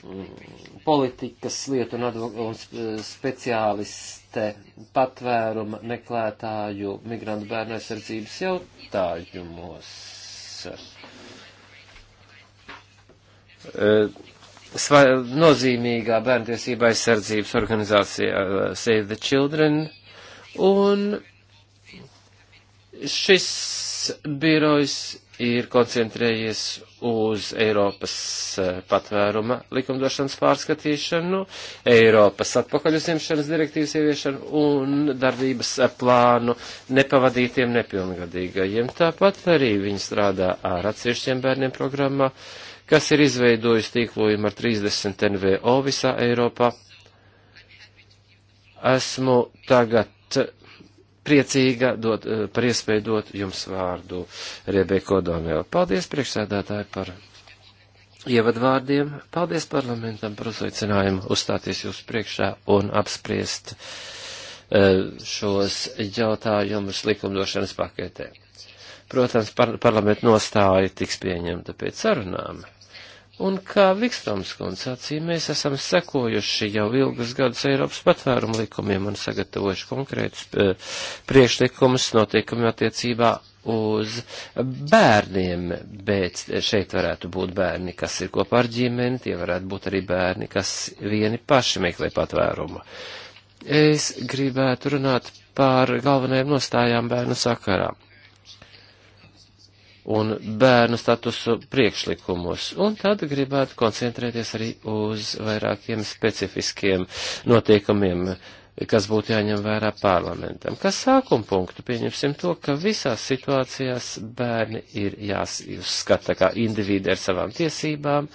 mm, politikas lietu un, un speciāliste patvēruma meklētāju migrantu bērnu aizsardzības jautājumos. Uh, nozīmīgā bērntiesība aizsardzības organizācija uh, Save the Children, un šis birojs ir koncentrējies uz Eiropas uh, patvēruma likumdošanas pārskatīšanu, Eiropas atpakaļuzņemšanas direktīvas ieviešanu un darbības uh, plānu nepavadītiem nepilngadīgajiem. Tāpat arī viņi strādā ar atsevišķiem bērniem programmā. Uh, kas ir izveidojis tīklojumu ar 30 NVO visā Eiropā. Esmu tagad priecīga dot, eh, par iespēju dot jums vārdu, Rebeka Odonēla. Paldies priekšsēdētāji par ievadvārdiem. Paldies parlamentam par uzveicinājumu uzstāties jūsu priekšā un apspriest eh, šos jautājumus likumdošanas paketē. Protams, par, parlamenta nostāja tiks pieņemta pēc sarunām. Un kā Vikstoms kundze sacīja, mēs esam sekojuši jau ilgus gadus Eiropas patvērumu likumiem un sagatavojuši konkrētus e, priekšlikumus notiekumi attiecībā uz bērniem, bet šeit varētu būt bērni, kas ir kopā ar ģimeni, tie varētu būt arī bērni, kas vieni paši meklē patvērumu. Es gribētu runāt par galvenajām nostājām bērnu sakarā un bērnu statusu priekšlikumus. Un tad gribētu koncentrēties arī uz vairākiem specifiskiem notiekumiem, kas būtu jāņem vērā parlamentam. Kas sākuma punktu pieņemsim to, ka visās situācijās bērni ir jāskata kā individi ar savām tiesībām,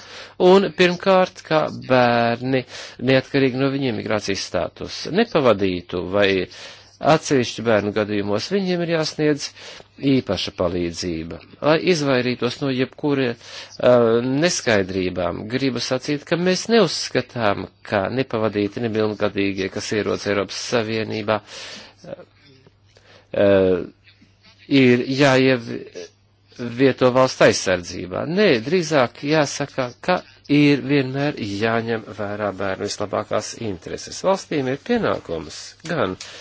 un pirmkārt, kā bērni, neatkarīgi no viņu imigrācijas status, nepavadītu vai uh, Atsevišķu bērnu gadījumos viņiem ir jāsniedz īpaša palīdzība. Lai izvairītos no jebkura uh, neskaidrībām, gribu sacīt, ka mēs neuzskatām, ka nepavadīti nepilngadīgie, kas ierodas Eiropas Savienībā, uh, uh, ir jāievieto valsts aizsardzībā. Nē, drīzāk jāsaka, ka ir vienmēr jāņem vērā bērnu vislabākās intereses. Valstīm ir pienākums gan uh,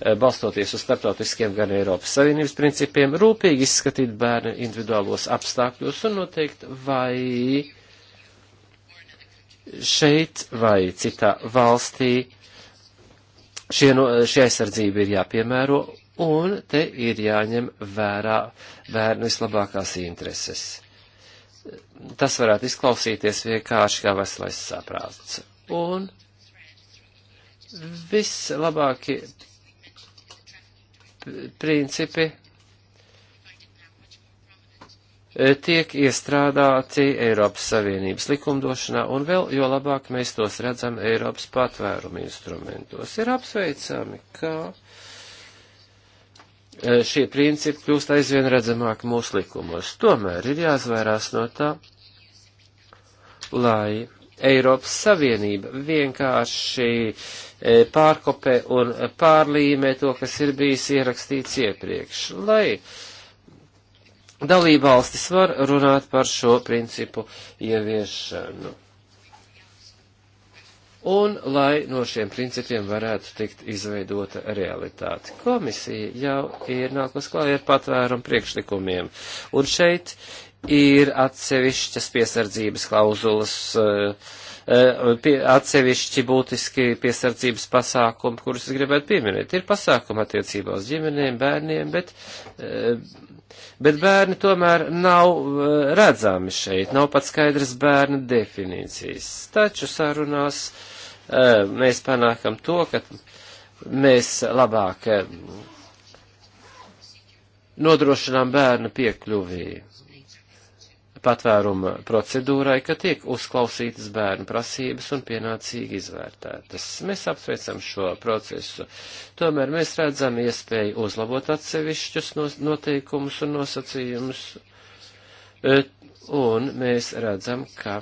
Eh, balstoties uz starptautiskiem gan Eiropas Savienības principiem, rūpīgi izskatīt bērnu individuālos apstākļos un noteikt, vai šeit vai citā valstī šie, no, šie aizsardzība ir jāpiemēro un te ir jāņem vērā bērnu vislabākās intereses. Tas varētu izklausīties vienkārši kā veselais saprāts. Un vislabākie principi tiek iestrādāti Eiropas Savienības likumdošanā, un vēl jo labāk mēs tos redzam Eiropas patvērumu instrumentos. Ir apsveicami, ka e, šie principi kļūst aizvien redzamāk mūsu likumos. Tomēr ir jāizvairās no tā, lai Eiropas Savienība vienkārši e, pārkopē un pārlīmē to, kas ir bijis ierakstīts iepriekš, lai dalībvalstis var runāt par šo principu ieviešanu. Un lai no šiem principiem varētu tikt izveidota realitāte. Komisija jau ir nākus klāja ar patvērumu priekšlikumiem. Un šeit ir atsevišķas piesardzības klauzulas, eh, eh, pie, atsevišķi būtiski piesardzības pasākumi, kurus es gribētu pieminēt. Ir pasākumi attiecībā uz ģimenēm, bērniem, bet, eh, bet bērni tomēr nav redzami šeit, nav pat skaidras bērna definīcijas. Taču sarunās mēs panākam to, ka mēs labāk nodrošinām bērnu piekļuvību patvēruma procedūrai, ka tiek uzklausītas bērnu prasības un pienācīgi izvērtētas. Mēs apsveicam šo procesu. Tomēr mēs redzam iespēju uzlabot atsevišķus noteikumus un nosacījumus, e, un mēs redzam, ka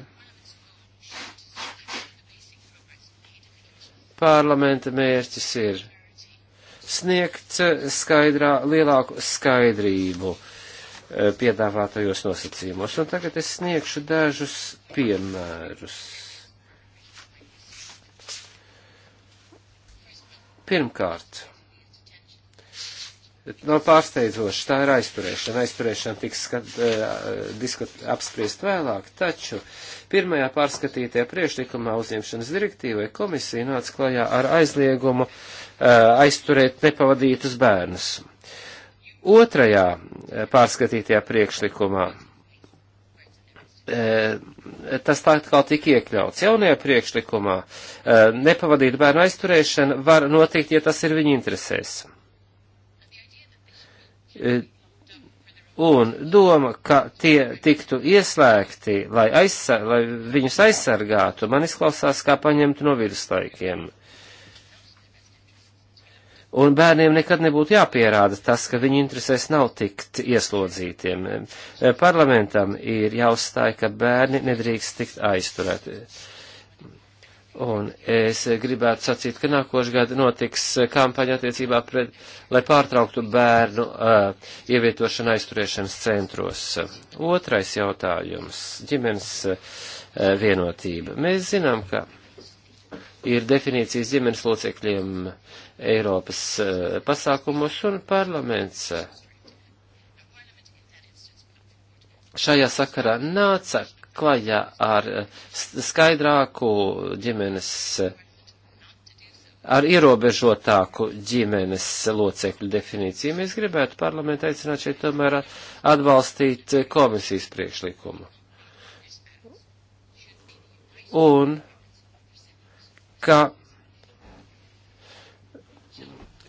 parlamenta mērķis ir sniegt skaidrā, lielāku skaidrību Eh, piedāvātajos nosacījumos. Un tagad es sniegšu dažus piemērus. Pirmkārt, nav pārsteidzoši, tā ir aizturēšana. Aizturēšana tiks skat, eh, diskat, apspriest vēlāk, taču pirmajā pārskatītajā priekšlikumā uzņemšanas direktīvai komisija nāca klajā ar aizliegumu eh, aizturēt nepavadītus bērnus Otrajā eh, pārskatītajā priekšlikumā eh, tas tā kā tika iekļauts jaunajā priekšlikumā. Eh, nepavadīt bērnu aizturēšana var notikt, ja tas ir viņa interesēs. Un doma, ka tie tiktu ieslēgti, lai, aizsar, lai viņus aizsargātu, man izklausās kā paņemt no viduslaikiem. Un bērniem nekad nebūtu jāpierāda tas, ka viņu interesēs nav tikt ieslodzītiem. Parlamentam ir jāuzstāja, ka bērni nedrīkst tikt aizturēti. Un es gribētu sacīt, ka nākošu gadu notiks kampaņa attiecībā pret, lai pārtrauktu bērnu uh, ievietošanu aizturēšanas centros. Otrais jautājums - ģimenes uh, vienotība. Mēs zinām, ka ir definīcijas ģimenes locekļiem uh, Eiropas eh, pasākumus un parlaments eh, šajā sakarā nāca klajā ar eh, skaidrāku ģimenes, ar ierobežotāku ģimenes locekļu definīciju. Mēs gribētu parlamentu aicināt šeit tomēr atbalstīt komisijas priekšlikumu. Un ka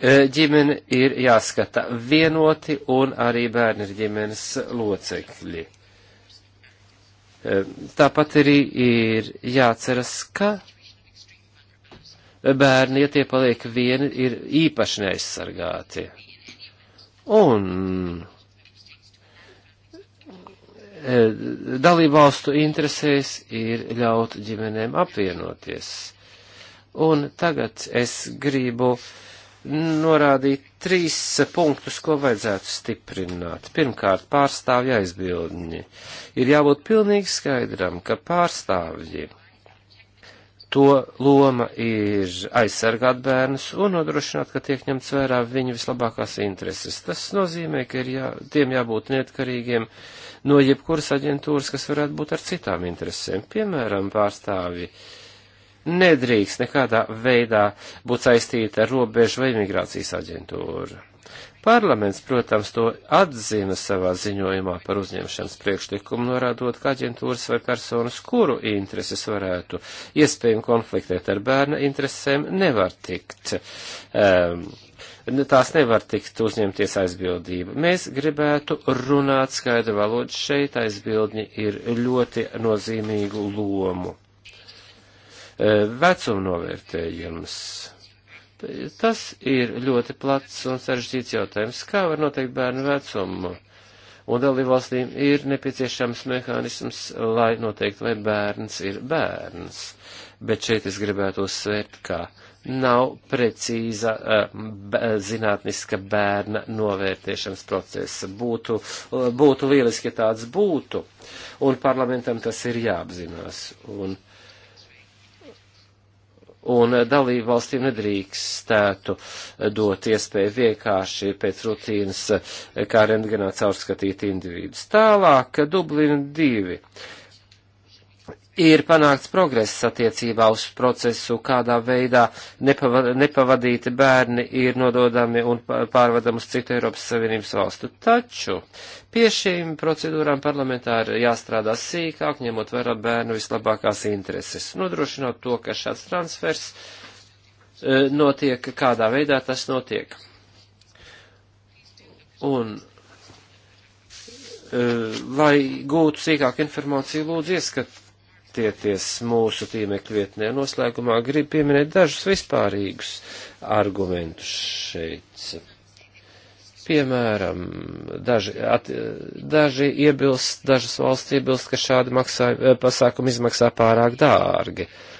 E, ģimene ir jāskata vienoti un arī bērni ir ģimenes locekļi. E, tāpat arī ir jāceras, ka bērni, ja tie paliek vieni, ir īpaši neaizsargāti. Un e, dalībvalstu interesēs ir ļaut ģimenēm apvienoties. Un tagad es gribu uh, norādīt trīs punktus, ko vajadzētu stiprināt. Pirmkārt, pārstāvja aizbildņi. Ir jābūt pilnīgi skaidram, ka pārstāvji to loma ir aizsargāt bērnus un nodrošināt, ka tiek ņemts vērā viņu vislabākās intereses. Tas nozīmē, ka ir jā, tiem jābūt neatkarīgiem no jebkuras aģentūras, kas varētu būt ar citām interesēm. Piemēram, pārstāvji uh, nedrīkst nekādā veidā būt saistīta ar robežu vai imigrācijas aģentūru. Parlaments, protams, to atzina savā ziņojumā par uzņemšanas priekšlikumu, norādot, ka aģentūras vai personas, kuru intereses varētu iespējami konfliktēt ar bērna interesēm, nevar tikt. Um, tās nevar tikt uzņemties aizbildība. Mēs gribētu runāt skaidru valodu šeit, aizbildņi ir ļoti nozīmīgu lomu vecuma novērtējums. Tas ir ļoti plats un sarežģīts jautājums. Kā var noteikt bērnu vecumu? Un dalībvalstīm ir nepieciešams mehānisms, lai noteiktu, vai bērns ir bērns. Bet šeit es gribētu uzsvērt, ka nav precīza eh, zinātniska bērna novērtēšanas procesa. Būtu, eh, būtu lieliski, ja tāds būtu. Un parlamentam tas ir jāapzinās. Un, uh, un eh, dalību valstīm nedrīkstētu eh, dot iespēju vienkārši pēc rutīnas eh, kā rentgenā caurskatīt individus. Tālāk, Dublina 2 ir panākts progress attiecībā uz procesu, kādā veidā nepava, nepavadīti bērni ir nododami un pārvadami uz citu Eiropas Savienības valstu. Taču pie šīm procedūrām parlamentāri jāstrādā sīkāk, ņemot vērā bērnu vislabākās intereses, nodrošinot to, ka šāds transfers e, notiek, kādā veidā tas notiek. Un e, lai gūtu sīkāku informāciju, lūdzu ieskat, skatieties mūsu tīmekļa vietnē noslēgumā, grib pieminēt dažus vispārīgus argumentus šeit. Piemēram, daži, at, daži iebilst, dažas valsts iebilst, ka šādi maksā, eh, pasākumi izmaksā pārāk dārgi. Uh,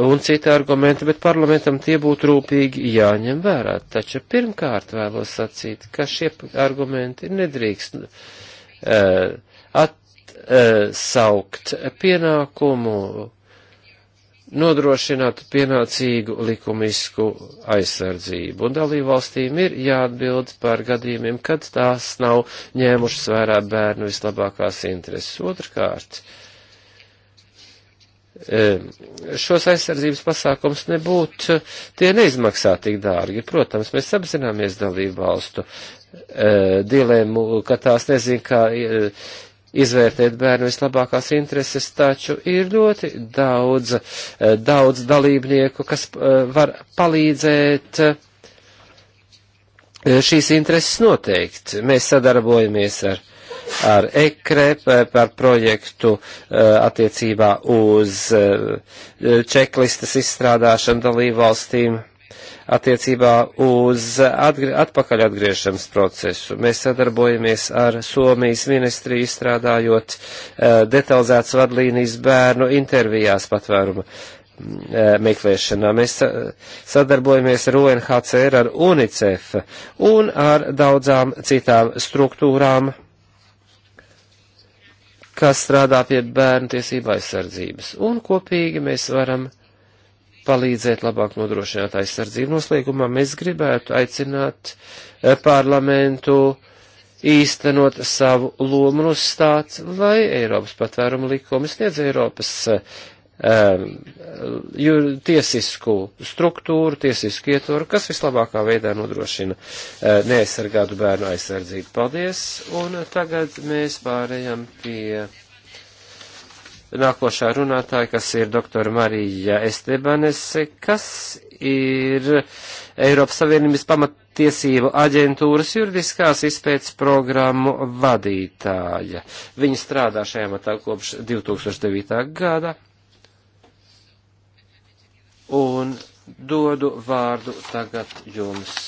un citi argumenti, bet parlamentam tie būtu rūpīgi jāņem vērā. Taču pirmkārt vēlos sacīt, ka šie argumenti nedrīkst uh, eh, atsaukt eh, uh, pienākumu nodrošināt pienācīgu likumisku aizsardzību, un dalībvalstīm ir jāatbild par gadījumiem, kad tās nav ņēmušas vērā bērnu vislabākās intereses. Otrkārt, uh, E, šos aizsardzības pasākums nebūtu, tie neizmaksā tik dārgi. Protams, mēs apzināmies dalību valstu e, dilēmu, ka tās nezin, kā e, izvērtēt bērnu vislabākās intereses, taču ir ļoti daudz, daudz dalībnieku, kas var palīdzēt šīs intereses noteikt. Mēs sadarbojamies ar ar EKREP par projektu eh, attiecībā uz eh, čeklistas izstrādāšanu dalībvalstīm attiecībā uz atgr atpakaļ atgriešanas procesu. Mēs sadarbojamies ar Somijas ministriju izstrādājot uh, detalizētas vadlīnijas bērnu intervijās patvēruma uh, meklēšanā. Mēs sadarbojamies ar UNHCR, ar UNICEF un ar daudzām citām struktūrām, kas strādā pie bērnu tiesību aizsardzības, un kopīgi mēs varam palīdzēt labāk nodrošināt aizsardzību. Noslēgumā mēs gribētu aicināt eh, parlamentu īstenot savu lomu un uzstāt, lai Eiropas patvērumu likumi sniedz Eiropas eh, Ehm, tiesisku struktūru, tiesisku ietvaru, kas vislabākā veidā nodrošina eh, neaizsargātu bērnu aizsardzību. Paldies! Un tagad mēs pārējām pie nākošā runātāja, kas ir doktora Marija Estebanese, kas ir Eiropas Savienības pamatiesību aģentūras juridiskās izpētes programmu vadītāja. Viņa strādā šajā matā kopš 2009. gada Un dodu vārdu tagad jums,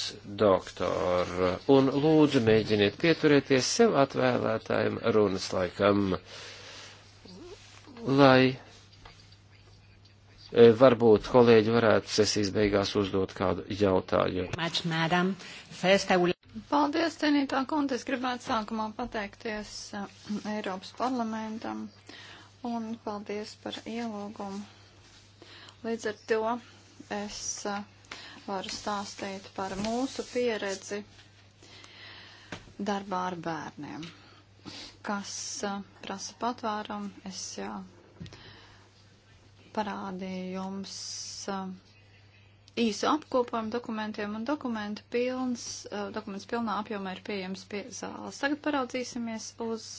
doktor, un lūdzu mēģiniet pieturēties sev atvēlētājiem runas laikam, lai e, varbūt kolēģi varētu sesijas beigās uzdot kādu jautājumu. Paldies, cienītā kundze. Es gribētu sākumā pateikties e, Eiropas parlamentam un paldies par ielūgumu Līdz ar to es varu stāstīt par mūsu pieredzi darbā ar bērniem, kas prasa patvērumu. Es jau parādīju jums īsu apkopojumu dokumentiem, un dokumenta pilns, dokuments pilnā apjomā ir pieejams pie zāles. Tagad paraudzīsimies uz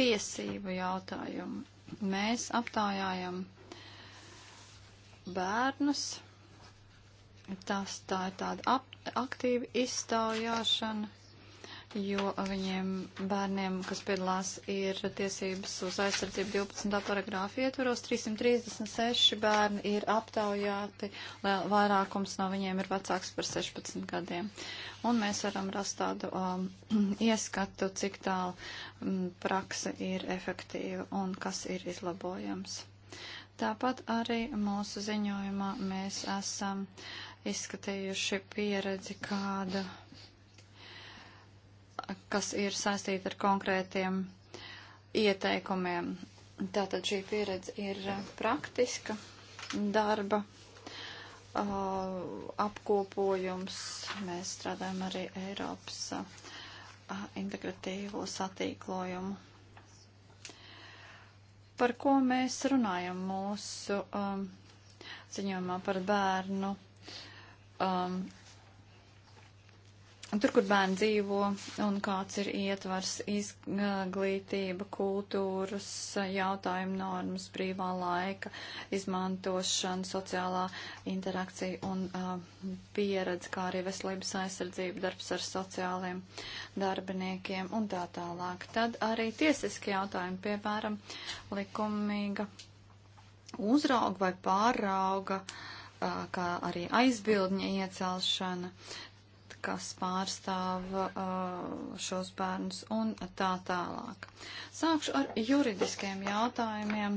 tiesību jautājumu. Mēs aptājājam bērnus. Tas tā ir tāda ap, aktīva iztaujāšana, jo viņiem bērniem, kas piedalās, ir tiesības uz aizsardzību 12. paragrāfu ietvaros. 336 bērni ir aptaujāti, vairākums no viņiem ir vecāks par 16 gadiem. Un mēs varam rast tādu um, (clears throat) ieskatu, cik tālu um, mm, praksa ir efektīva un kas ir izlabojams. Tāpat arī mūsu ziņojumā mēs esam izskatījuši pieredzi kādu, kas ir saistīta ar konkrētiem ieteikumiem. Tātad šī pieredze ir praktiska darba apkopojums. Mēs strādājam arī Eiropas integratīvo satīklojumu Par ko mēs runājam mūsu um, ziņojumā par bērnu um, tur, kur bērni dzīvo un kāds ir ietvars, izglītība, kultūras, jautājuma normas, brīvā laika, izmantošana, sociālā interakcija un uh, pieredze, kā arī veselības aizsardzība, darbs ar sociāliem darbiniekiem un tā tālāk. Tad arī tiesiski jautājumi, piemēram, likumīga uzrauga vai pārauga. Uh, kā arī aizbildņa iecelšana, kas pārstāv uh, šos bērnus un tā tālāk. Sākšu ar juridiskiem jautājumiem.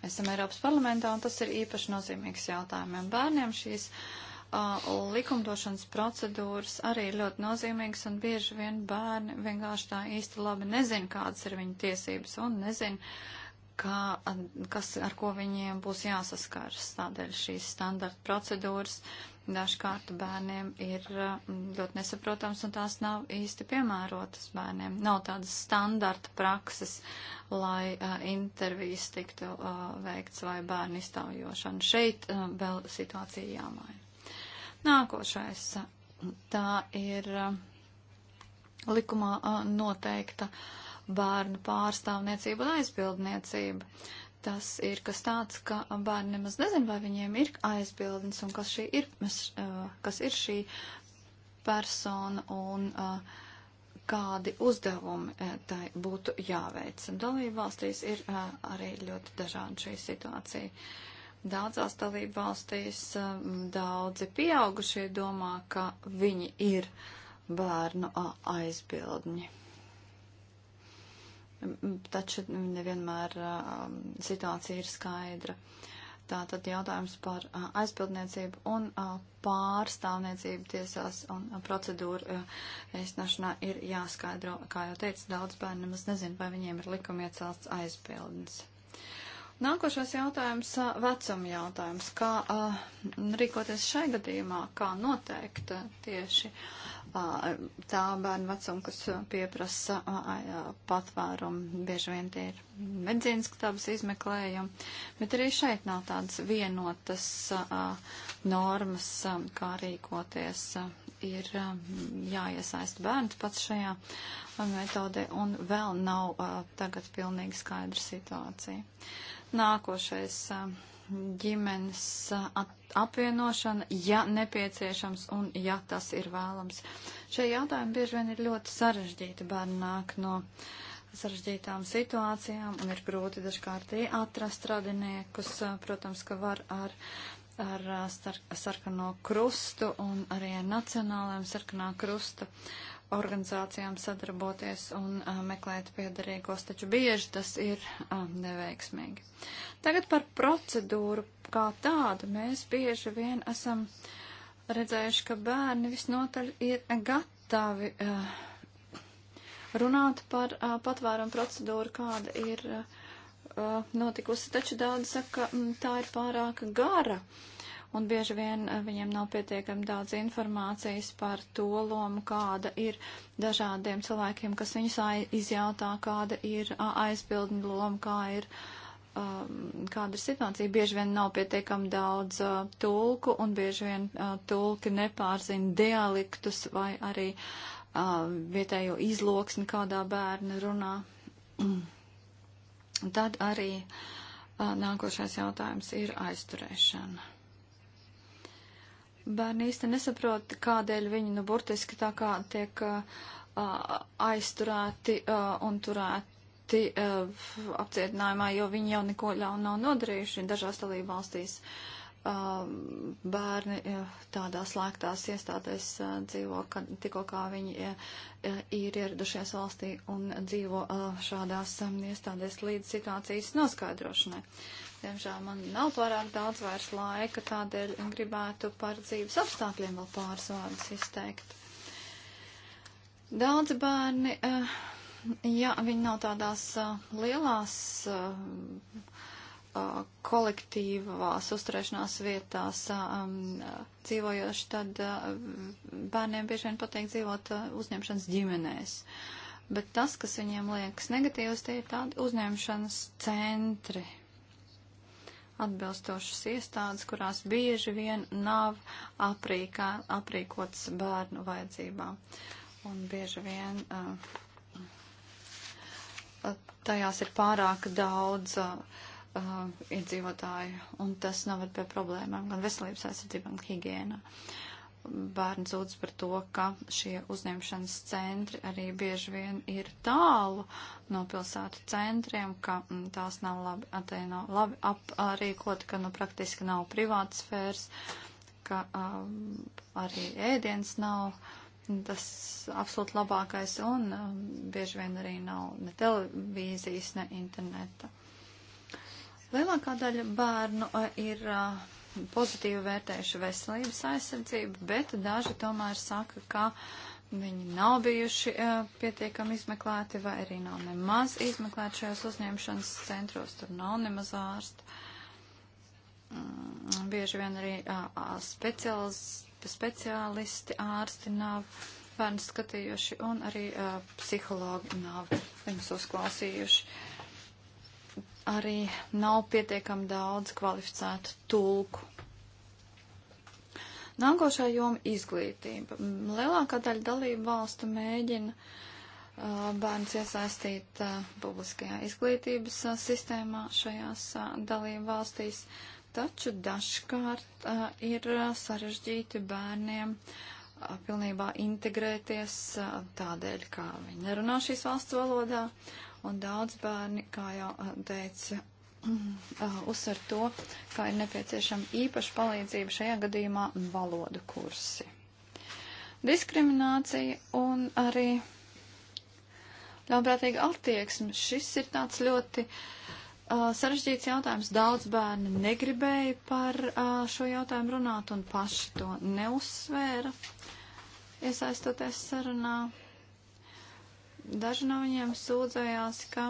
Mēs esam Eiropas parlamentā un tas ir īpaši nozīmīgs jautājumiem. Bērniem šīs uh, likumdošanas procedūras arī ir ļoti nozīmīgas un bieži vien bērni vienkārši tā īsti labi nezin, kādas ir viņu tiesības un nezin, kā, kas, ar ko viņiem būs jāsaskars. Tādēļ šīs standarta procedūras dažkārt bērniem ir uh, ļoti nesaprotams un tās nav īsti piemērotas bērniem. Nav tādas standarta prakses, lai uh, intervijas tiktu uh, veikts vai bērnu iztaujošana. Šeit uh, vēl situācija jāmaina. Nākošais. Uh, tā ir uh, likumā uh, noteikta bērnu pārstāvniecība un aizbildniecība. Uh, tas ir kas tāds, ka bērni nemaz nezin, vai viņiem ir aizbildnis un kas, ir, kas ir šī persona un kādi uzdevumi tai būtu jāveic. Dalību valstīs ir arī ļoti dažāda šī situācija. Daudzās dalību valstīs daudzi pieaugušie domā, ka viņi ir bērnu aizbildņi. Mm, taču nevienmēr um, situācija ir skaidra. Tātad jautājums par uh, aizbildniecību un uh, pārstāvniecību tiesās un uh, procedūru ēstnašanā ir jāskaidro. Kā jau teicu, daudz bērnu nemaz nezin, vai viņiem ir likumi iecelts aizbildnis. Nākošais jautājums - vecuma jautājums. Kā rīkoties šai gadījumā, kā noteikt tieši uh, tā bērnu vecuma, kas pieprasa patvērumu, bieži vien tie ir medzīnas katabas izmeklējumi, bet arī šeit nav tādas vienotas normas, kā rīkoties. Ir jāiesaist bērns pats šajā metodē un vēl nav tagad pilnīgi skaidra situācija. Nākošais. Uh, ģimenes apvienošana, ja nepieciešams un ja tas ir vēlams. Šie jautājumi bieži vien ir ļoti sarežģīti. Bērni nāk no sarežģītām situācijām un ir grūti dažkārt atrast radiniekus. Protams, ka var ar ar sarkano krustu un arī ar nacionālajiem sarkanā krusta organizācijām sadarboties un a, meklēt piedarīgos, taču bieži tas ir a, neveiksmīgi. Tagad par procedūru kā tādu mēs bieži vien esam redzējuši, ka bērni visnotaļ ir gatavi a, runāt par patvērumu procedūru, kāda ir notikusi, taču daudz saka, tā ir pārāk gara. Uh, un bieži vien eh, viņiem nav pietiekami daudz informācijas par to lomu, kāda ir dažādiem cilvēkiem, kas viņus izjautā, kāda ir aizbildņa loma, kā ir, um, kāda ir situācija. Bieži vien nav pietiekami daudz tulku, un bieži vien tulki nepārzina dialektus vai arī vietējo izloksni, kādā bērni runā. (clears throat) Un tad arī uh, nākošais jautājums ir aizturēšana. Bērni īsti nesaprot, kādēļ viņi, nu, burtiski tā kā tiek uh, aizturēti uh, un turēti uh, apcietinājumā, jo viņi jau neko ļaunu nav nodarījuši dažās dalību valstīs. Bērni tādā slēgtās iestādēs dzīvo, kad tikko kā viņi ir ieradušies valstī un dzīvo šādās iestādēs līdz situācijas noskaidrošanai. Uh, Diemžēl man nav pārāk daudz vairs laika, tādēļ gribētu par dzīves apstākļiem vēl pāris vārdus izteikt. Daudz bērni, eh, ja viņi nav tādās eh, lielās eh, kolektīvās uzturēšanās vietās um, dzīvojoši, tad bērniem bieži vien patīk dzīvot uzņemšanas ģimenēs. Bet tas, kas viņiem liekas negatīvs, tie ir tādi uzņemšanas centri atbilstošas iestādes, kurās bieži vien nav aprīkā, aprīkots bērnu vajadzībām. Un bieži vien uh, tajās ir pārāk daudz uh, iedzīvotāju, un tas noved pie problēmām gan veselības aizsardzībā, gan higiēnā. Uh, bērni sūdz par to, ka šie uzņemšanas centri arī bieži vien ir tālu no pilsētu centriem, ka m, mm, tās nav labi, atēno, labi aprīkot, ka nu praktiski nav privātsfēras, ka um, arī ēdiens nav tas absolūti labākais un um, bieži vien arī nav ne televīzijas, ne interneta. Lielākā daļa bērnu eh, ir. Uh, pozitīvi vērtējuši veselības aizsardzību, bet daži tomēr saka, ka viņi nav bijuši uh, pietiekami izmeklēti vai arī nav nemaz izmeklēti šajos uzņemšanas centros, tur nav nemaz ārstu. Mm, bieži vien arī uh, speciālis, speciālisti ārsti nav bērnu skatījuši un arī uh, psihologi nav viņus uzklausījuši. Uh, arī nav pietiekami daudz kvalificētu tulku. Nākošā joma - izglītība. Lielākā daļa dalību valstu mēģina uh, bērns iesaistīt uh, publiskajā izglītības uh, sistēmā šajās uh, dalību valstīs, taču dažkārt uh, ir uh, sarežģīti bērniem pilnībā integrēties tādēļ, kā viņi nerunā šīs valsts valodā, Un daudz bērni, kā jau eh, teica, (clears throat) eh, uzsver to, ka ir nepieciešama īpaša palīdzība šajā gadījumā valodu kursi. Diskriminācija un arī ļaunprātīga attieksme. Šis ir tāds ļoti uh, sarežģīts jautājums. Daudz bērni negribēja par uh, šo jautājumu runāt un paši to neuzsvēra, iesaistoties sarunā. Uh, Daži no viņiem sūdzējās, ka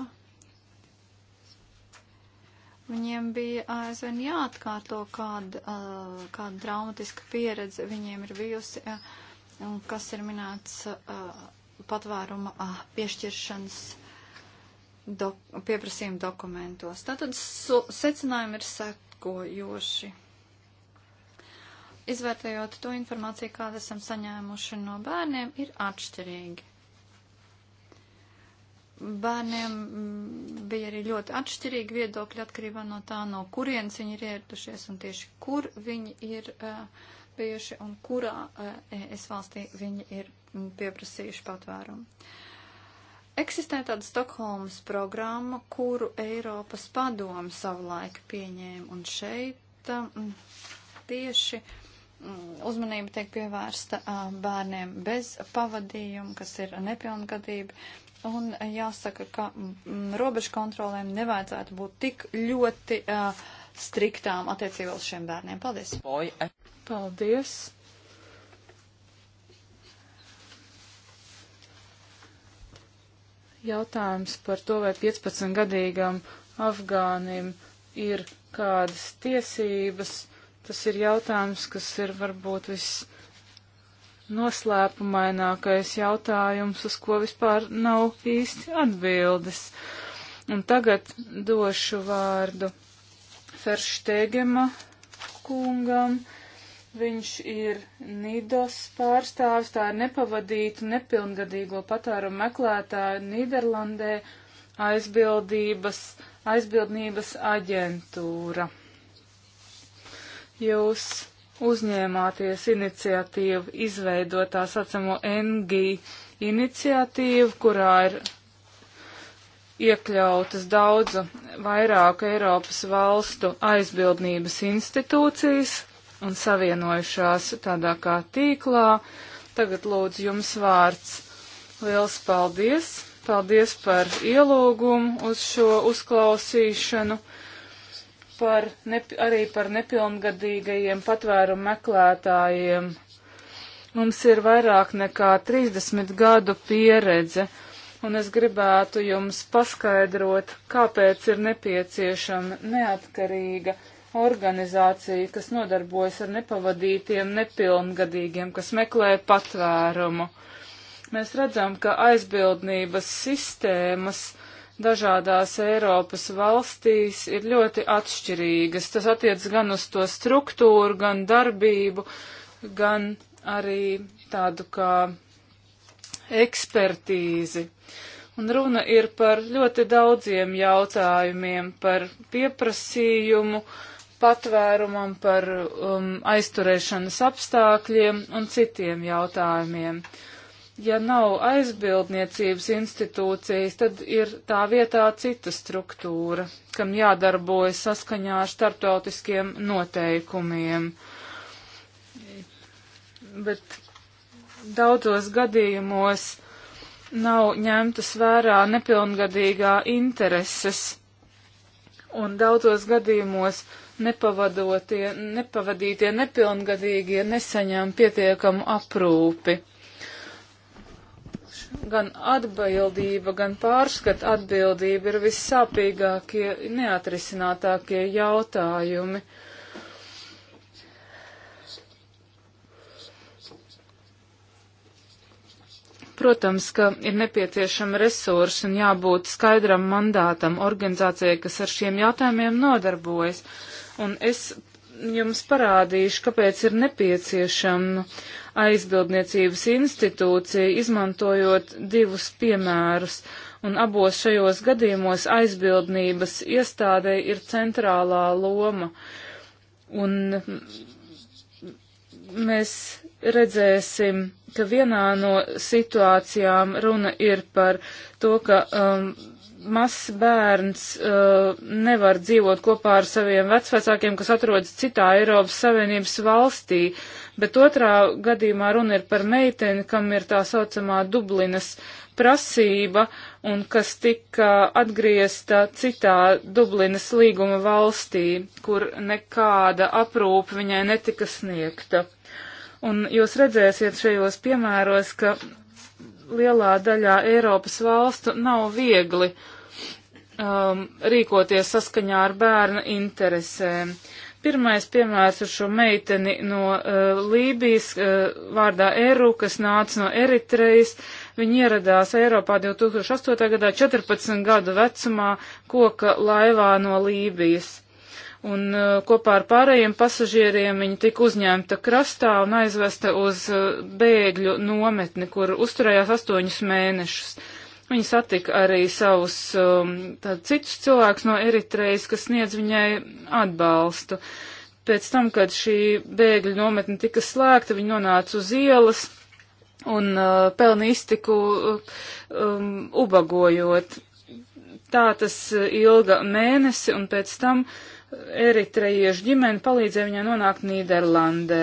viņiem bija aizvien jāatkārto, kāda, uh, kāda traumatiska pieredze viņiem ir bijusi, uh, un kas ir minēts uh, patvēruma uh, piešķiršanas do, pieprasījuma dokumentos. Tātad su, secinājumi ir sekojoši. Izvērtējot to informāciju, kādu esam saņēmuši no bērniem, ir atšķirīgi bērniem mm, bija arī ļoti atšķirīgi viedokļi atkarībā no tā, no kurienes viņi ir ieradušies un tieši kur viņi ir uh, bijuši un kurā uh, es valstī viņi ir mm, pieprasījuši patvērumu. Eksistē tāda Stokholmas programma, kuru Eiropas padomu savulaik pieņēma, un šeit um, tieši uzmanība tiek pievērsta eh, bērniem bez pavadījuma, kas ir nepilngadība, Un jāsaka, ka mm, robežu kontrolēm nevajadzētu būt tik ļoti uh, striktām attiecībā uz šiem bērniem. Paldies! E- Paldies! Jautājums par to, vai 15-gadīgam Afgānim ir kādas tiesības, tas ir jautājums, kas ir varbūt viss noslēpumainākais jautājums, uz ko vispār nav īsti atbildes. Un tagad došu vārdu Ferštegema kungam. Viņš ir Nidos pārstāvis, tā ir nepavadītu nepilngadīgo patērumu meklētāju Nīderlandē aizbildības, aizbildnības aģentūra. Jūs uzņēmāties iniciatīvu izveidot tā saucamo NG iniciatīvu, kurā ir iekļautas daudzu vairāku Eiropas valstu aizbildnības institūcijas un savienojušās tādā kā tīklā. Tagad lūdzu jums vārds. Liels paldies! Paldies par ielūgumu uz šo uzklausīšanu par ne, arī par nepilngadīgajiem patvērumu meklētājiem. Mums ir vairāk nekā 30 gadu pieredze, un es gribētu jums paskaidrot, kāpēc ir nepieciešama neatkarīga organizācija, kas nodarbojas ar nepavadītiem nepilngadīgiem, kas meklē patvērumu. Mēs redzam, ka aizbildnības sistēmas dažādās Eiropas valstīs ir ļoti atšķirīgas. Tas attiec gan uz to struktūru, gan darbību, gan arī tādu kā ekspertīzi. Un runa ir par ļoti daudziem jautājumiem, par pieprasījumu, patvērumam, par um, aizturēšanas apstākļiem un citiem jautājumiem. Uh, ja nav aizbildniecības institūcijas, tad ir tā vietā cita struktūra, kam jādarbojas saskaņā ar starptautiskiem noteikumiem. Bet daudzos gadījumos nav ņemtas vērā nepilngadīgā intereses, un daudzos gadījumos nepavadītie nepilngadīgie nesaņem pietiekamu aprūpi gan atbildība, gan pārskat atbildība ir vissāpīgākie, neatrisinātākie jautājumi. Protams, ka ir nepieciešama resursa un jābūt skaidram mandātam organizācijai, kas ar šiem jautājumiem nodarbojas. Un es jums parādīšu, kāpēc ir nepieciešama aizbildniecības institūcija, izmantojot divus piemērus, un abos šajos gadījumos aizbildnības iestādei ir centrālā loma. Un mēs redzēsim, ka vienā no situācijām runa ir par to, ka um, mazs bērns uh, nevar dzīvot kopā ar saviem vecvecākiem, kas atrodas citā Eiropas Savienības valstī, bet otrā gadījumā runa ir par meiteni, kam ir tā saucamā Dublinas prasība un kas tika atgriezta citā Dublinas līguma valstī, kur nekāda aprūpa viņai netika sniegta. Un jūs redzēsiet šajos piemēros, ka lielā daļā Eiropas valstu nav viegli um, rīkoties saskaņā ar bērna interesēm. Pirmais piemērs ar šo meiteni no uh, Lībijas uh, vārdā Eru, kas nāca no Eritrejas. Viņa ieradās Eiropā 2008. gadā 14 gadu vecumā koka laivā no Lībijas un uh, kopā ar pārējiem pasažieriem viņa tika uzņemta krastā un aizvesta uz uh, bēgļu nometni, kur uzturējās astoņus mēnešus. Viņa satika arī savus um, tād, citus cilvēkus no Eritrejas, kas sniedz viņai atbalstu. Pēc tam, kad šī bēgļu nometne tika slēgta, viņa nonāca uz ielas un uh, pelnīja iztiku uh, um, ubagojot. Tā tas ilga mēnesi, un pēc tam uh, eritrejiešu ģimene palīdzēja viņai nonākt Nīderlandē.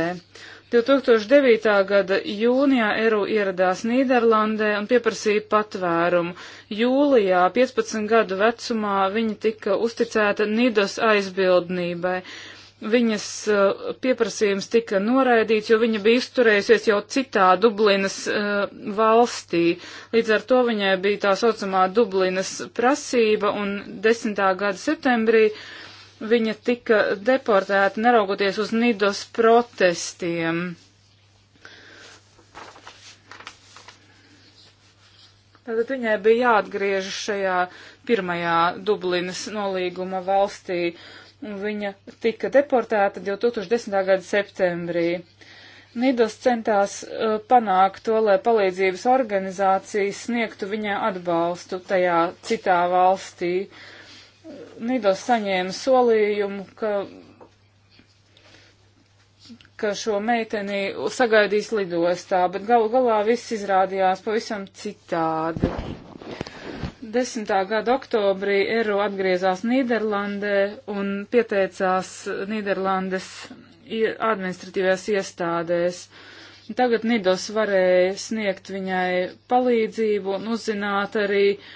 2009. gada jūnijā Eru ieradās Nīderlandē un pieprasīja patvērumu. Jūlijā, 15 gadu vecumā, viņa tika uzticēta Nidos aizbildnībai. Viņas uh, pieprasījums tika noraidīts, jo viņa bija izturējusies jau citā Dublinas uh, valstī. Līdz ar to viņai bija tā saucamā Dublinas prasība un 10. gada septembrī uh, Viņa tika deportēta neraugoties uz Nidos protestiem. Tātad viņai bija jāatgriežas šajā pirmajā Dublinas nolīguma valstī, un viņa tika deportēta 2010. gada septembrī. Nidos centās uh, panākt to, lai palīdzības organizācijas sniegtu viņai atbalstu tajā citā valstī. Uh, Nidos saņēma solījumu, ka, ka šo meiteni sagaidīs lidostā, bet galu galā viss izrādījās pavisam citādi. 10. gada oktobrī Ero atgriezās Nīderlandē un pieteicās Nīderlandes administratīvajās iestādēs. Tagad Nidos varēja sniegt viņai palīdzību un uzzināt arī, uh,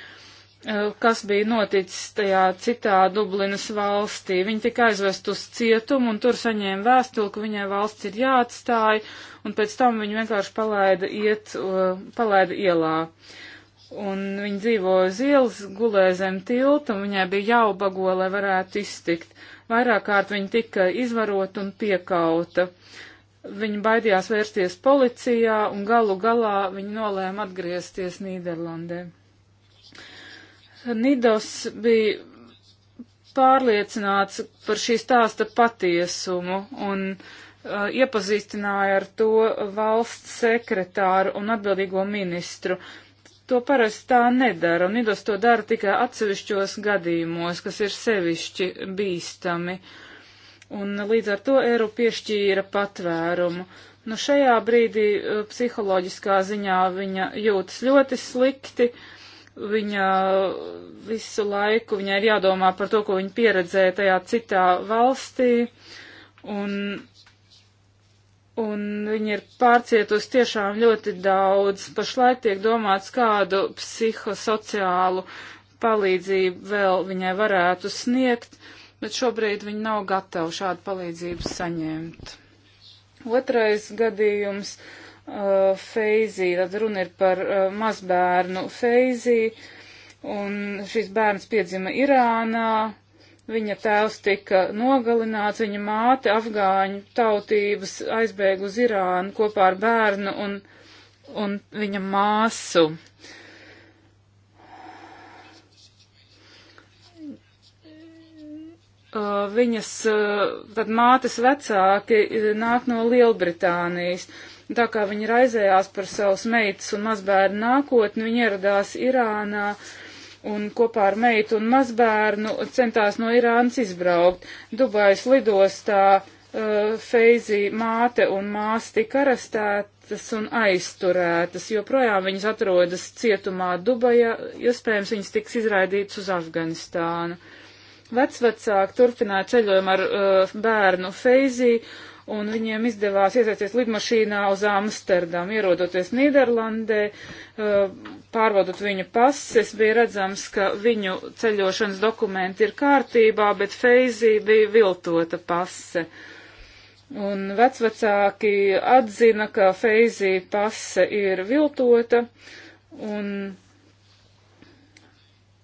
Eh, kas bija noticis tajā citā Dublinas valstī. Viņa tika aizvest uz cietumu un tur saņēma vēstuli, ka viņai valsts ir jāatstāj, un pēc tam viņu vienkārši palaida, iet, eh, palaida ielā. Un viņa dzīvoja uz ielas, gulēja zem tilta, un viņai bija jāubago, lai varētu iztikt. Vairāk kārt viņa tika izvarot un piekauta. Viņa baidījās vērsties policijā, un galu galā viņa nolēma atgriezties Nīderlandē. Nidos bija pārliecināts par šī stāsta patiesumu un uh, iepazīstināja ar to valsts sekretāru un atbildīgo ministru. To parasti tā nedara, un Nidos to dara tikai atsevišķos gadījumos, kas ir sevišķi bīstami. Un līdz ar to Eiru piešķīra patvērumu. Nu, šajā brīdī uh, psiholoģiskā ziņā viņa jūtas ļoti slikti, uh, viņa visu laiku, viņai ir jādomā par to, ko viņa pieredzēja tajā citā valstī, un, un viņa ir pārcietusi tiešām ļoti daudz. Pašlaik tiek domāts, kādu psihosociālu palīdzību vēl viņai varētu sniegt, bet šobrīd viņa nav gatava šādu palīdzību saņemt. Otrais gadījums uh, feizī, tad runa ir par uh, mazbērnu feizī, un šis bērns piedzima Irānā, viņa tēvs tika nogalināts, viņa māte afgāņu tautības aizbēga uz Irānu kopā ar bērnu un, un viņa māsu. Uh, viņas uh, tad mātes vecāki nāk no Lielbritānijas Un tā kā viņi raizējās par savus meitas un mazbērnu nākotni, viņi ieradās Irānā un kopā ar meitu un mazbērnu centās no Irānas izbraukt. Dubais lidostā uh, Feizī māte un mās tika arestētas un aizturētas, joprojām viņas atrodas cietumā Dubaja, iespējams viņas tiks izraidītas uz Afganistānu. Vecvecāki turpināja ceļojumu ar uh, bērnu Feizī un viņiem izdevās iesaisties lidmašīnā uz Amsterdamu, ierodoties Nīderlandē, uh, pārvadot viņu pases, bija redzams, ka viņu ceļošanas dokumenti ir kārtībā, bet Feizī bija viltota pase. Un vecvecāki atzina, ka Feizī pase ir viltota, un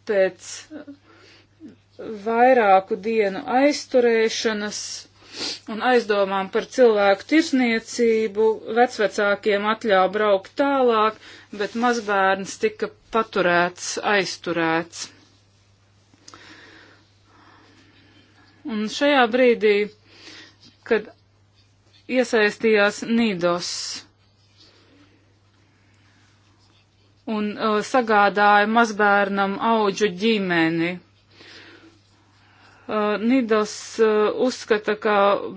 pēc vairāku dienu aizturēšanas un aizdomām par cilvēku tirsniecību vecvecākiem atļāva braukt tālāk, bet mazbērns tika paturēts, aizturēts. Un šajā brīdī, kad iesaistījās Nīdos un uh, sagādāja mazbērnam auģu ģimeni, Uh, eh, Nidals uh, eh, uzskata, ka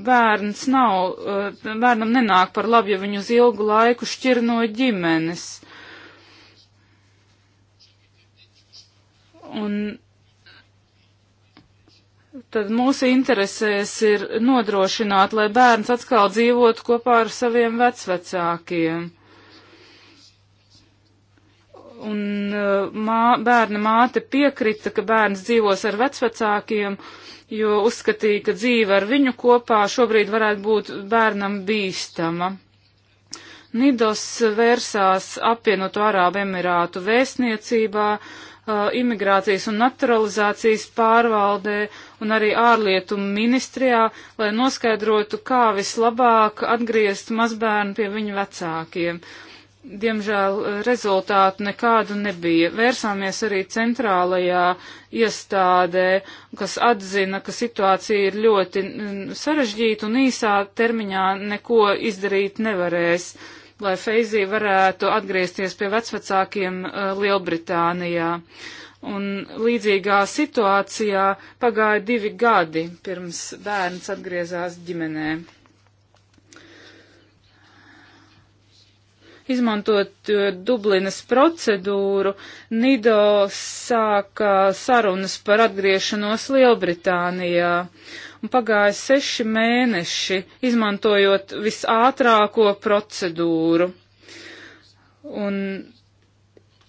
bērns nav, uh, bērnam nenāk par labu, ja viņu uz ilgu laiku šķir no ģimenes. Un tad mūsu interesēs ir nodrošināt, lai bērns atkal dzīvotu kopā ar saviem vecvecākiem un mā, bērna māte piekrita, ka bērns dzīvos ar vecvecākiem, jo uzskatīja, ka dzīve ar viņu kopā šobrīd varētu būt bērnam bīstama. Nidos vērsās apvienoto Arābu Emirātu vēstniecībā, imigrācijas un naturalizācijas pārvaldē un arī ārlietu ministrijā, lai noskaidrotu, kā vislabāk atgriezt mazbērnu pie viņu vecākiem diemžēl eh, rezultātu nekādu nebija. Vērsāmies arī centrālajā iestādē, kas atzina, ka situācija ir ļoti mm, sarežģīta un īsā termiņā neko izdarīt nevarēs, lai Feizī varētu atgriezties pie vecvecākiem eh, Lielbritānijā. Un līdzīgā situācijā pagāja divi gadi, pirms bērns atgriezās ģimenē. Izmantot eh, Dublinas procedūru, Nido sāka sarunas par atgriešanos Lielbritānijā. Un pagāja seši mēneši, izmantojot visātrāko procedūru. Un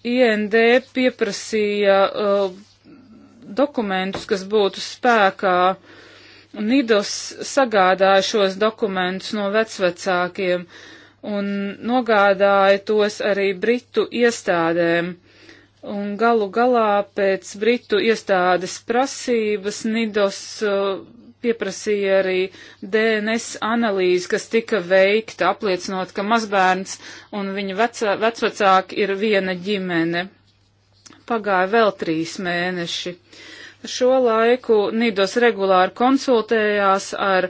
IND pieprasīja uh, dokumentus, kas būtu spēkā. Nidos sagādāja šos dokumentus no vecvecākiem. Uh, un nogādāja tos arī Britu iestādēm. Un galu galā pēc Britu iestādes prasības Nidos uh, pieprasīja arī DNS analīzi, kas tika veikta, apliecinot, ka mazbērns un viņa vecā, vecvecāki ir viena ģimene. Pagāja vēl trīs mēneši. Uh, šo laiku Nidos regulāri konsultējās ar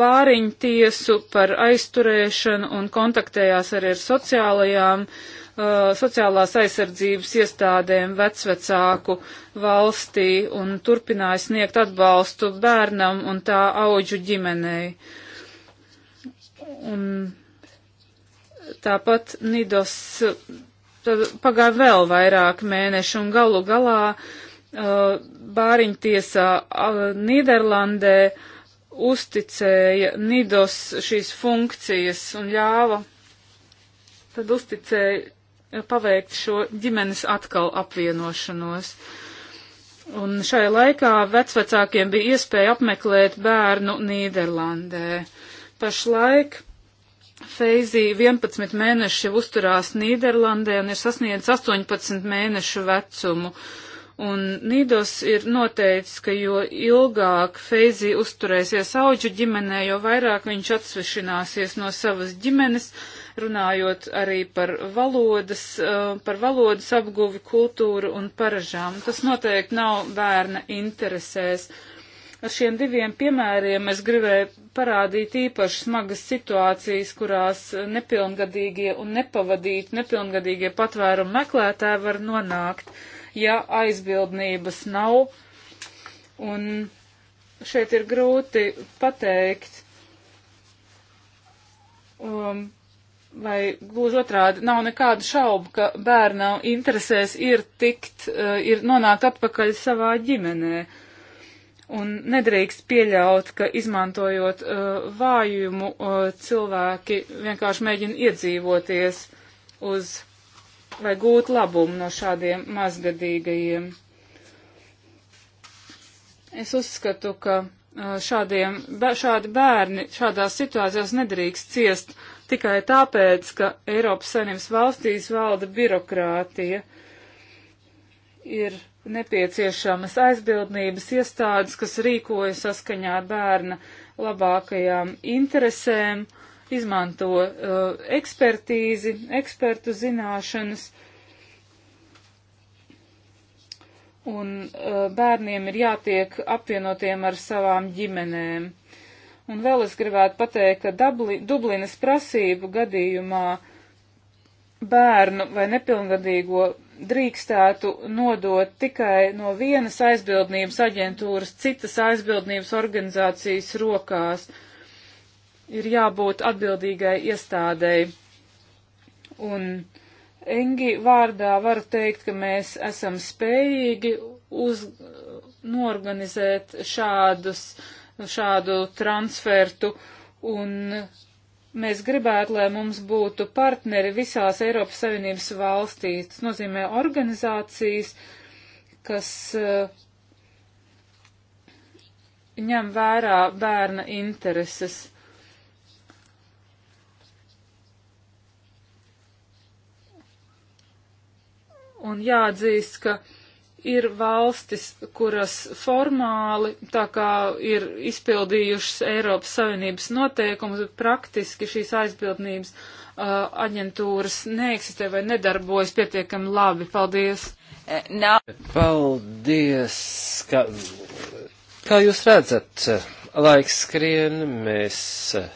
bāriņu tiesu par aizturēšanu un kontaktējās arī ar sociālajām, uh, sociālās aizsardzības iestādēm vecvecāku valstī un turpināja sniegt atbalstu bērnam un tā auģu ģimenei. Un tāpat Nidos pagāja vēl vairāk mēnešu un galu galā uh, Uh, bāriņtiesā uh, Nīderlandē uzticēja Nidos šīs funkcijas un ļāva, tad uzticēja paveikt šo ģimenes atkal apvienošanos. Un šajā laikā vecvecākiem bija iespēja apmeklēt bērnu Nīderlandē. Pašlaik Feizī 11 mēneši uzturās Nīderlandē un ir sasniedzis 18 mēnešu vecumu. Uh, Un Nīdos ir noteicis, ka jo ilgāk Feizī uzturēsies auģu ģimenē, jo vairāk viņš atsvešināsies no savas ģimenes, runājot arī par valodas, uh, par valodas apguvi, kultūru un paražām. Tas noteikti nav bērna interesēs. Ar šiem diviem piemēriem es gribēju parādīt īpaši smagas situācijas, kurās nepilngadīgie un nepavadīti nepilngadīgie patvērumu meklētāji var nonākt. Uh, ja aizbildnības nav. Un šeit ir grūti pateikt, um, vai gluži otrādi, nav nekādu šaubu, ka bērnam interesēs ir tikt, uh, ir nonākt atpakaļ savā ģimenē. Un nedrīkst pieļaut, ka izmantojot uh, vājumu, uh, cilvēki vienkārši mēģina iedzīvoties uz vai gūt labumu no šādiem mazgadīgajiem. Es uzskatu, ka uh, šādiem, šādi bērni šādās situācijās nedrīkst ciest tikai tāpēc, ka Eiropas Savienības valstīs valda birokrātija. Ir nepieciešamas aizbildnības iestādes, kas rīkoja saskaņā ar bērna labākajām interesēm izmanto uh, ekspertīzi, ekspertu zināšanas. Un uh, bērniem ir jātiek apvienotiem ar savām ģimenēm. Un vēl es gribētu pateikt, ka Dubli, Dublinas prasību gadījumā bērnu vai nepilngadīgo drīkstētu nodot tikai no vienas aizbildnības aģentūras citas aizbildnības organizācijas rokās. Uh, ir jābūt atbildīgai iestādēji. Un Engi vārdā varu teikt, ka mēs esam spējīgi uz, norganizēt šādus, šādu transfertu un mēs gribētu, lai mums būtu partneri visās Eiropas Savienības valstīs. Tas nozīmē organizācijas, kas eh, ņem vērā bērna intereses. un jāatzīst, ka ir valstis, kuras formāli tā kā ir izpildījušas Eiropas Savienības noteikumus, bet praktiski šīs aizbildnības uh, aģentūras neeksistē vai nedarbojas pietiekami labi. Paldies! Nā. Paldies! Kā, kā jūs redzat, laiks skrien, mēs. Uh,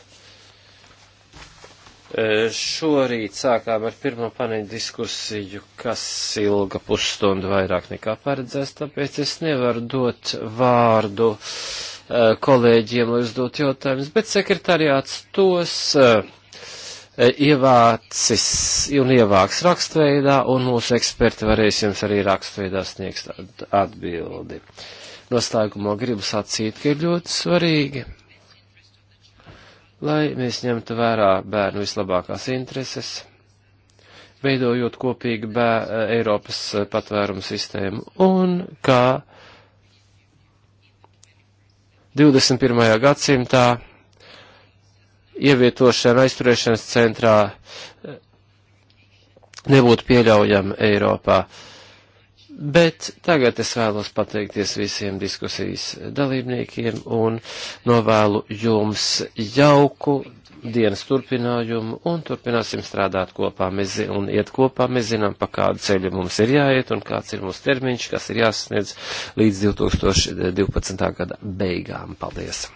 E, šorīt sākām ar pirmo paneļu diskusiju, kas ilga pusstundu vairāk nekā paredzēts, tāpēc es nevaru dot vārdu e, kolēģiem, lai uzdot jautājumus, bet sekretariāts tos e, ievācis un ievāks rakstveidā, un mūsu eksperti varēs jums arī rakstveidā sniegt atbildi. Noslēgumā gribu sacīt, ka ir ļoti svarīgi lai mēs ņemtu vērā bērnu vislabākās intereses, veidojot kopīgu bē, eh, Eiropas eh, patvērumu sistēmu un kā 21. gadsimtā ievietošana aizturēšanas centrā eh, nebūtu pieļaujama Eiropā. Uh, Bet tagad es vēlos pateikties visiem diskusijas dalībniekiem un novēlu jums jauku dienas turpinājumu un turpināsim strādāt kopā mēs, un iet kopā. Mēs zinām, pa kādu ceļu mums ir jāiet un kāds ir mūsu termiņš, kas ir jāsasniedz līdz 2012. gada beigām. Paldies!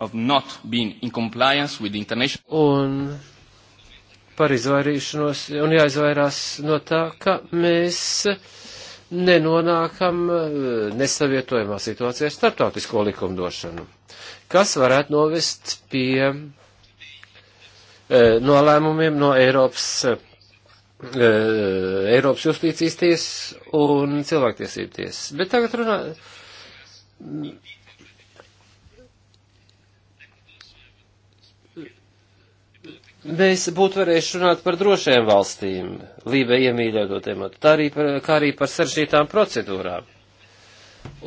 of not being in compliance with the international un par izvairīšanos un jāizvairās no tā, ka mēs nenonākam eh, nesavietojumā situācijā starptautisko likumdošanu, kas varētu novest pie e, nolēmumiem no Eiropas, e, Eiropas justīcijas ties un cilvēktiesību ties. Bet tagad runā, mēs būtu varējuši runāt par drošajām valstīm, Lībe iemīļoto tematu, tā arī par, kā arī par saržģītām procedūrām.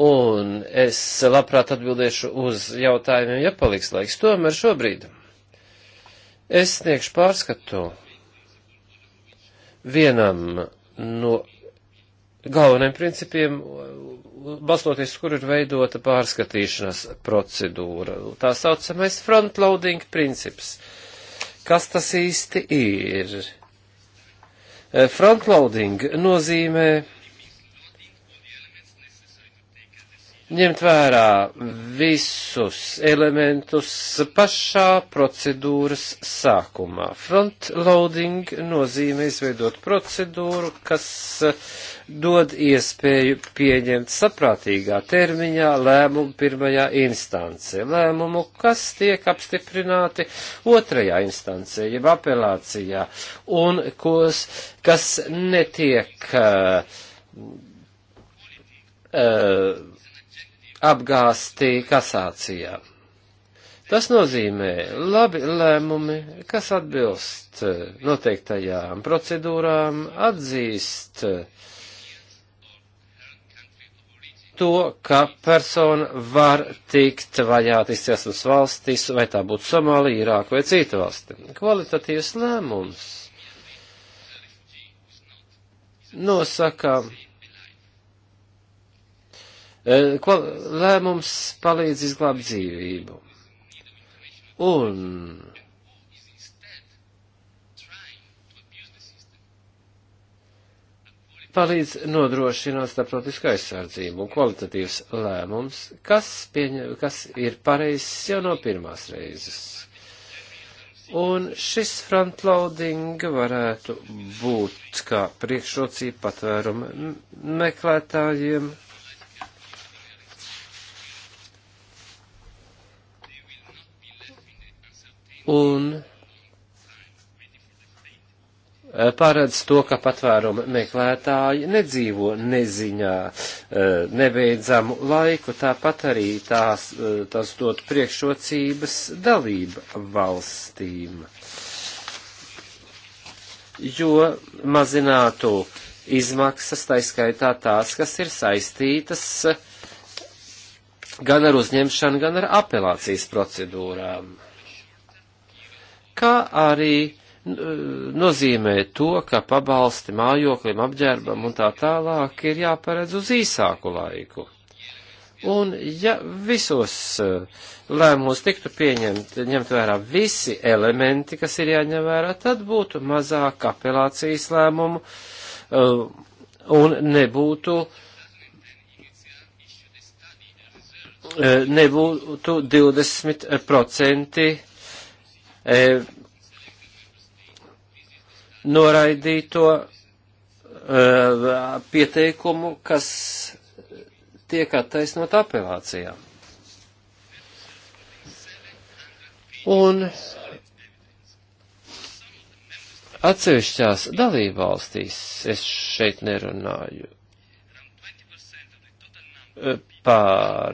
Un es labprāt atbildēšu uz jautājumiem, ja paliks laiks. Tomēr šobrīd es sniegšu pārskatu vienam no galveniem principiem, balstoties, kur ir veidota pārskatīšanas procedūra. Tā saucamais frontloading princips. Uh, Kas tas īsti ir? Eh, frontloading nozīmē ņemt vērā visus elementus pašā procedūras sākumā. Frontloading nozīmē izveidot procedūru, kas eh, dod iespēju pieņemt saprātīgā termiņā lēmumu pirmajā instancē, lēmumu, kas tiek apstiprināti otrajā instancē, jeb apelācijā, un kos, kas netiek uh, uh, apgāsti kasācijā. Tas nozīmē labi lēmumi, kas atbilst eh, noteiktajām procedūrām, atzīst eh, to, ka persona var tikt vajāta izcelsmes valstis, vai tā būtu Somālija, Irāka vai cita valsti. Kvalitatīvs lēmums nosaka, E, ko lēmums palīdz izglābt dzīvību. Un palīdz nodrošināt starptautisku aizsardzību un kvalitatīvs lēmums, kas, pieņem, kas ir pareizs jau no pirmās reizes. Un šis frontloading varētu būt kā priekšrocība patvērumu meklētājiem un eh, paredz to, ka patvēruma meklētāji nedzīvo neziņā eh, nebeidzamu laiku, tāpat arī tās, eh, tas dot priekšrocības dalība valstīm. Jo mazinātu izmaksas, taiskaitā tās, kas ir saistītas gan ar uzņemšanu, gan ar apelācijas procedūrām kā arī e, nozīmē to, ka pabalsti mājoklim, apģērbam un tā tālāk ir jāparedz uz īsāku laiku. Un ja visos e, lēmumos tiktu pieņemt, ņemt vērā visi elementi, kas ir jāņem vērā, tad būtu mazāk apelācijas lēmumu e, un nebūtu, nebūtu 20% e, noraidīto e, pieteikumu, kas tiek attaisnot apelācijā. Un atsevišķās dalībvalstīs es šeit nerunāju e, par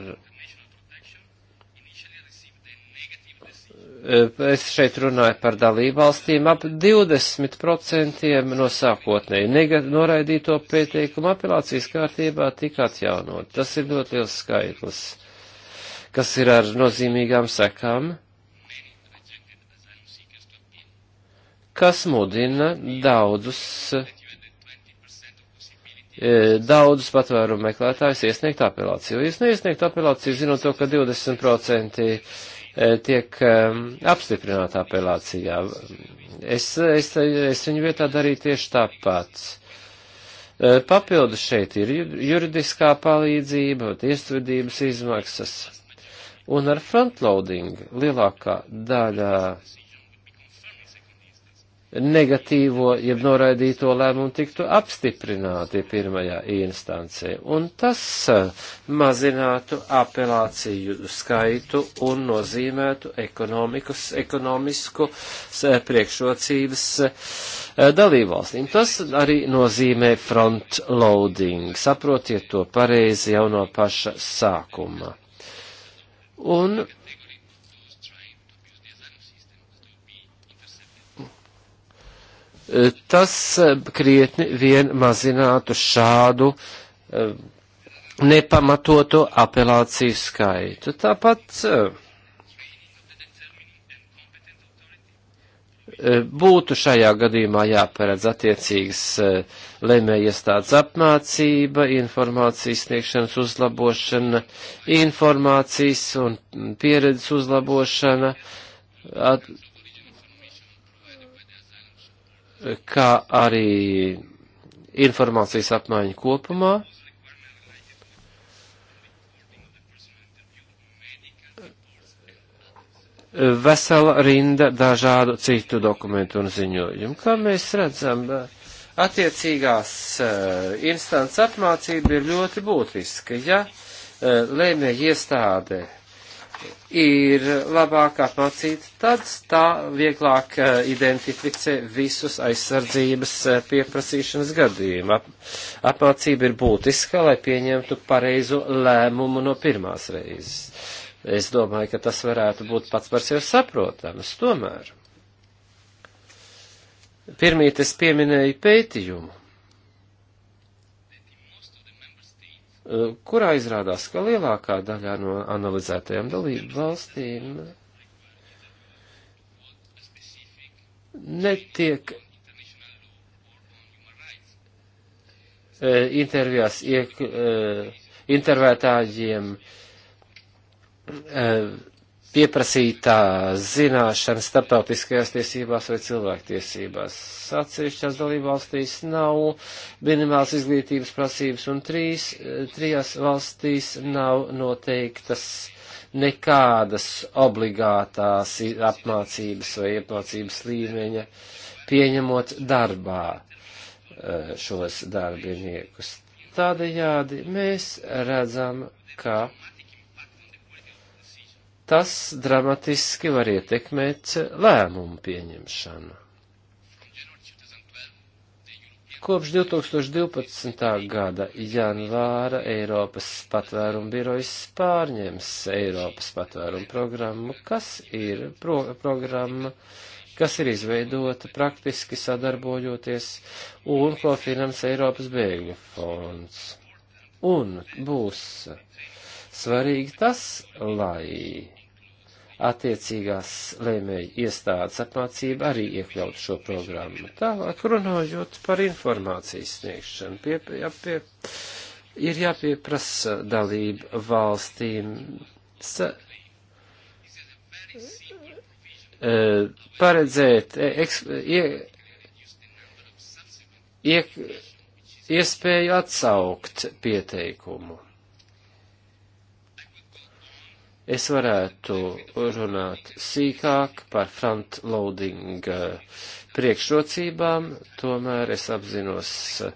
Eh, es šeit runāju par dalībvalstīm, ap 20% no sākotnēji noraidīto pieteikumu apelācijas kārtībā tika atjaunot. Tas ir ļoti liels skaitlis, kas ir ar nozīmīgām sekām, kas mudina daudzus, eh, daudzus patvērumu meklētājus iesniegt apelāciju. Ja es neiesniegtu apelāciju, zinot to, ka 20% E, tiek e, apstiprināta apelācijā. Es, es, es viņu vietā darīju tieši tāpat. E, papildus šeit ir juridiskā palīdzība, tiesvedības izmaksas. Un ar frontloading lielākā daļā negatīvo, jeb noraidīto lēmumu tiktu apstiprināti pirmajā instancē. Un tas eh, mazinātu apelāciju skaitu un nozīmētu ekonomisku eh, priekšrocības eh, dalībvalstīm. Tas arī nozīmē front loading. Saprotiet to pareizi jau no paša sākuma. Un tas eh, krietni vien mazinātu šādu eh, nepamatoto apelāciju skaitu. Tāpat eh, būtu šajā gadījumā jāparedz attiecīgas lemējiestādes apmācība, informācijas sniegšanas uzlabošana, informācijas un pieredzes uzlabošana, at, kā arī informācijas apmaiņa kopumā. Vesela rinda dažādu citu dokumentu un ziņojumu. Kā mēs redzam, attiecīgās eh, instants apmācība ir ļoti būtiska. Ja eh, lēmēja iestāde ir labāk apmācīta, tad tā vieglāk eh, identificē visus aizsardzības eh, pieprasīšanas gadījumus. Ap, apmācība ir būtiska, lai pieņemtu pareizo lēmumu no pirmās reizes. Es domāju, ka tas varētu būt pats par sevi saprotams. Tomēr pirmīt es pieminēju pētījumu Eh, kurā izrādās, ka lielākā daļā no analizētajām dalību valstīm netiek eh, intervijās iek, eh, intervētājiem pieprasītā zināšana starptautiskajās tiesībās vai cilvēktiesībās. Atsevišķās dalībvalstīs nav minimāls izglītības prasības un trīs, trijās valstīs nav noteiktas nekādas obligātās apmācības vai iemācības līmeņa pieņemot darbā eh, šos darbiniekus. Tādējādi mēs redzam, ka tas dramatiski var ietekmēt lēmumu pieņemšanu. Kopš 2012. gada janvāra Eiropas patvērumu birojas pārņems Eiropas patvērumu programmu, kas ir pro programma, kas ir izveidota praktiski sadarbojoties un ko finansē Eiropas bēgļu fonds. Un būs svarīgi tas, lai attiecīgās lēmēju iestādes apmācība arī iekļaut šo programmu. Tālāk runājot par informācijas sniegšanu, pie, jāpie, ir jāpieprasa dalība valstīm sa, e, paredzēt e, eks, ie, ie, iespēju atsaukt pieteikumu es varētu runāt sīkāk par frontloading eh, priekšrocībām, tomēr es apzinos, eh,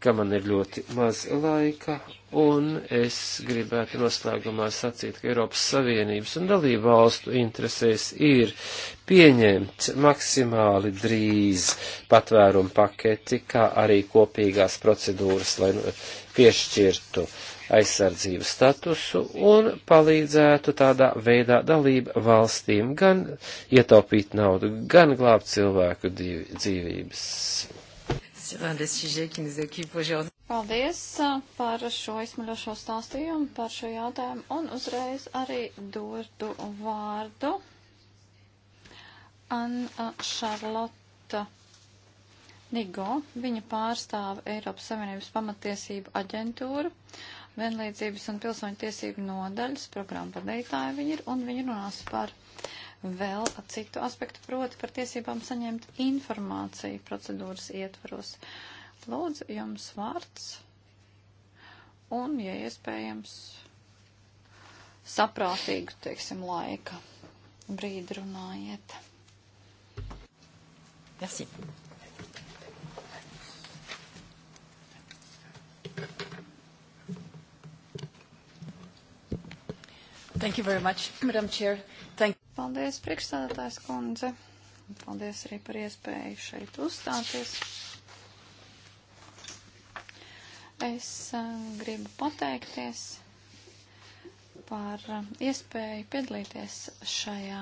ka man ir ļoti maz laika, un es gribētu noslēgumā sacīt, ka Eiropas Savienības un dalību valstu interesēs ir pieņemt maksimāli drīz patvērumu paketi, kā arī kopīgās procedūras, lai nu, piešķirtu uh, aizsardzības statusu un palīdzētu tādā veidā dalību valstīm gan ietaupīt naudu, gan glābt cilvēku dzīvības. Paldies uh, par šo izsmaļošo stāstījumu, par šo jautājumu un uzreiz arī dodu vārdu Anna Šarlota. Uh, Nigo, viņa pārstāv Eiropas Savienības pamatiesību aģentūru, vienlīdzības un pilsoņu tiesību nodaļas programmu vadītāja viņa ir, un viņa runās par vēl citu aspektu, proti par tiesībām saņemt informāciju procedūras ietvaros. Lūdzu, jums vārds un, ja iespējams, saprātīgu, teiksim, laika brīdi runājiet. Merci. Thank you very much, Madam Chair. Thank Paldies, priekšstādātājs kundze. Paldies arī par iespēju šeit uzstāties. Es uh, gribu pateikties par uh, iespēju piedalīties šajā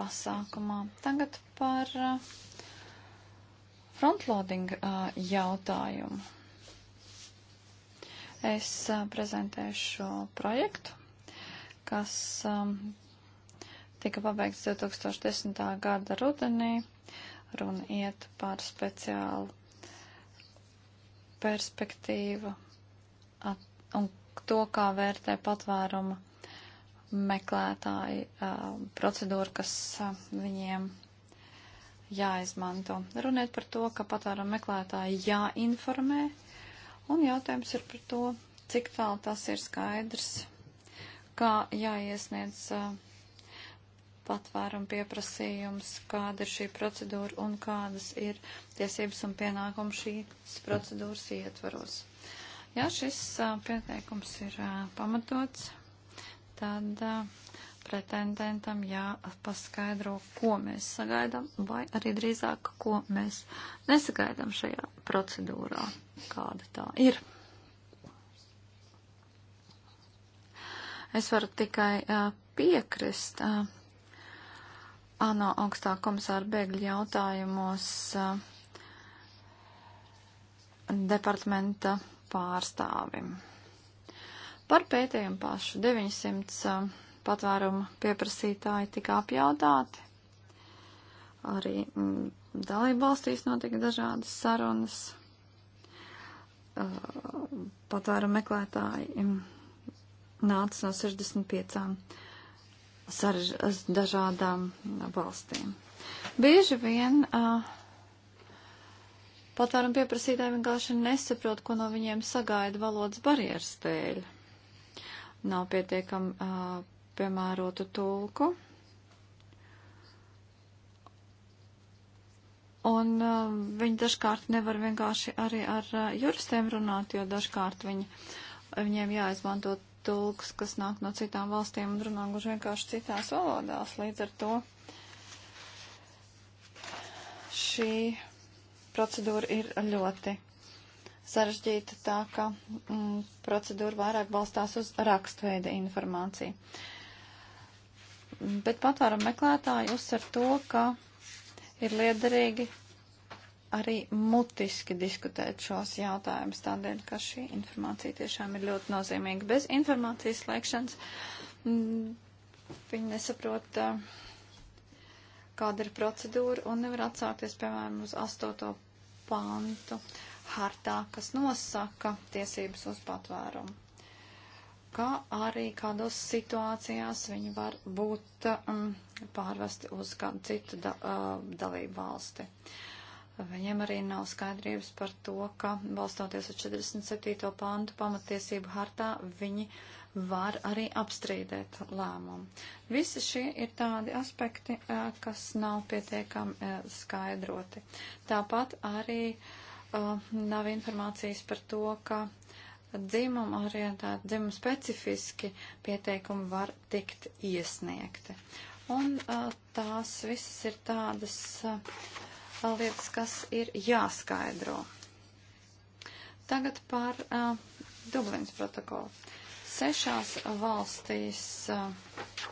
pasākumā. Tagad par uh, frontloading uh, jautājumu. Es uh, prezentēšu projektu kas um, tika pabeigts 2010. gada rudenī. Runa iet par speciālu perspektīvu at, un to, kā vērtē patvēruma meklētāji uh, um, procedūru, kas uh, viņiem jāizmanto. Runiet par to, ka patvēruma meklētāji jāinformē, un jautājums ir par to, cik tālu tas ir skaidrs kā jāiesniedz patvērumu pieprasījums, kāda ir šī procedūra un kādas ir tiesības un pienākumi šīs procedūras ietvaros. Ja šis pieteikums ir pamatots, tad pretendentam jāpaskaidro, ko mēs sagaidām, vai arī drīzāk, ko mēs nesagaidām šajā procedūrā, kāda tā ir. Es varu tikai piekrist ANO augstā komisāra bēgļu jautājumos departamenta pārstāvim. Par pētījumu pašu 900 patvērumu pieprasītāji tika apjautāti. Arī mm, dalībvalstīs notika dažādas sarunas. Patvērumu meklētāji nāca no 65 sarž, dažādām valstīm. Bieži vien uh, patvērumu pieprasītāji vienkārši nesaprot, ko no viņiem sagaida valodas barjeras dēļ. Nav pietiekam uh, piemērotu tulku. Un uh, viņi dažkārt nevar vienkārši arī ar uh, juristiem runāt, jo dažkārt viņi, viņiem jāizmantot tulks, kas nāk no citām valstīm un runā gluži vienkārši citās valodās. Līdz ar to šī procedūra ir ļoti sarežģīta tā, ka mm, procedūra vairāk balstās uz rakstveida informāciju. Bet patvēram meklētāji uzsver to, ka ir liederīgi arī mutiski diskutēt šos jautājumus, tādēļ, ka šī informācija tiešām ir ļoti nozīmīga. Bez informācijas slēgšanas mm, viņi nesaprot, kāda ir procedūra un nevar atsākties, piemēram, uz astoto pantu hartā, kas nosaka tiesības uz patvērumu. Kā arī kādos situācijās viņi var būt um, pārvesti uz kādu citu da, uh, dalību valsti. Uh, Viņiem arī nav skaidrības par to, ka balstoties uz 47. pantu pamatiesību hartā, viņi var arī apstrīdēt lēmumu. Visi šie ir tādi aspekti, eh, kas nav pietiekami eh, skaidroti. Tāpat arī eh, nav informācijas par to, ka dzimumu orientēti, dzimumu specifiski pieteikumi var tikt iesniegti. Un uh, tās visas ir tādas uh, lietas, kas ir jāskaidro. Tagad par uh, Dublins protokolu. Sešās valstīs uh,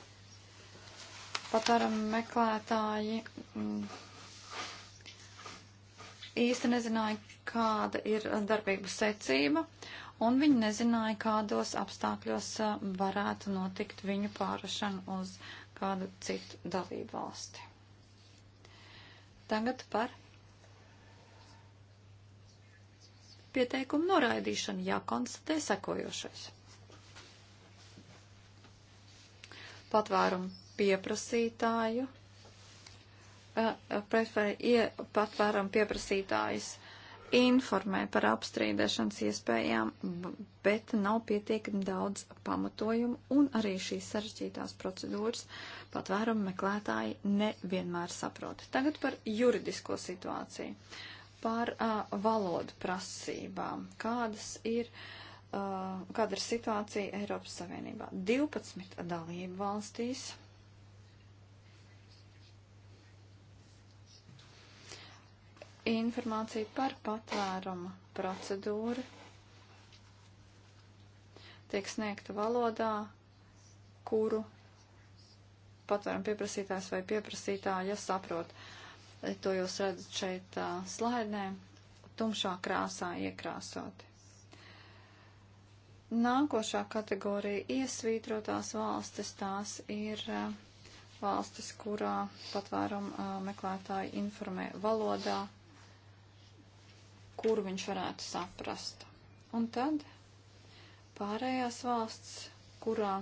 patārama meklētāji mm, īsti nezināja, kāda ir darbību secība, un viņi nezināja, kādos apstākļos uh, varētu notikt viņu pārašana uz kādu citu dalību valsti. Tagad par pieteikumu noraidīšanu jākonstatē sekojošais. Patvērumu pieprasītāju, eh, preferē, patvērumu pieprasītājs uh, informē par apstrīdēšanas iespējām, bet nav pietiekami daudz pamatojumu, un arī šīs sarežģītās procedūras patvērumu meklētāji nevienmēr saprot. Tagad par juridisko situāciju, par uh, valodu prasībām, kādas ir, uh, kāda ir situācija Eiropas Savienībā. 12 dalību valstīs informāciju par patvērumu procedūru tiek sniegta valodā, kuru patvērumu pieprasītājs vai pieprasītāja saprot. To jūs redzat šeit uh, slaidnē, tumšā krāsā iekrāsoti. Nākošā kategorija iesvītrotās valstis, tās ir uh, valstis, kurā patvērumu uh, meklētāji informē valodā, kuru viņš varētu saprast. Un tad pārējās valsts, kurā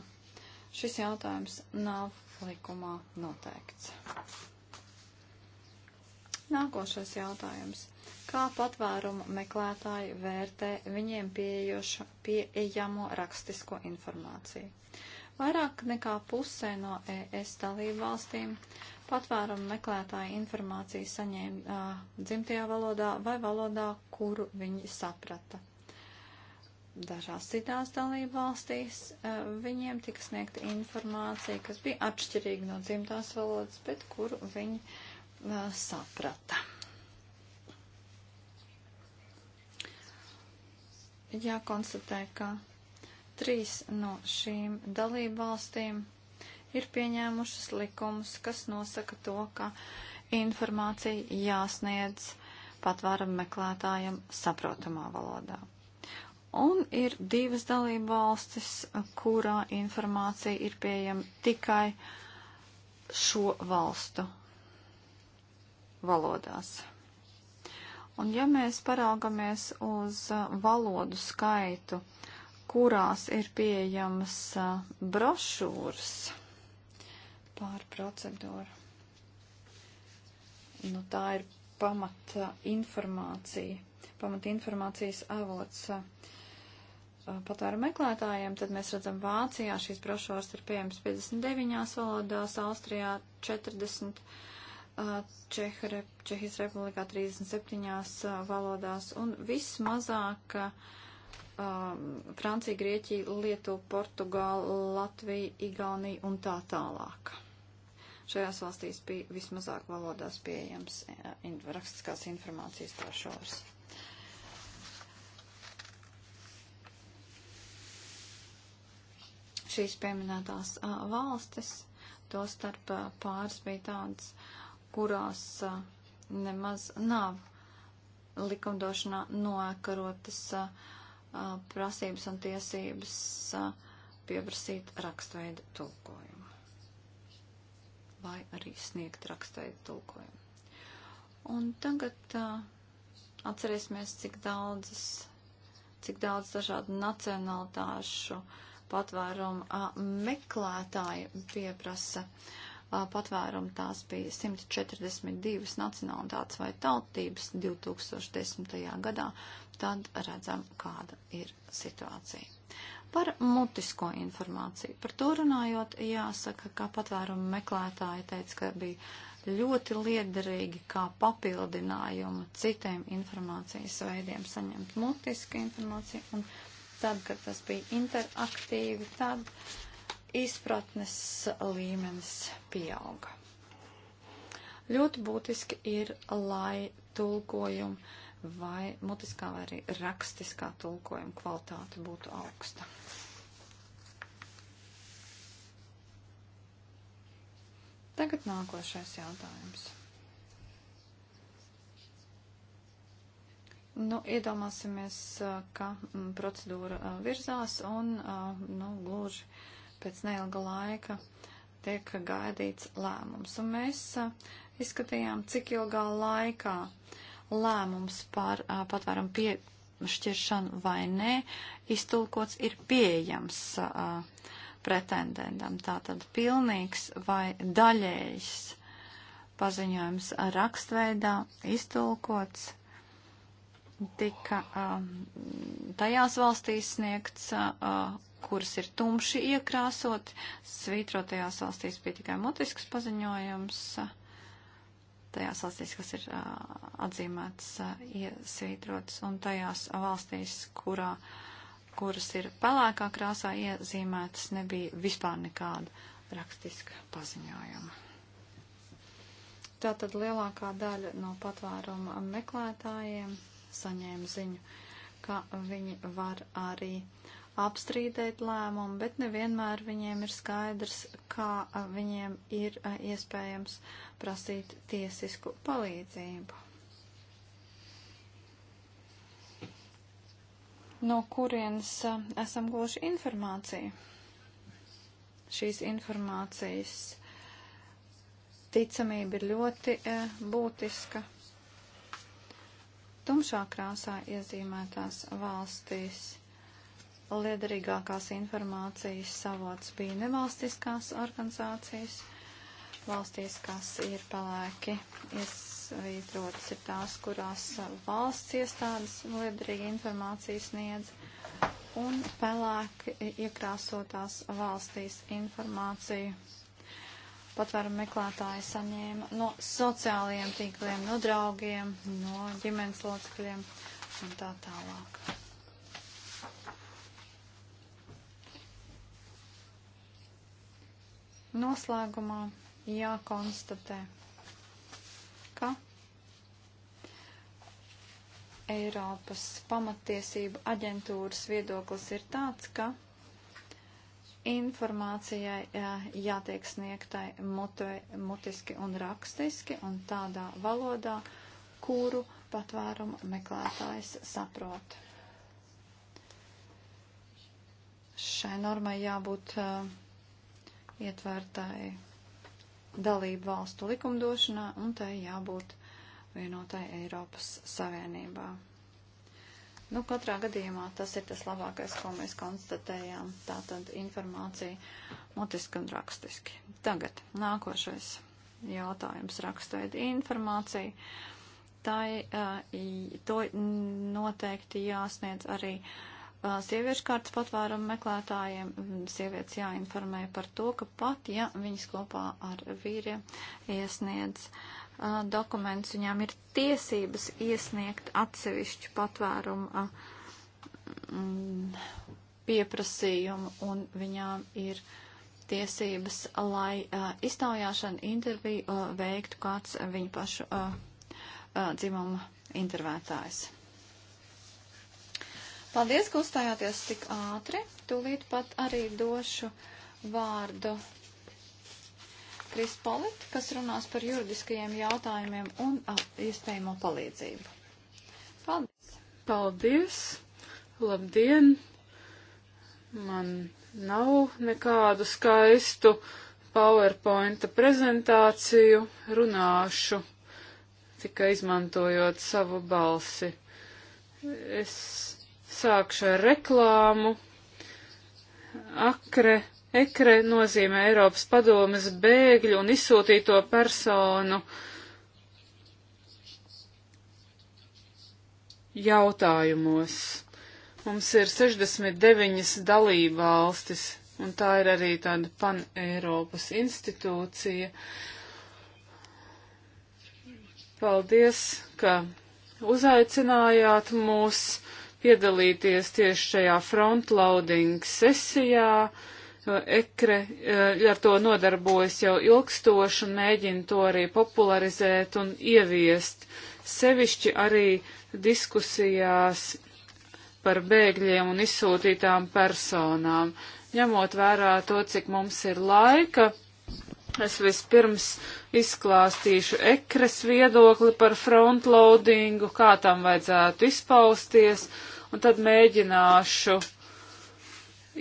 šis jautājums nav likumā noteikts. Nākošais jautājums. Kā patvērumu meklētāji vērtē viņiem pieejošu pieejamo rakstisko informāciju? Vairāk nekā pusē no ES dalību valstīm patvērumu meklētāji informāciju saņēma uh, dzimtajā valodā vai valodā, kuru viņi saprata. Dažās citās dalību valstīs uh, viņiem tika sniegta informācija, kas bija atšķirīga no dzimtās valodas, bet kuru viņi uh, saprata. Jākonstatē, ka trīs no šīm dalību valstīm ir pieņēmušas likumus, kas nosaka to, ka informācija jāsniedz patvēram meklētājam saprotamā valodā. Un ir divas dalība valstis, kurā informācija ir pieejama tikai šo valstu valodās. Un ja mēs paraugamies uz valodu skaitu, kurās ir pieejamas brošūras, par procedūru. Nu, tā ir pamata uh, informācija, pamata informācijas avots uh, uh, patvēru meklētājiem. Tad mēs redzam, Vācijā šīs brošūras ir pieejamas 59 valodās, Austrijā 40, Čehre, Čehijas republikā 37 valodās un vismazāk um, Francija, Grieķija, Lietuva, Portugāla, Latvija, Igaunija un tā tālāk. Šajās valstīs bija vismazāk valodās pieejams e, in, rakstiskās informācijas plašovars. Šīs pieminētās a, valstis, to starp a, pāris bija tādas, kurās a, nemaz nav likumdošanā noekarotas prasības un tiesības pieprasīt rakstveidu tulkojumu vai arī sniegt rakstēju tulkojumu. Un tagad uh, atcerēsimies, cik daudzas, cik daudz dažādu nacionalitāšu patvērumu uh, meklētāji pieprasa uh, patvērumu. Tās bija 142 nacionalitātes vai tautības 2010. gadā. Tad redzam, kāda ir situācija. Par mutisko informāciju. Par to runājot, jāsaka, kā patvērumu meklētāji teica, ka bija ļoti liederīgi kā papildinājumu citiem informācijas veidiem saņemt mutisku informāciju. Un tad, kad tas bija interaktīvi, tad izpratnes līmenis pieauga. Ļoti būtiski ir, lai tulkojumi vai mutiskā vai arī rakstiskā tulkojuma kvalitāte būtu augsta. Tagad nākošais jautājums. Nu, iedomāsimies, ka procedūra virzās un, nu, gluži pēc neilga laika tiek gaidīts lēmums. Un mēs izskatījām, cik ilgā laikā uh, lēmums par uh, patvērumu piešķiršanu vai nē iztulkots ir pieejams uh, pretendentam. Tātad pilnīgs vai daļējs paziņojums rakstveidā iztulkots tika uh, tajās valstīs sniegts, uh, kuras ir tumši iekrāsot, svītrotajās valstīs bija tikai mutisks paziņojums. Uh, tajās valstīs, kas ir atzīmētas, iesvītrotas, un tajās valstīs, kurā, kuras ir pelēkā krāsā iezīmētas, nebija vispār nekāda rakstiska paziņojuma. Tātad lielākā daļa no patvēruma meklētājiem saņēma ziņu, ka viņi var arī uh, apstrīdēt lēmumu, bet nevienmēr viņiem ir skaidrs, kā viņiem ir iespējams prasīt tiesisku palīdzību. No kurienes esam gluži informāciju? Šīs informācijas ticamība ir ļoti būtiska tumšā krāsā iezīmētās valstīs liederīgākās informācijas savots bija nevalstiskās organizācijas. Valstīs, kas ir palēki izvītrotas, ir tās, kurās valsts iestādes liederīga informācija sniedz, un pelēki iekrāsotās valstīs informāciju patvērumu meklētāji saņēma no sociālajiem tīkliem, no draugiem, no ģimenes locekļiem un tā tālāk. Noslēgumā jākonstatē, ka Eiropas pamatiesību aģentūras viedoklis ir tāds, ka informācijai jā, jātiek sniegtai mutve, mutiski un rakstiski un tādā valodā, kuru patvērumu meklētājs saprot. Šai normai jābūt uh, ietvērtai dalību valstu likumdošanā, un tai jābūt vienotai Eiropas Savienībā. Nu, katrā gadījumā tas ir tas labākais, ko mēs konstatējām. Tātad informācija mutiski un rakstiski. Tagad nākošais jautājums rakstveida informācija. Tā, to noteikti jāsniedz arī uh, Uh, sieviešu kārtas patvērumu meklētājiem. Sievietes jāinformē par to, ka pat, ja viņas kopā ar vīriem iesniedz uh, dokumentus, viņām ir tiesības iesniegt atsevišķu patvērumu uh, mm, pieprasījumu, un viņām ir tiesības, lai uh, iztaujāšanu interviju uh, veiktu kāds viņu pašu uh, dzimumu intervētājs. Paldies, ka uzstājāties tik ātri. Tūlīt pat arī došu vārdu Krispolit, kas runās par juridiskajiem jautājumiem un a, iespējamo palīdzību. Paldies! Paldies! Labdien! Man nav nekādu skaistu PowerPoint prezentāciju, runāšu tikai izmantojot savu balsi. Es sākšu ar reklāmu. Akre, ekre nozīmē Eiropas padomes bēgļu un izsūtīto personu jautājumos. Mums ir 69 dalībvalstis, un tā ir arī tāda pan-Eiropas institūcija. Paldies, ka uzaicinājāt mūs piedalīties tieši šajā frontloading sesijā. Ekre eh, ar to nodarbojas jau ilgstoši un mēģina to arī popularizēt un ieviest. Sevišķi arī diskusijās par bēgļiem un izsūtītām personām. Ņemot vērā to, cik mums ir laika, Es vispirms izklāstīšu ekres viedokli par frontloadingu, kā tam vajadzētu izpausties, un tad mēģināšu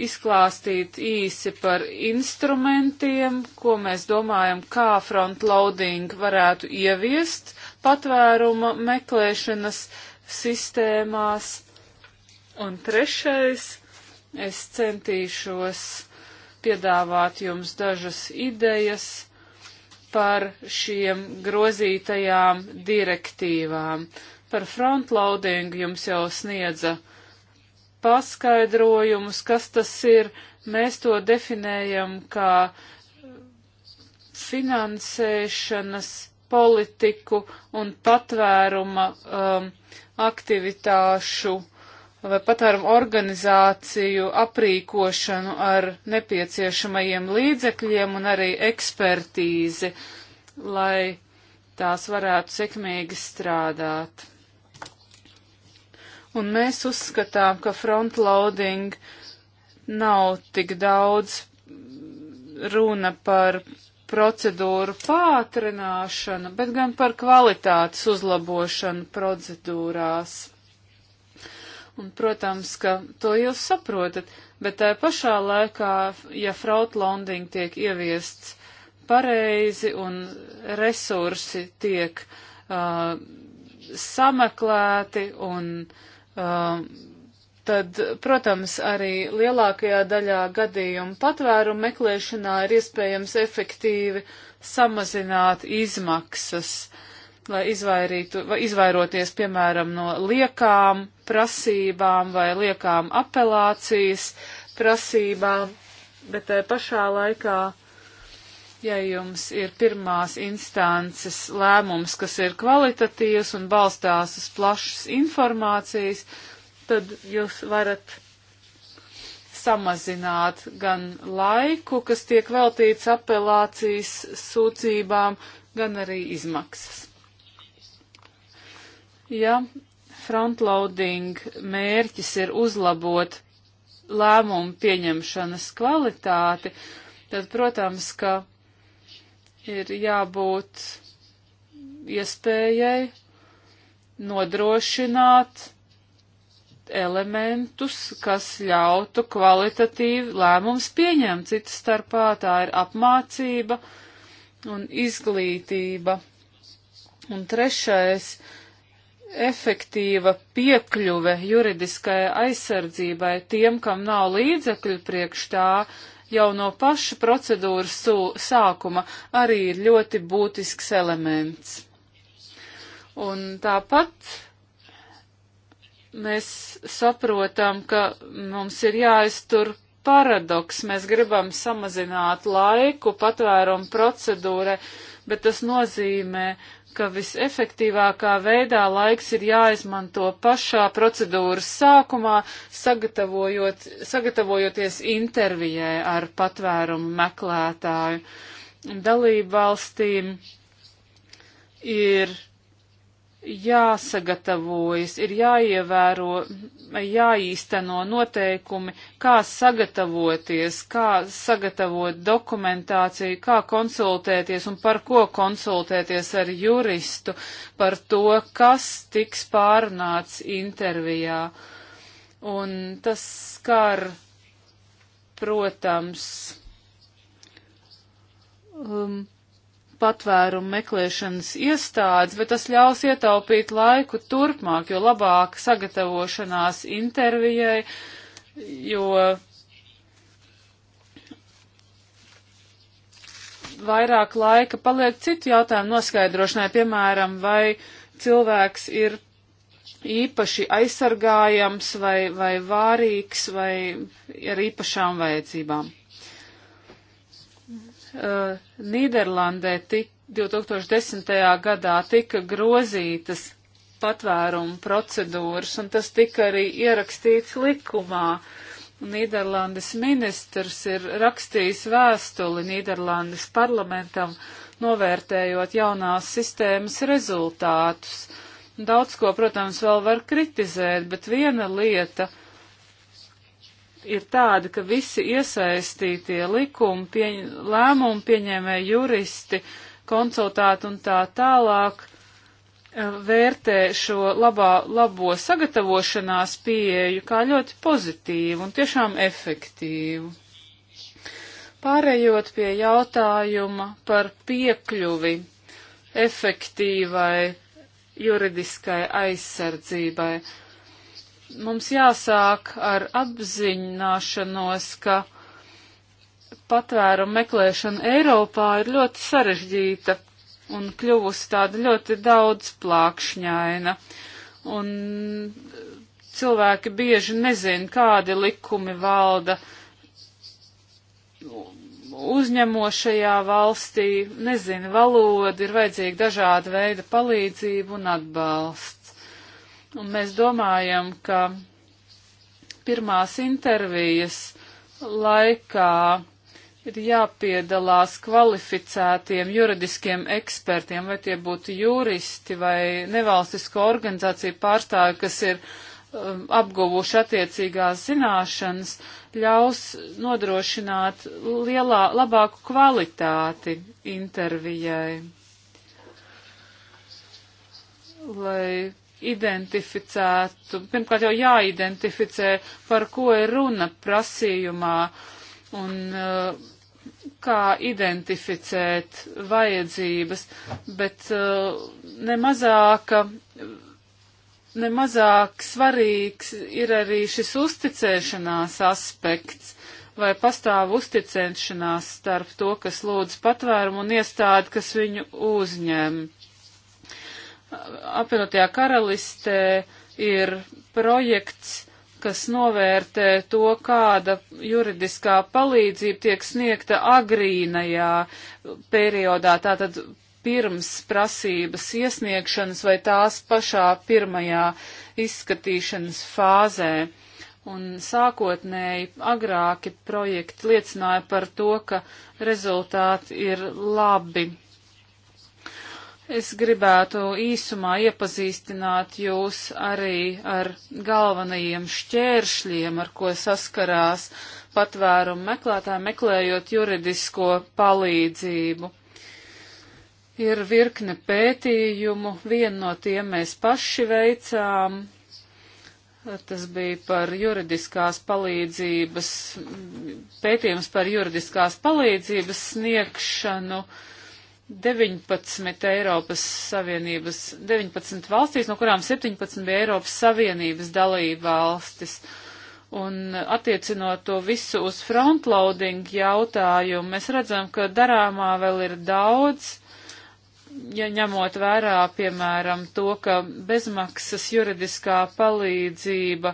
izklāstīt īsi par instrumentiem, ko mēs domājam, kā frontloading varētu ieviest patvēruma meklēšanas sistēmās. Un trešais, es centīšos piedāvāt jums dažas idejas par šiem grozītajām direktīvām. Par frontloadingu jums jau sniedza paskaidrojumus, kas tas ir. Mēs to definējam kā finansēšanas politiku un patvēruma um, aktivitāšu uh, vai patvērumu organizāciju aprīkošanu ar nepieciešamajiem līdzekļiem un arī ekspertīzi, lai tās varētu sekmīgi strādāt. Un mēs uzskatām, ka frontloading nav tik daudz runa par procedūru pātrināšanu, bet gan par kvalitātes uzlabošanu procedūrās. Un, protams, ka to jūs saprotat, bet tā pašā laikā, ja fraudlanding tiek ieviests pareizi un resursi tiek uh, sameklēti un uh, tad, protams, arī lielākajā daļā gadījumu patvērumu meklēšanā ir iespējams efektīvi samazināt izmaksas, lai izvairītu, vai izvairoties, piemēram, no liekām prasībām vai liekām apelācijas prasībām, bet tajā pašā laikā, ja jums ir pirmās instances lēmums, kas ir kvalitatīvs un balstās uz plašas informācijas, tad jūs varat samazināt gan laiku, kas tiek veltīts apelācijas sūdzībām, gan arī izmaksas. Ja frontloading mērķis ir uzlabot lēmumu pieņemšanas kvalitāti, tad, protams, ka ir jābūt iespējai nodrošināt elementus, kas ļautu kvalitatīvi lēmums pieņemt. Cita starpā tā ir apmācība un izglītība. Un trešais efektīva piekļuve juridiskai aizsardzībai tiem, kam nav līdzekļu priekš tā, jau no paša procedūras sākuma arī ir ļoti būtisks elements. Un tāpat mēs saprotam, ka mums ir jāiztur paradoks. Mēs gribam samazināt laiku patvērumu procedūrai, bet tas nozīmē, uh, ka visefektīvākā veidā laiks ir jāizmanto pašā procedūras sākumā, sagatavojot, sagatavojoties intervijai ar patvērumu meklētāju. Dalību valstīm ir jāsagatavojas, ir jāievēro, jāīsteno noteikumi, kā sagatavoties, kā sagatavot dokumentāciju, kā konsultēties un par ko konsultēties ar juristu, par to, kas tiks pārnāts intervijā. Un tas skar, protams, um, patvērumu meklēšanas iestādes, bet tas ļaus ietaupīt laiku turpmāk, jo labāk sagatavošanās intervijai, jo vairāk laika paliek citu jautājumu noskaidrošanai, piemēram, vai cilvēks ir īpaši aizsargājams vai, vai vārīgs vai ar īpašām vajadzībām uh, Nīderlandē tik, 2010. gadā tika grozītas patvērumu procedūras, un tas tika arī ierakstīts likumā. Nīderlandes ministrs ir rakstījis vēstuli Nīderlandes parlamentam, novērtējot jaunās sistēmas rezultātus. Daudz ko, protams, vēl var kritizēt, bet viena lieta, uh, ir tāda, ka visi iesaistītie likumi, pieņ, lēmumu pieņēmē juristi, konsultāti un tā tālāk eh, vērtē šo labā, labo sagatavošanās pieeju kā ļoti pozitīvu un tiešām efektīvu. Pārējot pie jautājuma par piekļuvi efektīvai juridiskai aizsardzībai mums jāsāk ar apziņināšanos, ka patvērumu meklēšana Eiropā ir ļoti sarežģīta un kļuvusi tāda ļoti daudz plākšņaina. Un cilvēki bieži nezin, kādi likumi valda uzņemošajā valstī, nezin valodu, ir vajadzīga dažāda veida palīdzība un atbalsts. Un mēs domājam, ka pirmās intervijas laikā ir jāpiedalās kvalificētiem juridiskiem ekspertiem, vai tie būtu juristi vai nevalstisko organizāciju pārstāvi, kas ir um, apguvuši attiecīgās zināšanas, ļaus nodrošināt lielā, labāku kvalitāti intervijai. Lai identificētu, pirmkārt jau jāidentificē, par ko ir runa prasījumā un uh, kā identificēt vajadzības, bet uh, nemazāka, nemazāk svarīgs ir arī šis uzticēšanās aspekts, vai pastāv uzticēšanās starp to, kas lūdz patvērumu un iestādi, kas viņu uzņem apvienotajā karalistē ir projekts, kas novērtē to, kāda juridiskā palīdzība tiek sniegta agrīnajā periodā, tātad pirms prasības iesniegšanas vai tās pašā pirmajā izskatīšanas fāzē. Un sākotnēji agrāki projekti liecināja par to, ka rezultāti ir labi. Es gribētu īsumā iepazīstināt jūs arī ar galvenajiem šķēršļiem, ar ko saskarās patvērumu meklētāji, meklējot juridisko palīdzību. Ir virkne pētījumu, vienu no tiem mēs paši veicām. Tas bija par juridiskās palīdzības, pētījums par juridiskās palīdzības sniegšanu. Uh, 19 Eiropas Savienības, 19 valstīs, no kurām 17 bija Eiropas Savienības dalība valstis. Un attiecinot to visu uz frontloading jautājumu, mēs redzam, ka darāmā vēl ir daudz, ja ņemot vērā, piemēram, to, ka bezmaksas juridiskā palīdzība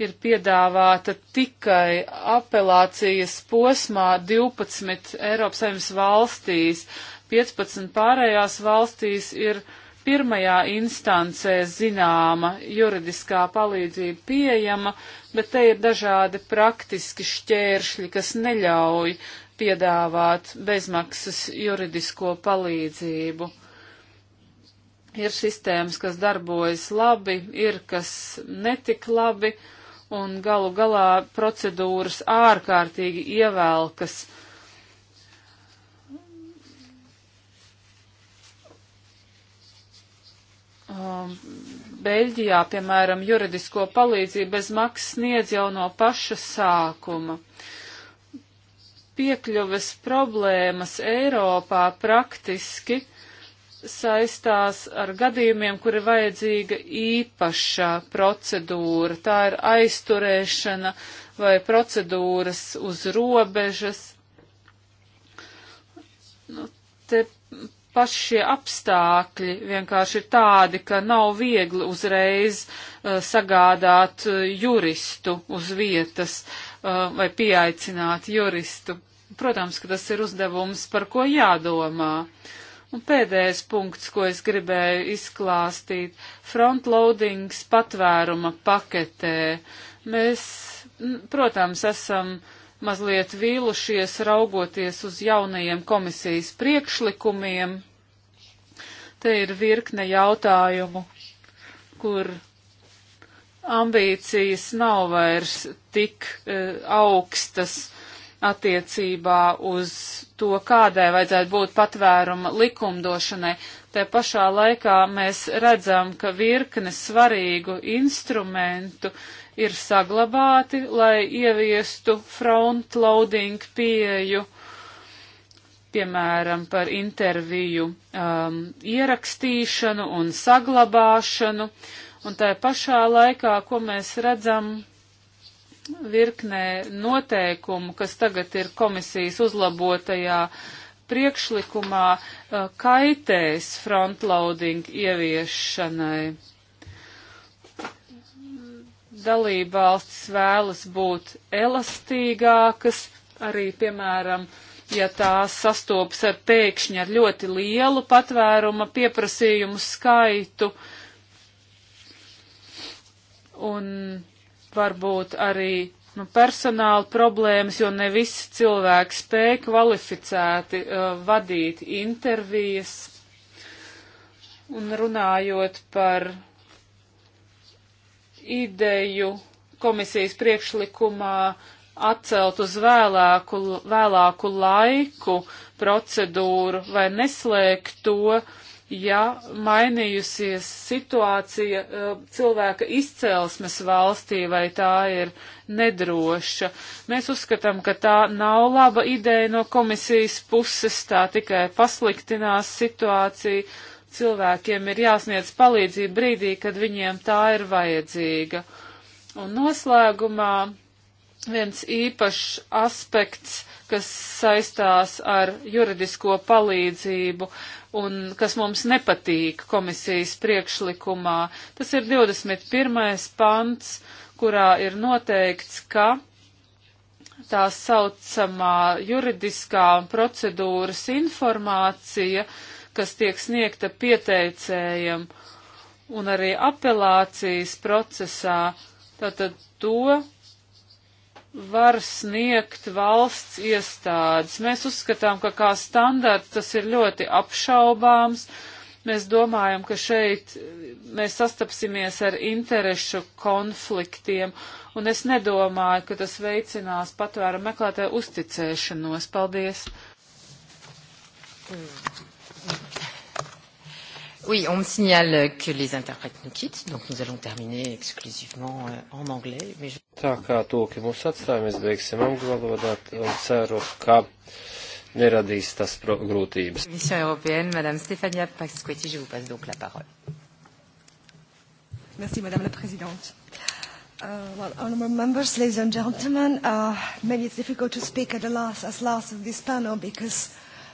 ir piedāvāta tikai apelācijas posmā 12 Eiropas Savienības valstīs. 15 pārējās valstīs ir pirmajā instancē zināma juridiskā palīdzība pieejama, bet te ir dažādi praktiski šķēršļi, kas neļauj piedāvāt bezmaksas juridisko palīdzību. Ir sistēmas, kas darbojas labi, ir kas netik labi, un galu galā procedūras ārkārtīgi ievēlkas um, Beļģijā, piemēram, juridisko palīdzību bez maksas sniedz jau no paša sākuma. Piekļuves problēmas Eiropā praktiski saistās ar gadījumiem, kuri vajadzīga īpaša procedūra. Tā ir aizturēšana vai procedūras uz robežas. Nu, te paši šie apstākļi vienkārši ir tādi, ka nav viegli uzreiz uh, sagādāt uh, juristu uz vietas uh, vai pieaicināt juristu. Protams, ka tas ir uzdevums, par ko jādomā. Un pēdējais punkts, ko es gribēju izklāstīt - frontloadings patvēruma paketē. Mēs, protams, esam uh, mazliet vīlušies raugoties uz jaunajiem komisijas priekšlikumiem. Te ir virkne jautājumu, kur ambīcijas nav vairs tik e, augstas attiecībā uz to, kādai vajadzētu būt patvēruma likumdošanai. Te pašā laikā mēs redzam, ka virkne svarīgu instrumentu ir saglabāti, lai ieviestu frontloading pieju, piemēram, par interviju um, ierakstīšanu un saglabāšanu. Un tā pašā laikā, ko mēs redzam virknē noteikumu, kas tagad ir komisijas uzlabotajā priekšlikumā, uh, kaitēs frontloading ieviešanai dalībvalstis vēlas būt elastīgākas, arī, piemēram, ja tās sastopas ar pēkšņi ar ļoti lielu patvēruma pieprasījumu skaitu, un varbūt arī nu, personāla problēmas, jo ne visi cilvēki spēja kvalificēti uh, vadīt intervijas. Un runājot par ideju komisijas priekšlikumā atcelt uz vēlāku, vēlāku laiku procedūru vai neslēgt to, ja mainījusies situācija eh, cilvēka izcelsmes valstī vai tā ir nedroša. Mēs uzskatām, ka tā nav laba ideja no komisijas puses, tā tikai pasliktinās situāciju cilvēkiem ir jāsniedz palīdzība brīdī, kad viņiem tā ir vajadzīga. Un noslēgumā viens īpašs aspekts, kas saistās ar juridisko palīdzību un kas mums nepatīk komisijas priekšlikumā. Tas ir 21. pants, kurā ir noteikts, ka tā saucamā juridiskā un procedūras informācija uh, kas tiek sniegta pieteicējiem un arī apelācijas procesā, tātad to var sniegt valsts iestādes. Mēs uzskatām, ka kā standarts tas ir ļoti apšaubāms. Mēs domājam, ka šeit mēs sastapsimies ar interešu konfliktiem, un es nedomāju, ka tas veicinās patvēra meklētāju uzticēšanos. Paldies! Mm. Oui, on me signale que les interprètes nous quittent, donc nous allons terminer exclusivement euh, en anglais. Mais je... Tā kā tūki mūs atstāja, mēs beigsim angļu valodā un ceru, ka neradīs tas grūtības. Commission européenne, Madame Stéphania Pasquetti, je vous passe donc la parole. Merci, Madame la Présidente. Uh, well, honourable members, ladies and gentlemen, uh, maybe it's difficult to speak at the last, as last of this panel because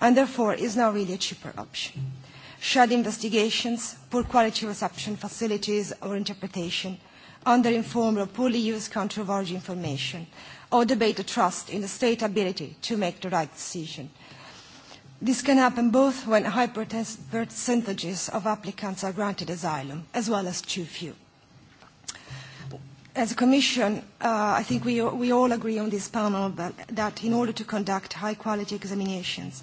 and therefore is now really a cheaper option. Shared investigations, poor quality reception facilities or interpretation, under-informed or poorly used country of origin information, or debate the trust in the state ability to make the right decision. This can happen both when high percentages of applicants are granted asylum, as well as too few. As a Commission, uh, I think we, we all agree on this panel that, that in order to conduct high-quality examinations,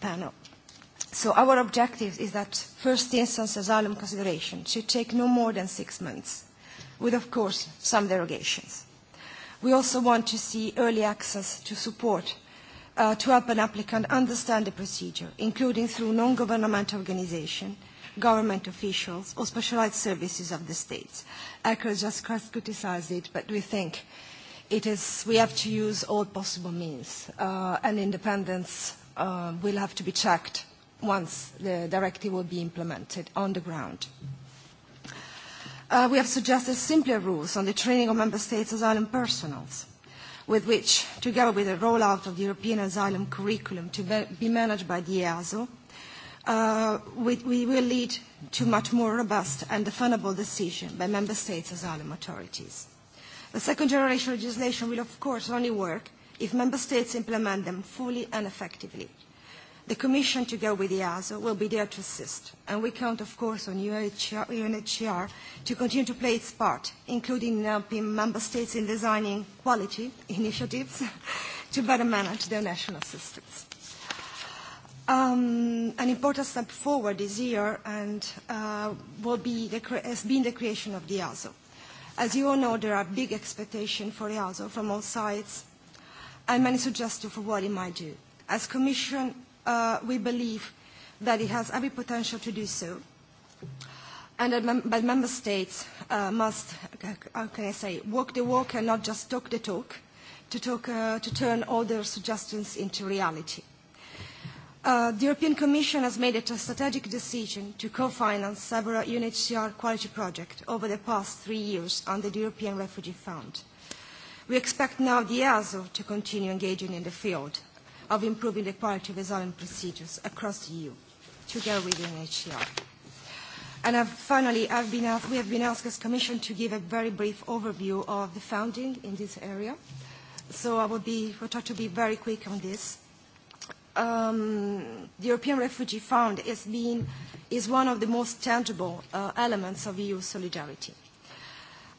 panel. So our objective is that first instance asylum consideration should take no more than six months, with of course some derogations. We also want to see early access to support uh, to help an applicant understand the procedure, including through non-governmental organizations, government officials, or specialized services of the states. ECHO just criticized it, but we think it is, we have to use all possible means, uh, and independence uh, will have to be checked once the directive will be implemented on the ground. Uh, we have suggested simpler rules on the training of member states' asylum personnels, with which, together with the rollout of the European asylum curriculum to be managed by the EASO, uh, we, we will lead to much more robust and definable decision by member states' asylum authorities. The second generation legislation will, of course, only work if Member States implement them fully and effectively. The Commission, together with EASO, will be there to assist, and we count, of course, on UNHCR, UNHCR to continue to play its part, including helping Member States in designing quality (laughs) initiatives (laughs) to better manage their national systems. Um, an important step forward this year and uh, will be the, has been the creation of the EASO. As you all know, there are big expectations for EASO from all sides, I managed to justify what it might do. As Commission, uh, we believe that it has every potential to do so, and that mem- but Member States uh, must, uh, how can I say, walk the walk and not just talk the talk, to, talk, uh, to turn all their suggestions into reality. Uh, the European Commission has made a strategic decision to co-finance several UNHCR quality projects over the past three years under the European Refugee Fund. We expect now the EASO to continue engaging in the field of improving the quality of asylum procedures across the EU, together with UNHCR. And I've, finally, I've been asked, we have been asked as Commission to give a very brief overview of the founding in this area. So I will, be, will try to be very quick on this. Um, the European Refugee Fund is, being, is one of the most tangible uh, elements of EU solidarity. Uh,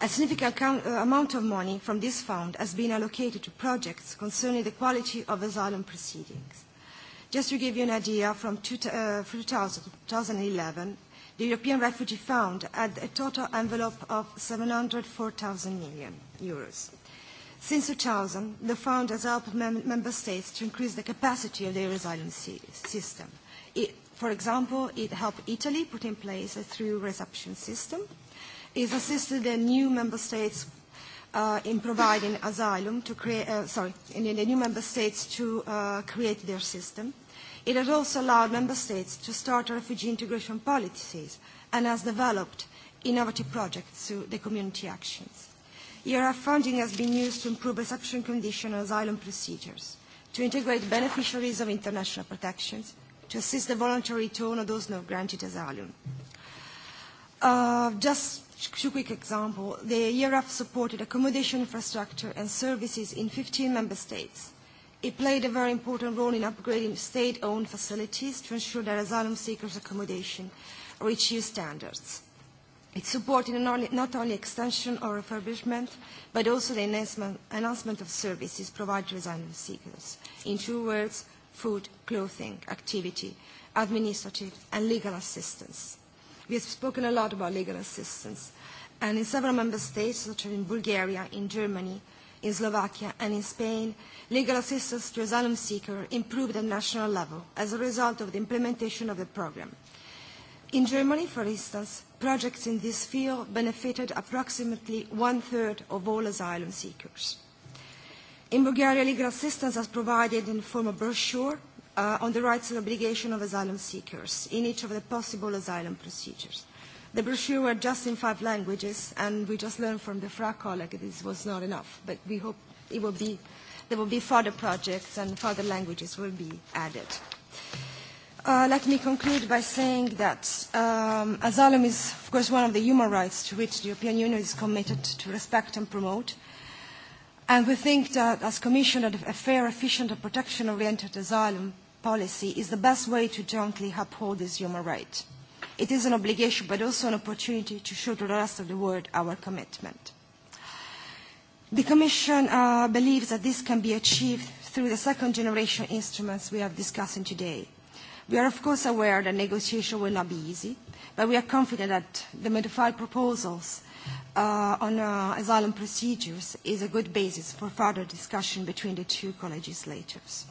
A significant account, uh, amount of money from this fund has been allocated to projects concerning the quality of asylum proceedings. Just to give you an idea, from two, uh, 2000 to 2011, the European Refugee Fund had a total envelope of 704,000 million euros. Since 2000, the fund has helped mem member states to increase the capacity of their asylum si system. It, for example, it helped Italy put in place a through reception system, uh, is assisted the new member states uh, in providing asylum to create, uh, sorry, in, in the new member states to uh, create their system. It has also allowed member states to start refugee integration policies and has developed innovative projects through the community actions. ERF funding has been used to improve reception conditions and asylum procedures, to integrate beneficiaries of international protections, to assist the voluntary return of those not granted asylum. Uh, just two quick examples. The ERAF supported accommodation infrastructure and services in 15 member states. It played a very important role in upgrading state-owned facilities to ensure that asylum seekers' accommodation reach EU standards. It supported not only extension or refurbishment, but also the enhancement of services provided to asylum seekers. In two words, food, clothing, activity, administrative and legal assistance. We've spoken a lot about legal assistance. And in several member states, such as in Bulgaria, in Germany, in Slovakia and in Spain, legal assistance to asylum seekers improved at national level as a result of the implementation of the program. In Germany, for instance, projects in this field benefited approximately one-third of all asylum seekers. In Bulgaria, legal assistance is provided in the form of brochure uh, on the rights and obligations of asylum seekers in each of the possible asylum procedures. The brochure were just in five languages, and we just learned from the FRA colleague that this was not enough, but we hope it will be, there will be further projects and further languages will be added. Uh, let me conclude by saying that um, asylum is, of course, one of the human rights to which the European Union is committed to respect and promote. And we think that as Commission, a fair, efficient and protection-oriented asylum policy is the best way to jointly uphold this human right. It is an obligation but also an opportunity to show to the rest of the world our commitment. The Commission uh, believes that this can be achieved through the second generation instruments we are discussing today. We are of course aware that negotiation will not be easy, but we are confident that the modified proposals uh, on uh, asylum procedures is a good basis for further discussion between the two co-legislators.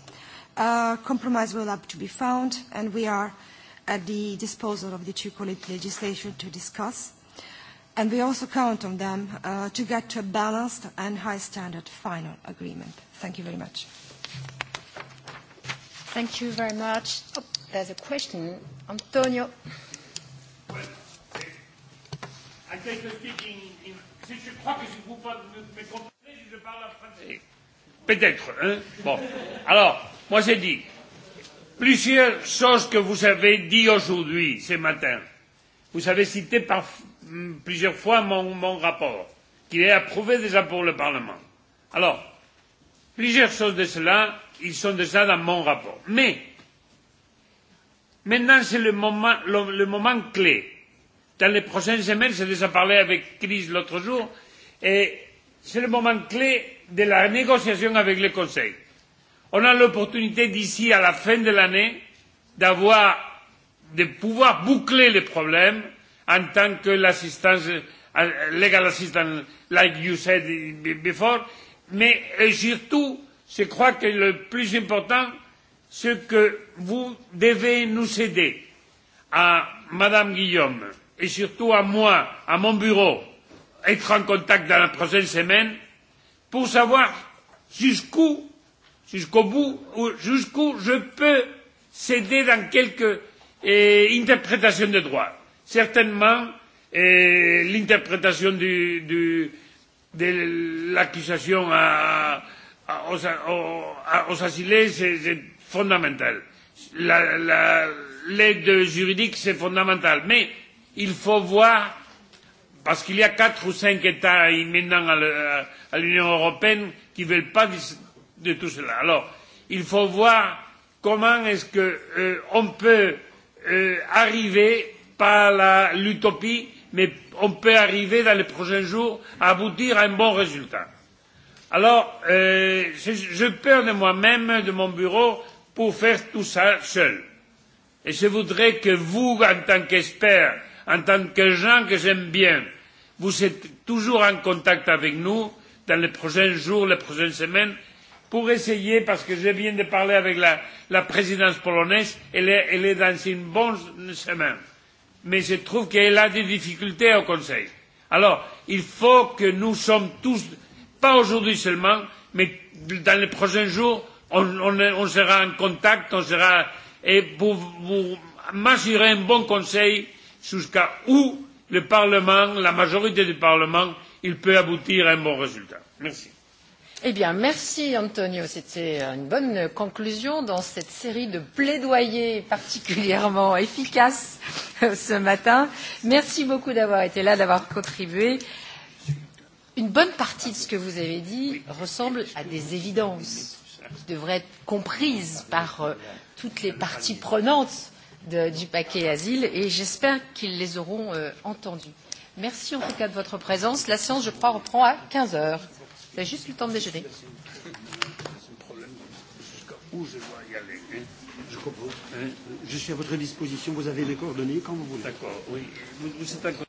Uh, compromise will have to be found, and we are at the disposal of the two colleague legislation to discuss. And we also count on them uh, to get to a balanced and high-standard final agreement. Thank you very much. Thank you very much. Oh, there's a question. Antonio. Well, I think the speaking in si je crois que si vous me comprenez, je parle en français. Peut-être. Hein? Eh? Bon. Alors, Moi, j'ai dit plusieurs choses que vous avez dit aujourd'hui, ce matin. Vous avez cité par, hmm, plusieurs fois mon, mon rapport, qu'il est approuvé déjà pour le Parlement. Alors, plusieurs choses de cela, ils sont déjà dans mon rapport. Mais, maintenant, c'est le moment, le, le moment clé. Dans les prochaines semaines, j'ai déjà parlé avec Chris l'autre jour, et c'est le moment clé de la négociation avec le Conseil on a l'opportunité d'ici à la fin de l'année d'avoir de pouvoir boucler les problèmes en tant que l'assistance euh, legal assistance like you said before mais surtout je crois que le plus important c'est que vous devez nous aider à madame Guillaume et surtout à moi, à mon bureau, être en contact dans la prochaine semaine pour savoir jusqu'où jusqu'au bout, jusqu'où je peux céder dans quelque eh, interprétation de droit. Certainement, eh, l'interprétation du, du, de l'accusation à, à, aux, à, aux assilés, c'est fondamental. L'aide la, la, juridique, c'est fondamental. Mais il faut voir, parce qu'il y a quatre ou cinq États maintenant à l'Union européenne qui ne veulent pas de tout cela. Alors, il faut voir comment est-ce qu'on euh, on peut euh, arriver, pas à l'utopie, mais on peut arriver dans les prochains jours à aboutir à un bon résultat. Alors, euh, j'ai peur de moi-même, de mon bureau, pour faire tout ça seul. Et je voudrais que vous, en tant qu'experts, en tant que gens que j'aime bien, vous êtes toujours en contact avec nous dans les prochains jours, les prochaines semaines, pour essayer, parce que je viens de parler avec la, la présidence polonaise, elle est, elle est dans une bonne chemin. Mais je trouve qu'elle a des difficultés au Conseil. Alors, il faut que nous sommes tous, pas aujourd'hui seulement, mais dans les prochains jours, on, on, on sera en contact, on sera, et pour vous m'assurer un bon conseil jusqu'à où le Parlement, la majorité du Parlement, il peut aboutir à un bon résultat. Merci. Eh bien, merci Antonio. C'était euh, une bonne conclusion dans cette série de plaidoyers particulièrement (laughs) efficaces euh, ce matin. Merci beaucoup d'avoir été là, d'avoir contribué. Une bonne partie de ce que vous avez dit ressemble à des évidences qui devraient être comprises par euh, toutes les parties prenantes de, du paquet asile et j'espère qu'ils les auront euh, entendues. Merci en tout cas de votre présence. La séance, je crois, reprend à 15 heures. C'est juste le temps de déjeuner. Où je dois y aller hein Je comprends. Hein euh, je suis à votre disposition. Vous avez mes coordonnées quand vous voulez. D'accord. Oui. Vous, vous êtes